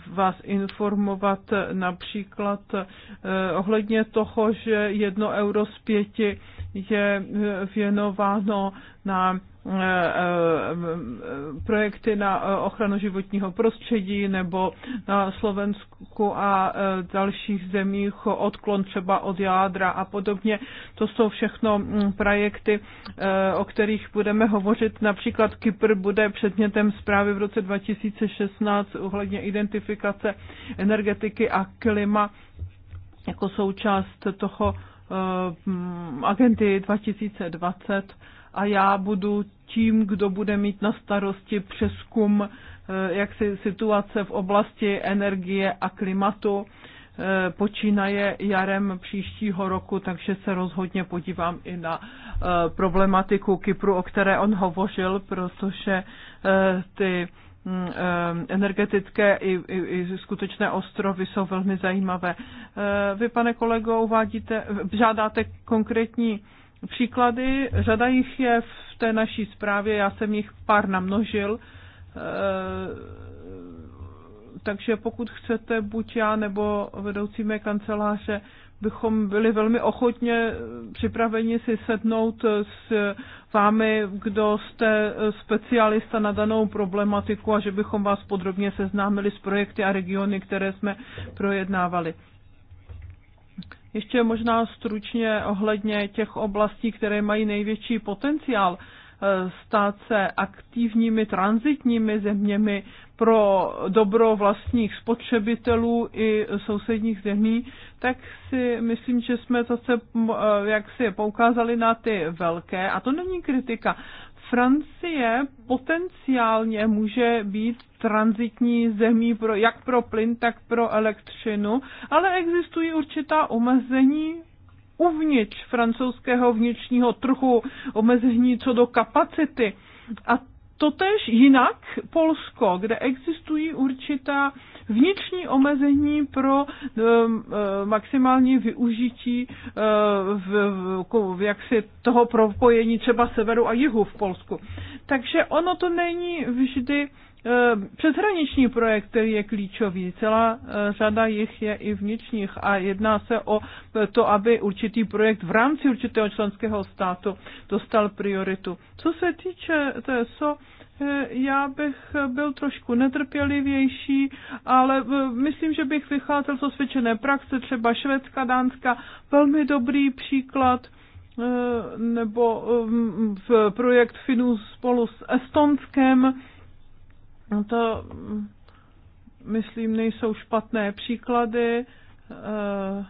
vás informovat například eh, ohledně toho, že jedno euro z pěti je věnováno na eh, eh, projekty na eh, ochranu životního prostředí nebo na Slovensku a dalších zemích odklon třeba od jádra a podobně. To jsou všechno hm, projekty, o kterých budeme hovořit. Například Kypr bude předmětem zprávy v roce 2016 ohledně identifikace energetiky a klima jako součást toho hm, agendy 2020 a já budu tím, kdo bude mít na starosti přeskum eh, jak si situace v oblasti energie a klimatu eh, počínaje jarem příštího roku, takže se rozhodně podívám i na eh, problematiku Kypru, o které on hovořil, protože ty mm, energetické i, i, i skutečné ostrovy jsou velmi zajímavé. Vy, pane kolego, uvádíte, žádáte konkrétní příklady, řada jich je v té naší zprávě, já jsem jich pár namnožil, eh, takže pokud chcete, buď já nebo vedoucí mé kanceláře, bychom byli velmi ochotně připraveni si sednout s vámi, kdo jste specialista na danou problematiku a že bychom vás podrobně seznámili s projekty a regiony, které jsme projednávali. Ještě možná stručně ohledně těch oblastí, které mají největší potenciál eh, stát se aktivními transitními zeměmi pro dobro vlastních spotřebitelů i sousedních zemí, tak si myslím, že jsme zase eh, jak si poukázali na ty velké, a to není kritika, Francie potenciálně může být transitní zemí pro, jak pro plyn, tak pro elektřinu, ale existují určitá omezení uvnitř francouzského vnitřního trhu, omezení co do kapacity. A Totež jinak Polsko, kde existují určitá vnitřní omezení pro um, eh, maximální využití eh, v, v, v jaksi toho propojení třeba severu a jihu v Polsku. Takže ono to není vždy Eh, přeshraniční projekt, je klíčový. Celá eh, řada jich je i vnitřních a jedná se o eh, to, aby určitý projekt v rámci určitého členského státu dostal prioritu. Co se týče TSO, já bych byl trošku netrpělivější, ale myslím, že bych vycházel z osvědčené praxe, třeba Švédska, Dánska, velmi dobrý příklad nebo projekt Finů spolu s Estonskem, No to, mm, myslím, nejsou špatné příklady. Eh,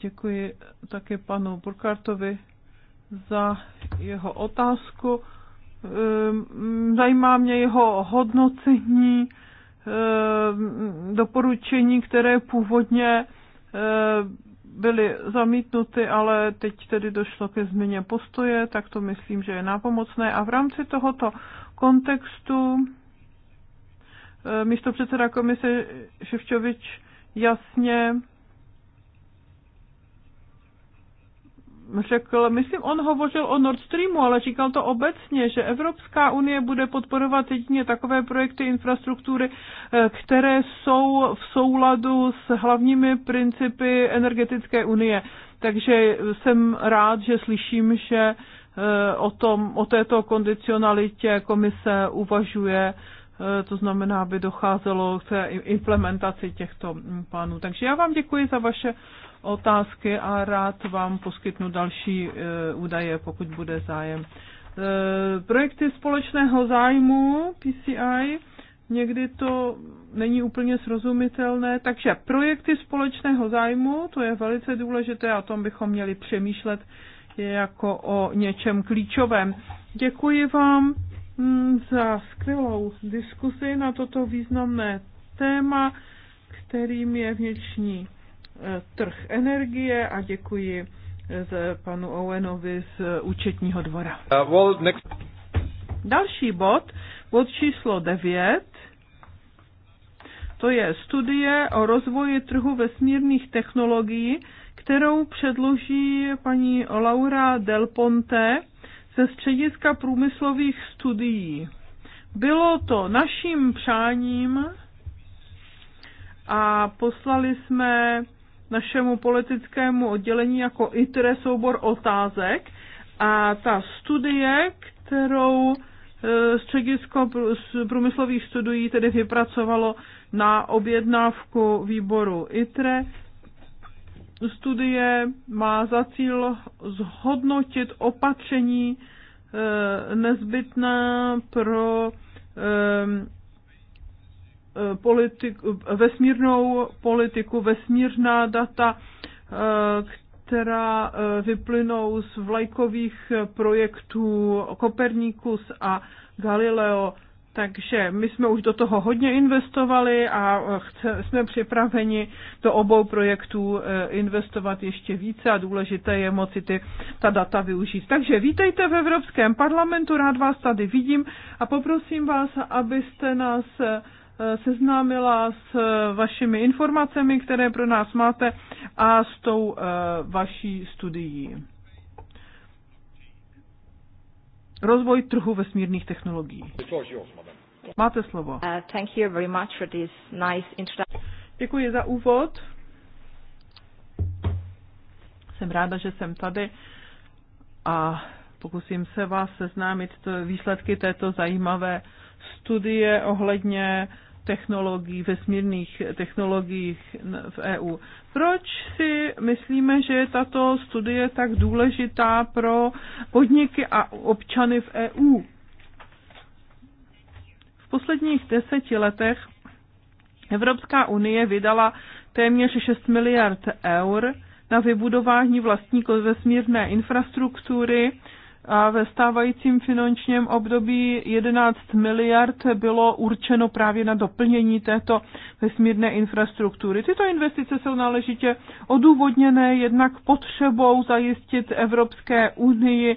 děkuji také panu Burkartovi za jeho otázku. Eh, zajímá mě jeho hodnocení eh, doporučení, které původně byly zamítnuty, ale teď tedy došlo ke změně postoje, tak to myslím, že je nápomocné. A v rámci tohoto kontextu eh, místo předseda komise Ševčovič jasně řekl, myslím, on hovořil o Nord Streamu, ale říkal to obecně, že Evropská unie bude podporovat jedině takové projekty infrastruktury, eh, které jsou v souladu s hlavními principy energetické unie. Takže jsem rád, že slyším, že o, tom, o této kondicionalitě komise uvažuje, e, to znamená, aby docházelo k té implementaci těchto mm, plánů. Takže já vám děkuji za vaše otázky a rád vám poskytnu další e, údaje, pokud bude zájem. E, projekty společného zájmu PCI, někdy to není úplně srozumitelné, takže projekty společného zájmu, to je velice důležité a o tom bychom měli přemýšlet jako o něčem klíčovém. Děkuji vám mm, za skvělou diskusi na toto významné téma, kterým je vnitřní e, trh energie a děkuji e, z panu Owenovi z e, účetního dvora. Uh, well, next... Další bod, bod číslo 9, to je studie o rozvoji trhu vesmírných technologií kterou předloží paní Laura Del Ponte ze Střediska průmyslových studií. Bylo to naším přáním a poslali jsme našemu politickému oddělení jako ITRE soubor otázek a ta studie, kterou eh, Středisko průmyslových studií tedy vypracovalo na objednávku výboru ITRE, studie má za cíl zhodnotit opatření eh, nezbytná pro eh, eh, politik, vesmírnou politiku, vesmírná data, která vyplynou z vlajkových projektů Kopernikus a Galileo takže my jsme už do toho hodně investovali a e, chce, jsme připraveni do obou projektů e, investovat ještě více a důležité je moci ty, ta data využít. Takže vítejte v Evropském parlamentu, rád vás tady vidím a poprosím vás, abyste nás e, seznámila s vašimi informacemi, které pro nás máte a s tou vaší studií. rozvoj trhu vesmírných technologií. Máte slovo. Uh, thank you very much for this nice introduction. Děkuji za úvod. Jsem ráda, že jsem tady a pokusím se vás seznámit výsledky této zajímavé studie ohledně technologií, vesmírných technologiích v EU. Proč si myslíme, že je tato studie tak důležitá pro podniky a občany v EU? V posledních deseti letech Evropská unie vydala téměř 6 miliard eur na vybudování vlastní vesmírné infrastruktury, a ve stávajícím finančním období 11 miliard bylo určeno právě na doplnění této vesmírné infrastruktury. Tyto investice jsou náležitě odůvodněné jednak potřebou zajistit Evropské unii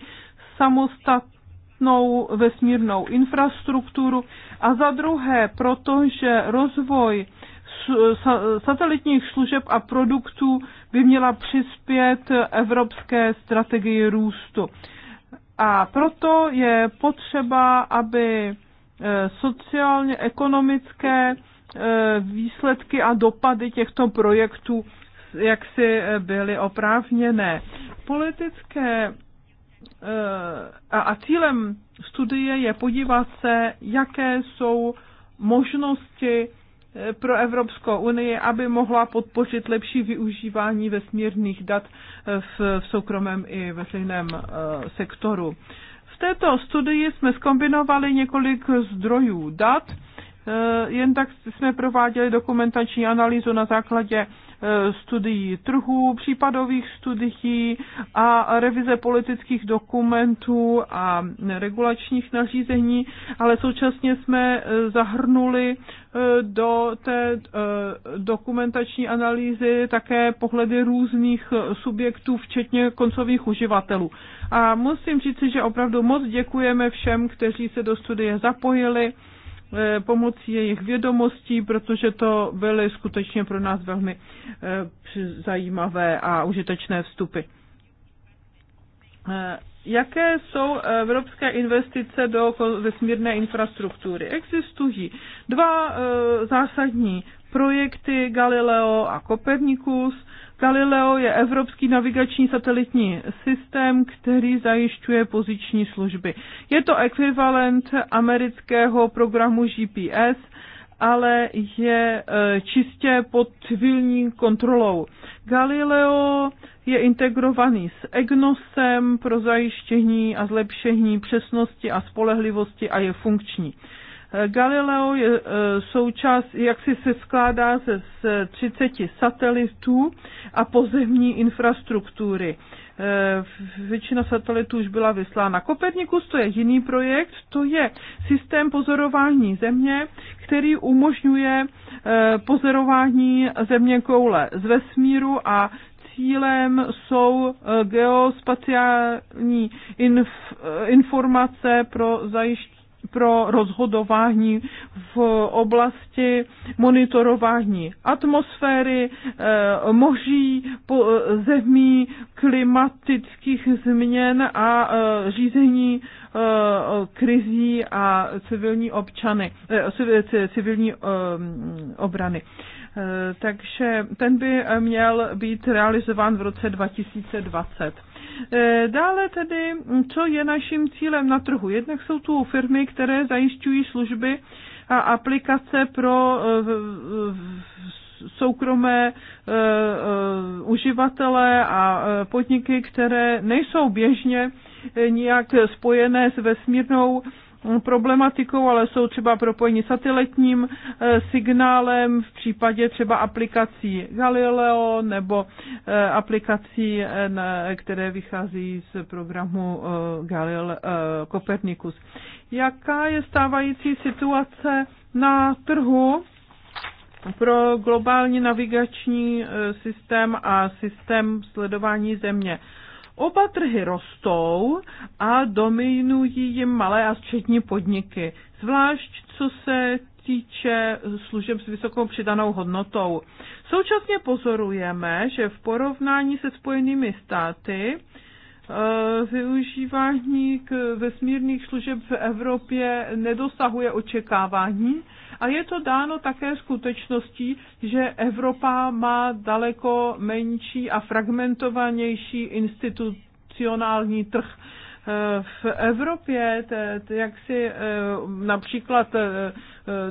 samostatnou vesmírnou infrastrukturu a za druhé, protože rozvoj satelitních služeb a produktů by měla přispět evropské strategii růstu. A proto je potřeba, aby eh, sociálně ekonomické eh, výsledky a dopady těchto projektů jak eh, byly oprávněné. Politické a cílem studie je podívat se, jaké jsou možnosti pro Evropskou unii, aby mohla podpořit lepší využívání vesmírných dat v, soukromém i veřejném eh, sektoru. V této studii jsme skombinovali několik zdrojů dat, eh, jen tak jsme prováděli dokumentační analýzu na základě Eh, studií trhů, případových studií a revize politických dokumentů a regulačních nařízení, ale současně jsme eh, zahrnuli eh, do té dokumentační analýzy také pohledy různých subjektů, včetně koncových uživatelů. A musím říci, že opravdu moc děkujeme všem, kteří se do studie zapojili Eh, pomocí jejich vědomostí, protože to byly skutečně pro nás velmi eh, zajímavé a užitečné vstupy. Eh, jaké jsou evropské investice do vesmírné infrastruktury? Existují dva zásadní projekty Galileo a Copernicus Galileo je evropský navigační satelitní systém, který zajišťuje poziční služby. Je to ekvivalent amerického programu GPS, ale je e, čistě pod civilní kontrolou. Galileo je integrovaný s EGNOSem pro zajištění a zlepšení přesnosti a spolehlivosti a je funkční. Galileo je eh, součást, jak si se skládá ze 30 satelitů a pozemní infrastruktury. Eh, většina satelitů už byla vyslána. Kopernikus to je jiný projekt, to je systém pozorování země, který umožňuje eh, pozorování země koule z vesmíru a cílem jsou geospaciální inf, informace pro zajišť, pro rozhodování v oblasti monitorování atmosféry, eh, moří, eh, zemí, klimatických změn a eh, řízení krizí a civilní občany, civilní obrany. Takže ten by měl být realizován v roce 2020. Eh, dále tedy, co je naším cílem na trhu? Jednak jsou tu firmy, které zajišťují služby a aplikace pro eh, soukromé eh, uživatele a podniky, které nejsou běžně nijak spojené s vesmírnou problematikou, ale jsou třeba propojeni satelitním eh, signálem v případě třeba aplikací Galileo nebo eh, aplikací, eh, které vychází z programu Galileo Copernicus. Jaká je stávající situace na trhu pro globální navigační systém a systém sledování země? Oba trhy rostou a dominují jim malé a střední podniky, zvlášť co se týče služeb s vysokou přidanou hodnotou. Současně pozorujeme, že v porovnání se Spojenými státy Eh, využívání k vesmírných služeb v Evropě nedosahuje očekávání a je to dáno také skutečností, že Evropa má daleko menší a fragmentovanější institucionální trh v Evropě, jak si e, například e,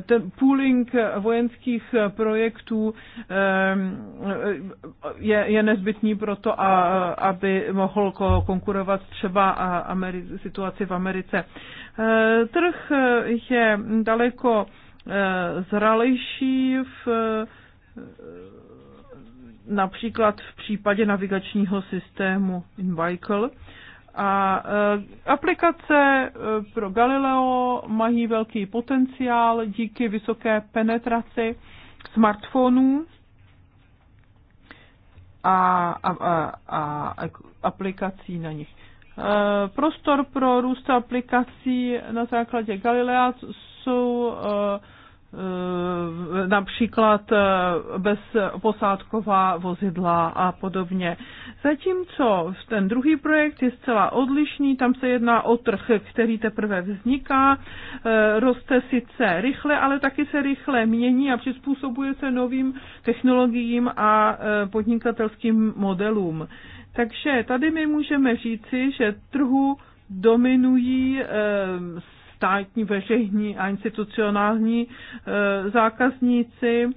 ten pooling vojenských projektů e, je, je nezbytný pro to, aby mohl konkurovat třeba Ameri- situaci v Americe. Trh je daleko zralejší v například v případě navigačního systému InVicle, a eh, aplikace eh, pro Galileo mají velký potenciál díky vysoké penetraci smartphonů a, a, a, a aplikací na nich. Eh, prostor pro růst aplikací na základě Galilea jsou Eh, například eh, bezposádková vozidla a podobně. Zatímco ten druhý projekt je zcela odlišný, tam se jedná o trh, který teprve vzniká, eh, roste sice rychle, ale taky se rychle mění a přizpůsobuje se novým technologiím a podnikatelským modelům. Takže tady my můžeme říci, že trhu dominují státní, veřejní a institucionální e, zákazníci.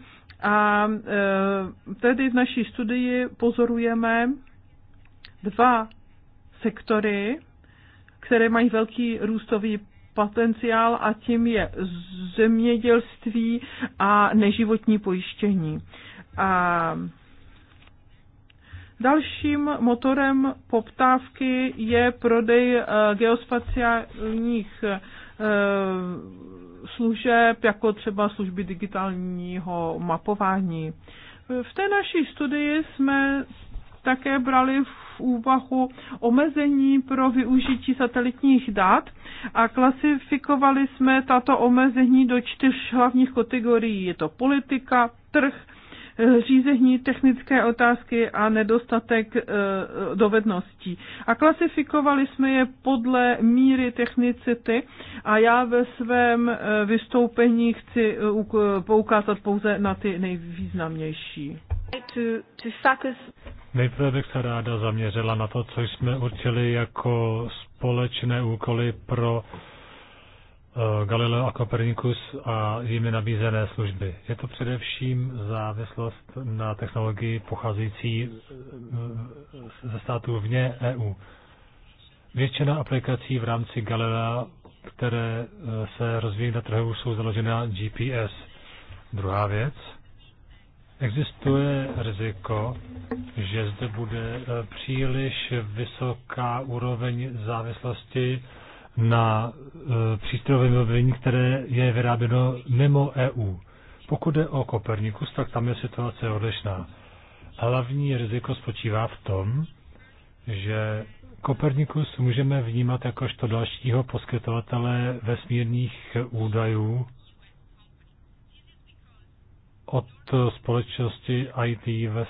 A e, tedy v naší studii pozorujeme dva sektory, které mají velký růstový potenciál a tím je zemědělství a neživotní pojištění. A dalším motorem poptávky je prodej e, geospaciálních Eh, služeb, jako třeba služby digitálního mapování. V té naší studii jsme také brali v úvahu omezení pro využití satelitních dat a klasifikovali jsme tato omezení do čtyř hlavních kategorií. Je to politika, trh, řízení, technické otázky a nedostatek eh, dovedností. A klasifikovali jsme je podle míry technicity a já ve svém eh, vystoupení chci eh, poukázat pouze na ty nejvýznamnější. Nejprve bych se ráda zaměřila na to, co jsme určili jako společné úkoly pro Eh, Galileo a Copernicus a jimi nabízené služby. Je to především závislost na technologii pocházející eh, ze států vně EU. Většina aplikací v rámci Galilea, které eh, se rozvíjí na trhu, jsou založena na GPS. Druhá věc. Existuje riziko, že zde bude příliš vysoká úroveň závislosti na e, přístrojové vybavení, které je vyráběno mimo EU. Pokud jde o Kopernikus, tak tam je situace odlišná. Hlavní riziko spočívá v tom, že Kopernikus můžeme vnímat jakožto dalšího poskytovatele vesmírných údajů od společnosti IT v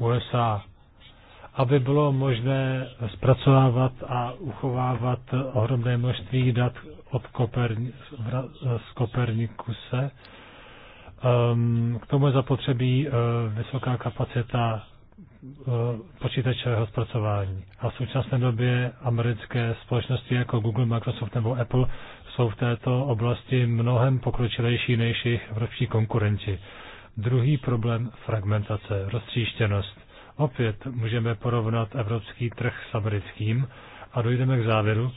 USA aby bylo možné zpracovávat a uchovávat ohromné množství dat od Koperni, z Kopernikuse. Ehm, k tomu je zapotřebí e, vysoká kapacita e, počítačového zpracování. A v současné době americké společnosti jako Google, Microsoft nebo Apple jsou v této oblasti mnohem pokročilejší než jejich evropští konkurenti. Druhý problém fragmentace, roztříštěnost. Opět můžeme porovnat evropský trh s americkým a dojdeme k závěru,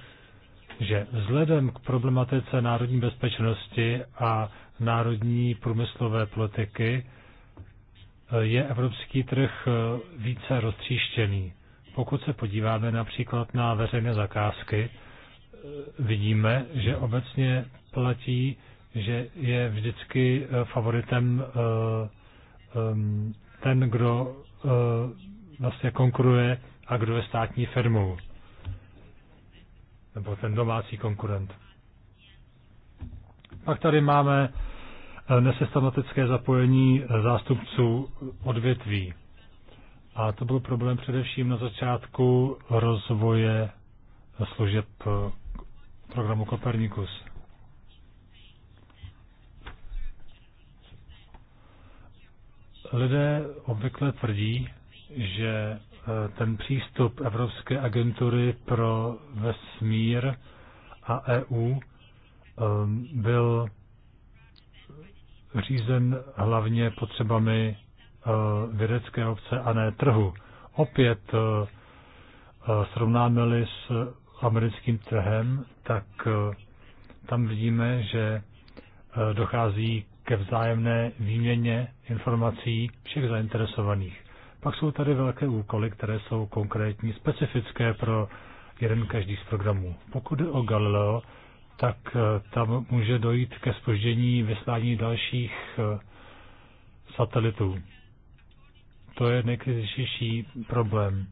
že vzhledem k problematice národní bezpečnosti a národní průmyslové politiky eh, je evropský trh eh, více roztříštěný. Pokud se podíváme například na veřejné zakázky, eh, vidíme, že obecně platí, že je vždycky favoritem ten, kdo Eh, vlastně konkuruje a kdo je státní firmou. Nebo ten domácí konkurent. Pak tady máme eh, nesystematické zapojení eh, zástupců odvětví. A to byl problém především na začátku rozvoje služeb programu Kopernikus. Lidé obvykle tvrdí, že e, ten přístup Evropské agentury pro vesmír a EU e, byl řízen hlavně potřebami e, vědecké obce a ne trhu. Opět srovnáme-li s americkým trhem, tak tam vidíme, že dochází ke vzájemné výměně informací všech zainteresovaných. Pak jsou tady velké úkoly, které jsou konkrétní, specifické pro jeden každý z programů. Pokud jde o Galileo, tak eh, tam může dojít ke spoždění vyslání dalších eh, satelitů. To je nejkritičtější problém.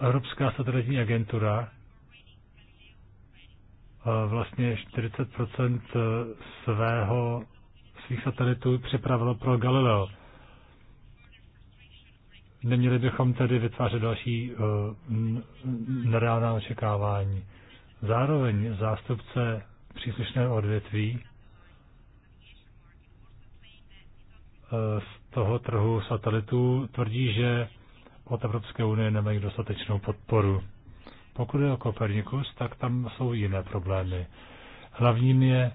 Evropská satelitní agentura vlastně 40 svého, svých satelitů připravilo pro Galileo. Neměli bychom tedy vytvářet další eh, nereálná očekávání. Zároveň zástupce příslušného odvětví eh, z toho trhu satelitů tvrdí, že od Evropské unie nemají dostatečnou podporu. Pokud je o Kopernikus, tak tam jsou jiné problémy. Hlavním je,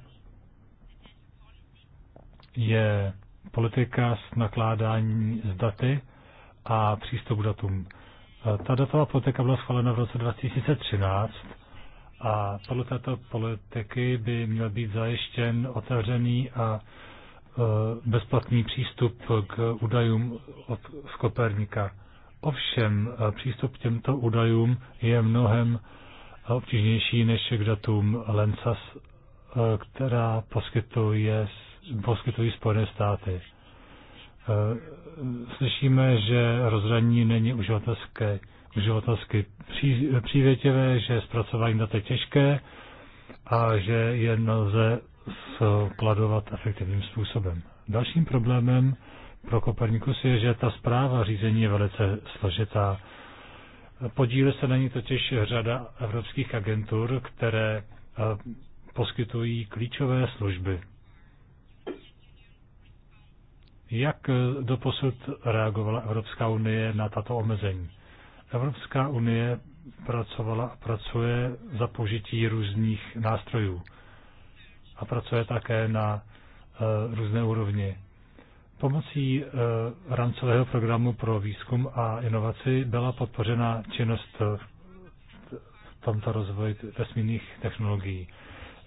je politika s nakládání s daty a přístup k datům. E, ta datová politika byla schválena v roce 2013 a podle této politiky by měl být zajištěn otevřený a e, bezplatný přístup k údajům od, z Kopernika. Ovšem, eh, přístup k těmto údajům je mnohem obtížnější než k datům LENSAS, eh, která poskytuje, poskytují Spojené státy. Eh, slyšíme, že rozhraní není uživatelské, uživatelsky pří, přívětivé, že zpracování dat je těžké a že je nelze skladovat efektivním způsobem. Dalším problémem pro Kopernikus je, že ta zpráva řízení je velice složitá. Podíle se na ní totiž řada evropských agentur, které eh, poskytují klíčové služby. Jak eh, doposud reagovala Evropská unie na tato omezení? Evropská unie pracovala a pracuje za použití různých nástrojů a pracuje také na eh, různé úrovni. Pomocí eh, rámcového programu pro výzkum a inovaci byla podpořena činnost eh, v tomto rozvoji vesmírných technologií.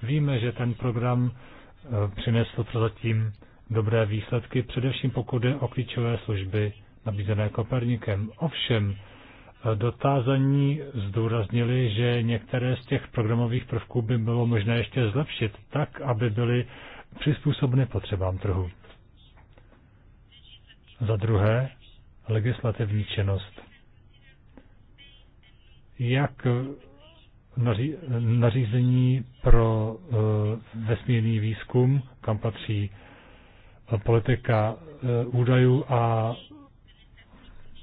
Víme, že ten program eh, přinesl prozatím dobré výsledky, především pokud jde o klíčové služby nabízené Kopernikem. Ovšem, dotázaní zdůraznili, že některé z těch programových prvků by bylo možné ještě zlepšit tak, aby byly přizpůsobeny potřebám trhu. Za druhé, legislativní činnost. Jak eh, nařízení pro eh, vesmírný výzkum, kam patří eh, politika údajů a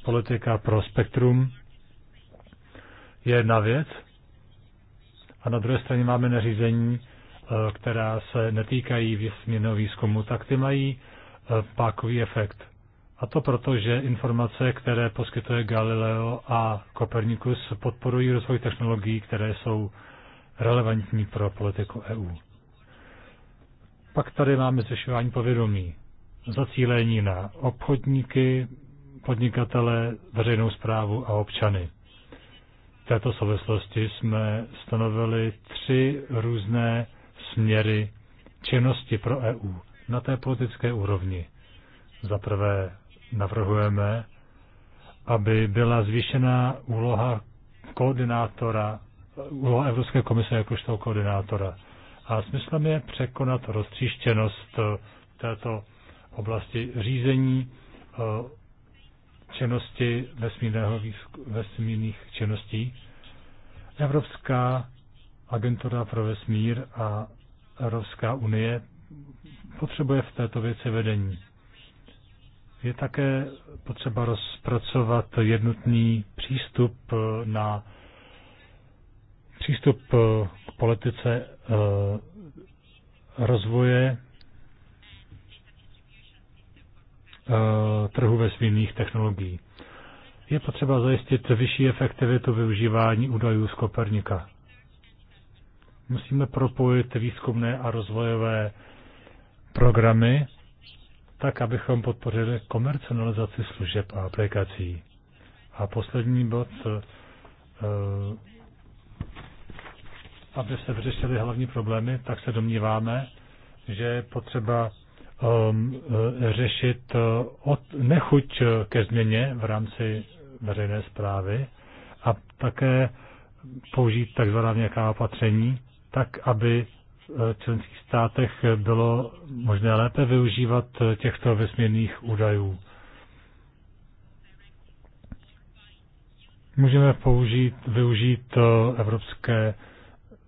politika pro spektrum, je jedna věc. A na druhé straně máme nařízení, která se netýkají vesmírného výzkumu, tak ty mají pákový efekt. A to proto, že informace, které poskytuje Galileo a Kopernikus, podporují rozvoj technologií, které jsou relevantní pro politiku EU. Pak tady máme zvyšování povědomí, zacílení na obchodníky, podnikatele, veřejnou zprávu a občany. V této souvislosti jsme stanovili tři různé směry činnosti pro EU na té politické úrovni. Za prvé navrhujeme, aby byla zvýšená úloha koordinátora, úloha Evropské komise jakožto koordinátora. A smyslem je překonat roztříštěnost eh, této oblasti řízení, eh, činnosti vesmírného vesmírných činností. Evropská agentura pro vesmír a Evropská unie potřebuje v této věci vedení. Je také potřeba rozpracovat jednotný přístup eh, na přístup eh, k politice eh, rozvoje trhu vesmírných technologií. Je potřeba zajistit vyšší efektivitu využívání údajů z Kopernika. Musíme propojit výzkumné a rozvojové programy tak abychom podpořili komercionalizaci služeb a aplikací. A poslední bod, eh, eh, aby se vyřešily hlavní problémy, tak se domníváme, že je potřeba ehm, eh, řešit od, nechuť ke změně v rámci veřejné zprávy a také použít takzvaná nějaká opatření, tak aby členských státech bylo možné lépe využívat těchto vesmírných údajů. Můžeme použít, využít eh, evropské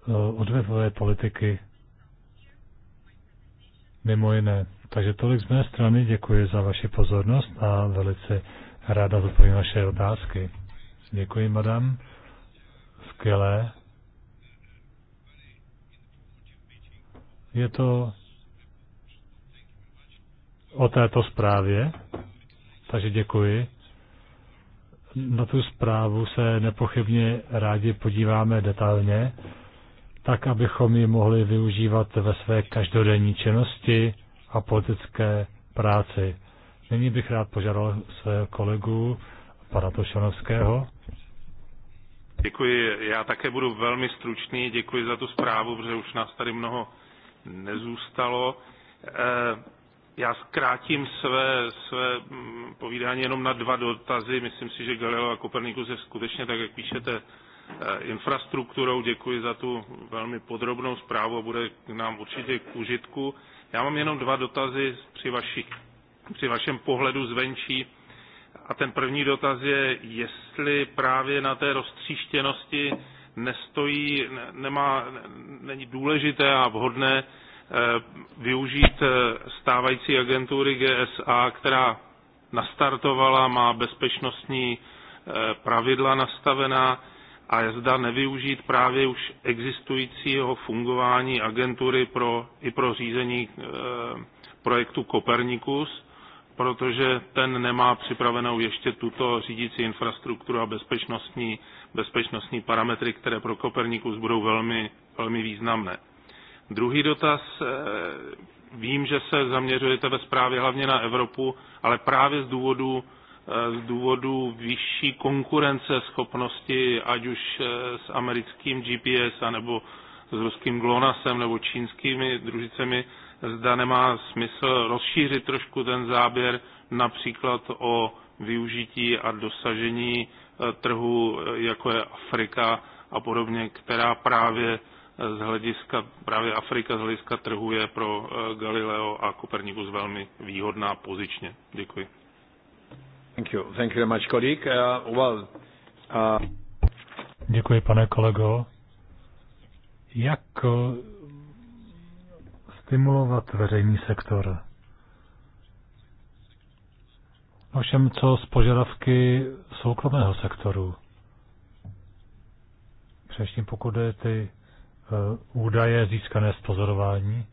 eh, odvětvové politiky mimo jiné. Takže tolik z mé strany, děkuji za vaši pozornost a velice ráda zodpovím vaše otázky. Děkuji, madam. Skvělé. Je to o této zprávě, takže děkuji. Na tu zprávu se nepochybně rádi podíváme detailně, tak abychom ji mohli využívat ve své každodenní činnosti a politické práci. Nyní bych rád požádal svého kolegu, pana Tošanovského. Děkuji. Já také budu velmi stručný. Děkuji za tu zprávu, protože už nás tady mnoho nezůstalo. Eh, já zkrátím své, své mm, povídání jenom na dva dotazy. Myslím si, že Galileo a Kopernikus je skutečně, tak jak píšete, eh, infrastrukturou. Děkuji za tu velmi podrobnou zprávu a bude nám určitě k užitku. Já mám jenom dva dotazy při, vaši, při vašem pohledu zvenčí. A ten první dotaz je, jestli právě na té roztříštěnosti nestojí, nemá, není důležité a vhodné eh, využít eh, stávající agentury GSA, která nastartovala, má bezpečnostní eh, pravidla nastavená a je zda nevyužít právě už existujícího fungování agentury pro, i pro řízení projektu Copernicus, protože ten nemá připravenou ještě tuto řídící infrastrukturu a bezpečnostní bezpečnostní parametry, které pro Kopernikus budou velmi, velmi významné. Druhý dotaz. Eh, vím, že se zaměřujete ve zprávě hlavně na Evropu, ale právě z důvodu, eh, z důvodu vyšší konkurence schopnosti, ať už eh, s americkým GPS, anebo s ruským GLONASem nebo čínskými družicemi, zda nemá smysl rozšířit trošku ten záběr například o využití a dosažení Eh, trhu, eh, jako je Afrika a podobně, která právě eh, z hlediska, právě Afrika z hlediska trhu je pro Galileo a Kopernikus velmi výhodná pozičně. Děkuji. Thank you. Thank you very much, colleague. Uh, well, uh... Děkuji, pane kolego. Jak stimulovat veřejný sektor? Ovšem, co z požadavky soukromého sektoru? Především pokud je ty eh, údaje získané z pozorování.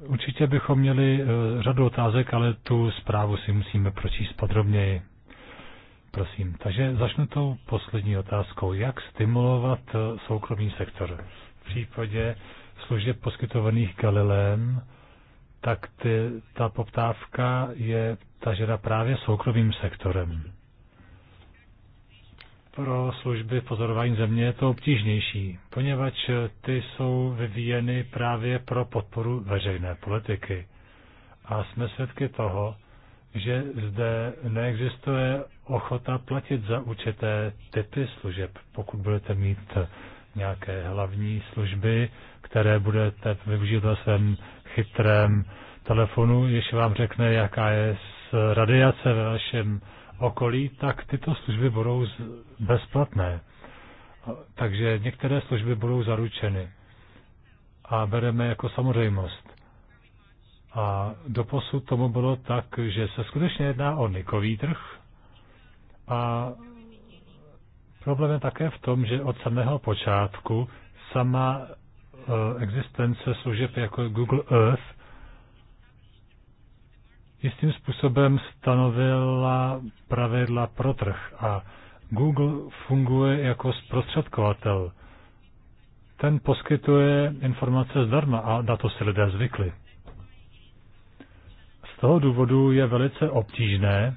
Určitě bychom měli eh, řadu otázek, ale tu zprávu si musíme pročíst podrobněji. Prosím. Takže začnu tou poslední otázkou. Jak stimulovat eh, soukromý sektor? V případě služeb poskytovaných Galilem tak ty, ta poptávka je tažena právě soukromým sektorem. Pro služby pozorování země je to obtížnější, poněvadž ty jsou vyvíjeny právě pro podporu veřejné politiky. A jsme svědky toho, že zde neexistuje ochota platit za určité typy služeb. Pokud budete mít nějaké hlavní služby, které budete využít ve svém chytrém telefonu, když vám řekne, jaká je radiace ve vašem okolí, tak tyto služby budou bezplatné. Takže některé služby budou zaručeny a bereme jako samozřejmost. A doposud tomu bylo tak, že se skutečně jedná o nikový trh a problém je také v tom, že od samého počátku sama Eh, existence služeb jako Google Earth jistým způsobem stanovila pravidla pro trh a Google funguje jako zprostředkovatel. Ten poskytuje informace zdarma a na to si lidé zvykli. Z toho důvodu je velice obtížné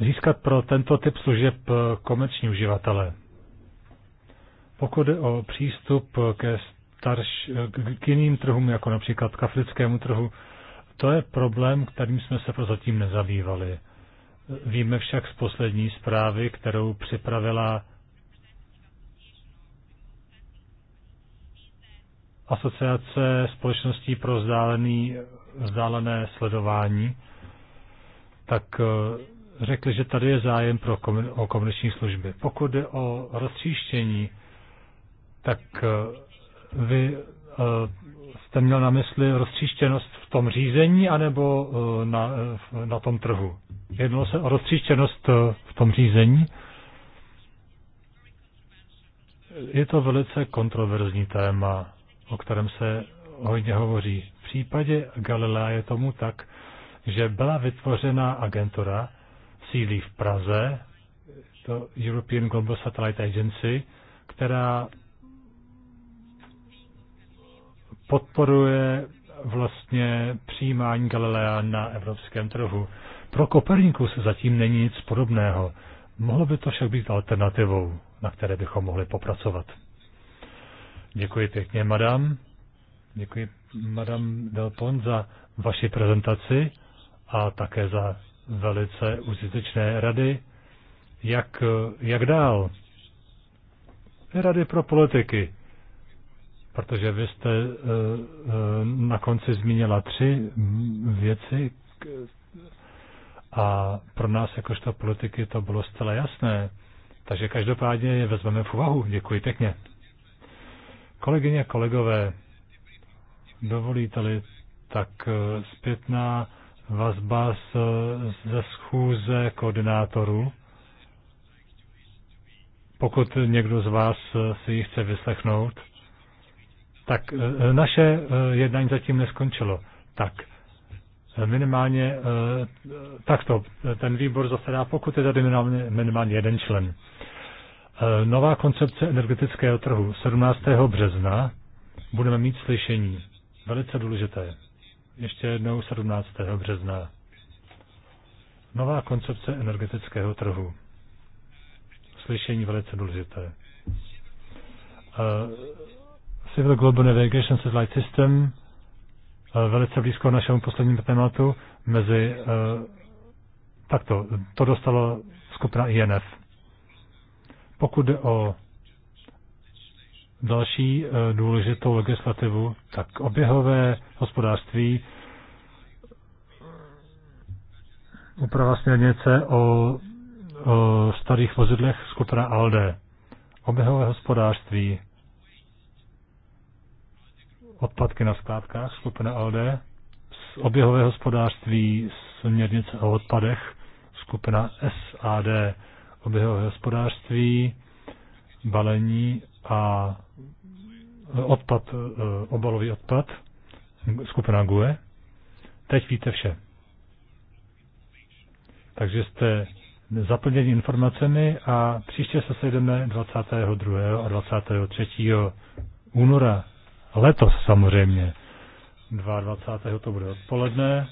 získat pro tento typ služeb eh, komerční uživatele. Pokud o přístup ke, starš, k jiným trhům, jako například k africkému trhu, to je problém, kterým jsme se prozatím nezabývali. Víme však z poslední zprávy, kterou připravila Asociace společností pro vzdálený, vzdálené sledování, tak eh, řekli, že tady je zájem pro komu, o komerční služby. Pokud je o rozstříštění, tak eh, vy eh, jste měl na mysli roztříštěnost v tom řízení anebo eh, na, na tom trhu? Jednalo se o roztříštěnost v tom řízení? Je to velice kontroverzní téma, o kterém se hodně hovoří. V případě Galilea je tomu tak, že byla vytvořena agentura, sídlí v Praze, to European Global Satellite Agency, která podporuje vlastně přijímání Galilea na evropském trhu. Pro se zatím není nic podobného. Mohlo by to však být alternativou, na které bychom mohli popracovat. Děkuji pěkně, madam. Děkuji, madam Delpon, za vaši prezentaci a také za velice užitečné rady. Jak, jak dál? Rady pro politiky protože vy jste eh, eh, na konci zmínila tři věci a pro nás jakožto politiky to bylo zcela jasné. Takže každopádně je vezmeme v úvahu. Děkuji pěkně. Kolegyně, kolegové, dovolíte-li, tak eh, zpětná vazba z, ze schůze koordinátorů. Pokud někdo z vás si ji chce vyslechnout, tak eh, eh, naše eh, jednání zatím neskončilo. Tak minimálně, tak to, ten výbor zasedá, pokud je tady minimálně, minimálně jeden člen. Nová koncepce energetického trhu 17. března budeme mít slyšení. Velice důležité. Ještě jednou 17. března. Nová koncepce energetického trhu. Slyšení velice důležité. Civil Global Navigation Satellite System, eh, velice blízko našemu poslednímu tématu, mezi eh, takto, to dostalo skupina INF. Pokud jde o další eh, důležitou legislativu, tak oběhové hospodářství, úprava směrnice o, o starých vozidlech skupina ALDE. Oběhové hospodářství odpadky na skládkách, skupina LD, z oběhové hospodářství, směrnice o odpadech, skupina SAD, oběhové hospodářství, balení a odpad, e, obalový odpad, skupina GUE. Teď víte vše. Takže jste zaplněni informacemi a příště se sejdeme 22. a 23. února letos samozřejmě. 22. to bude odpoledne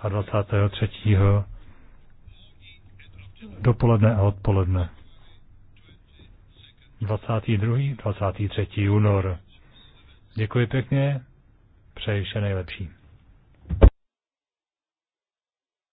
a 23. dopoledne a odpoledne. 22. 23. únor. Děkuji pěkně, přeji vše nejlepší.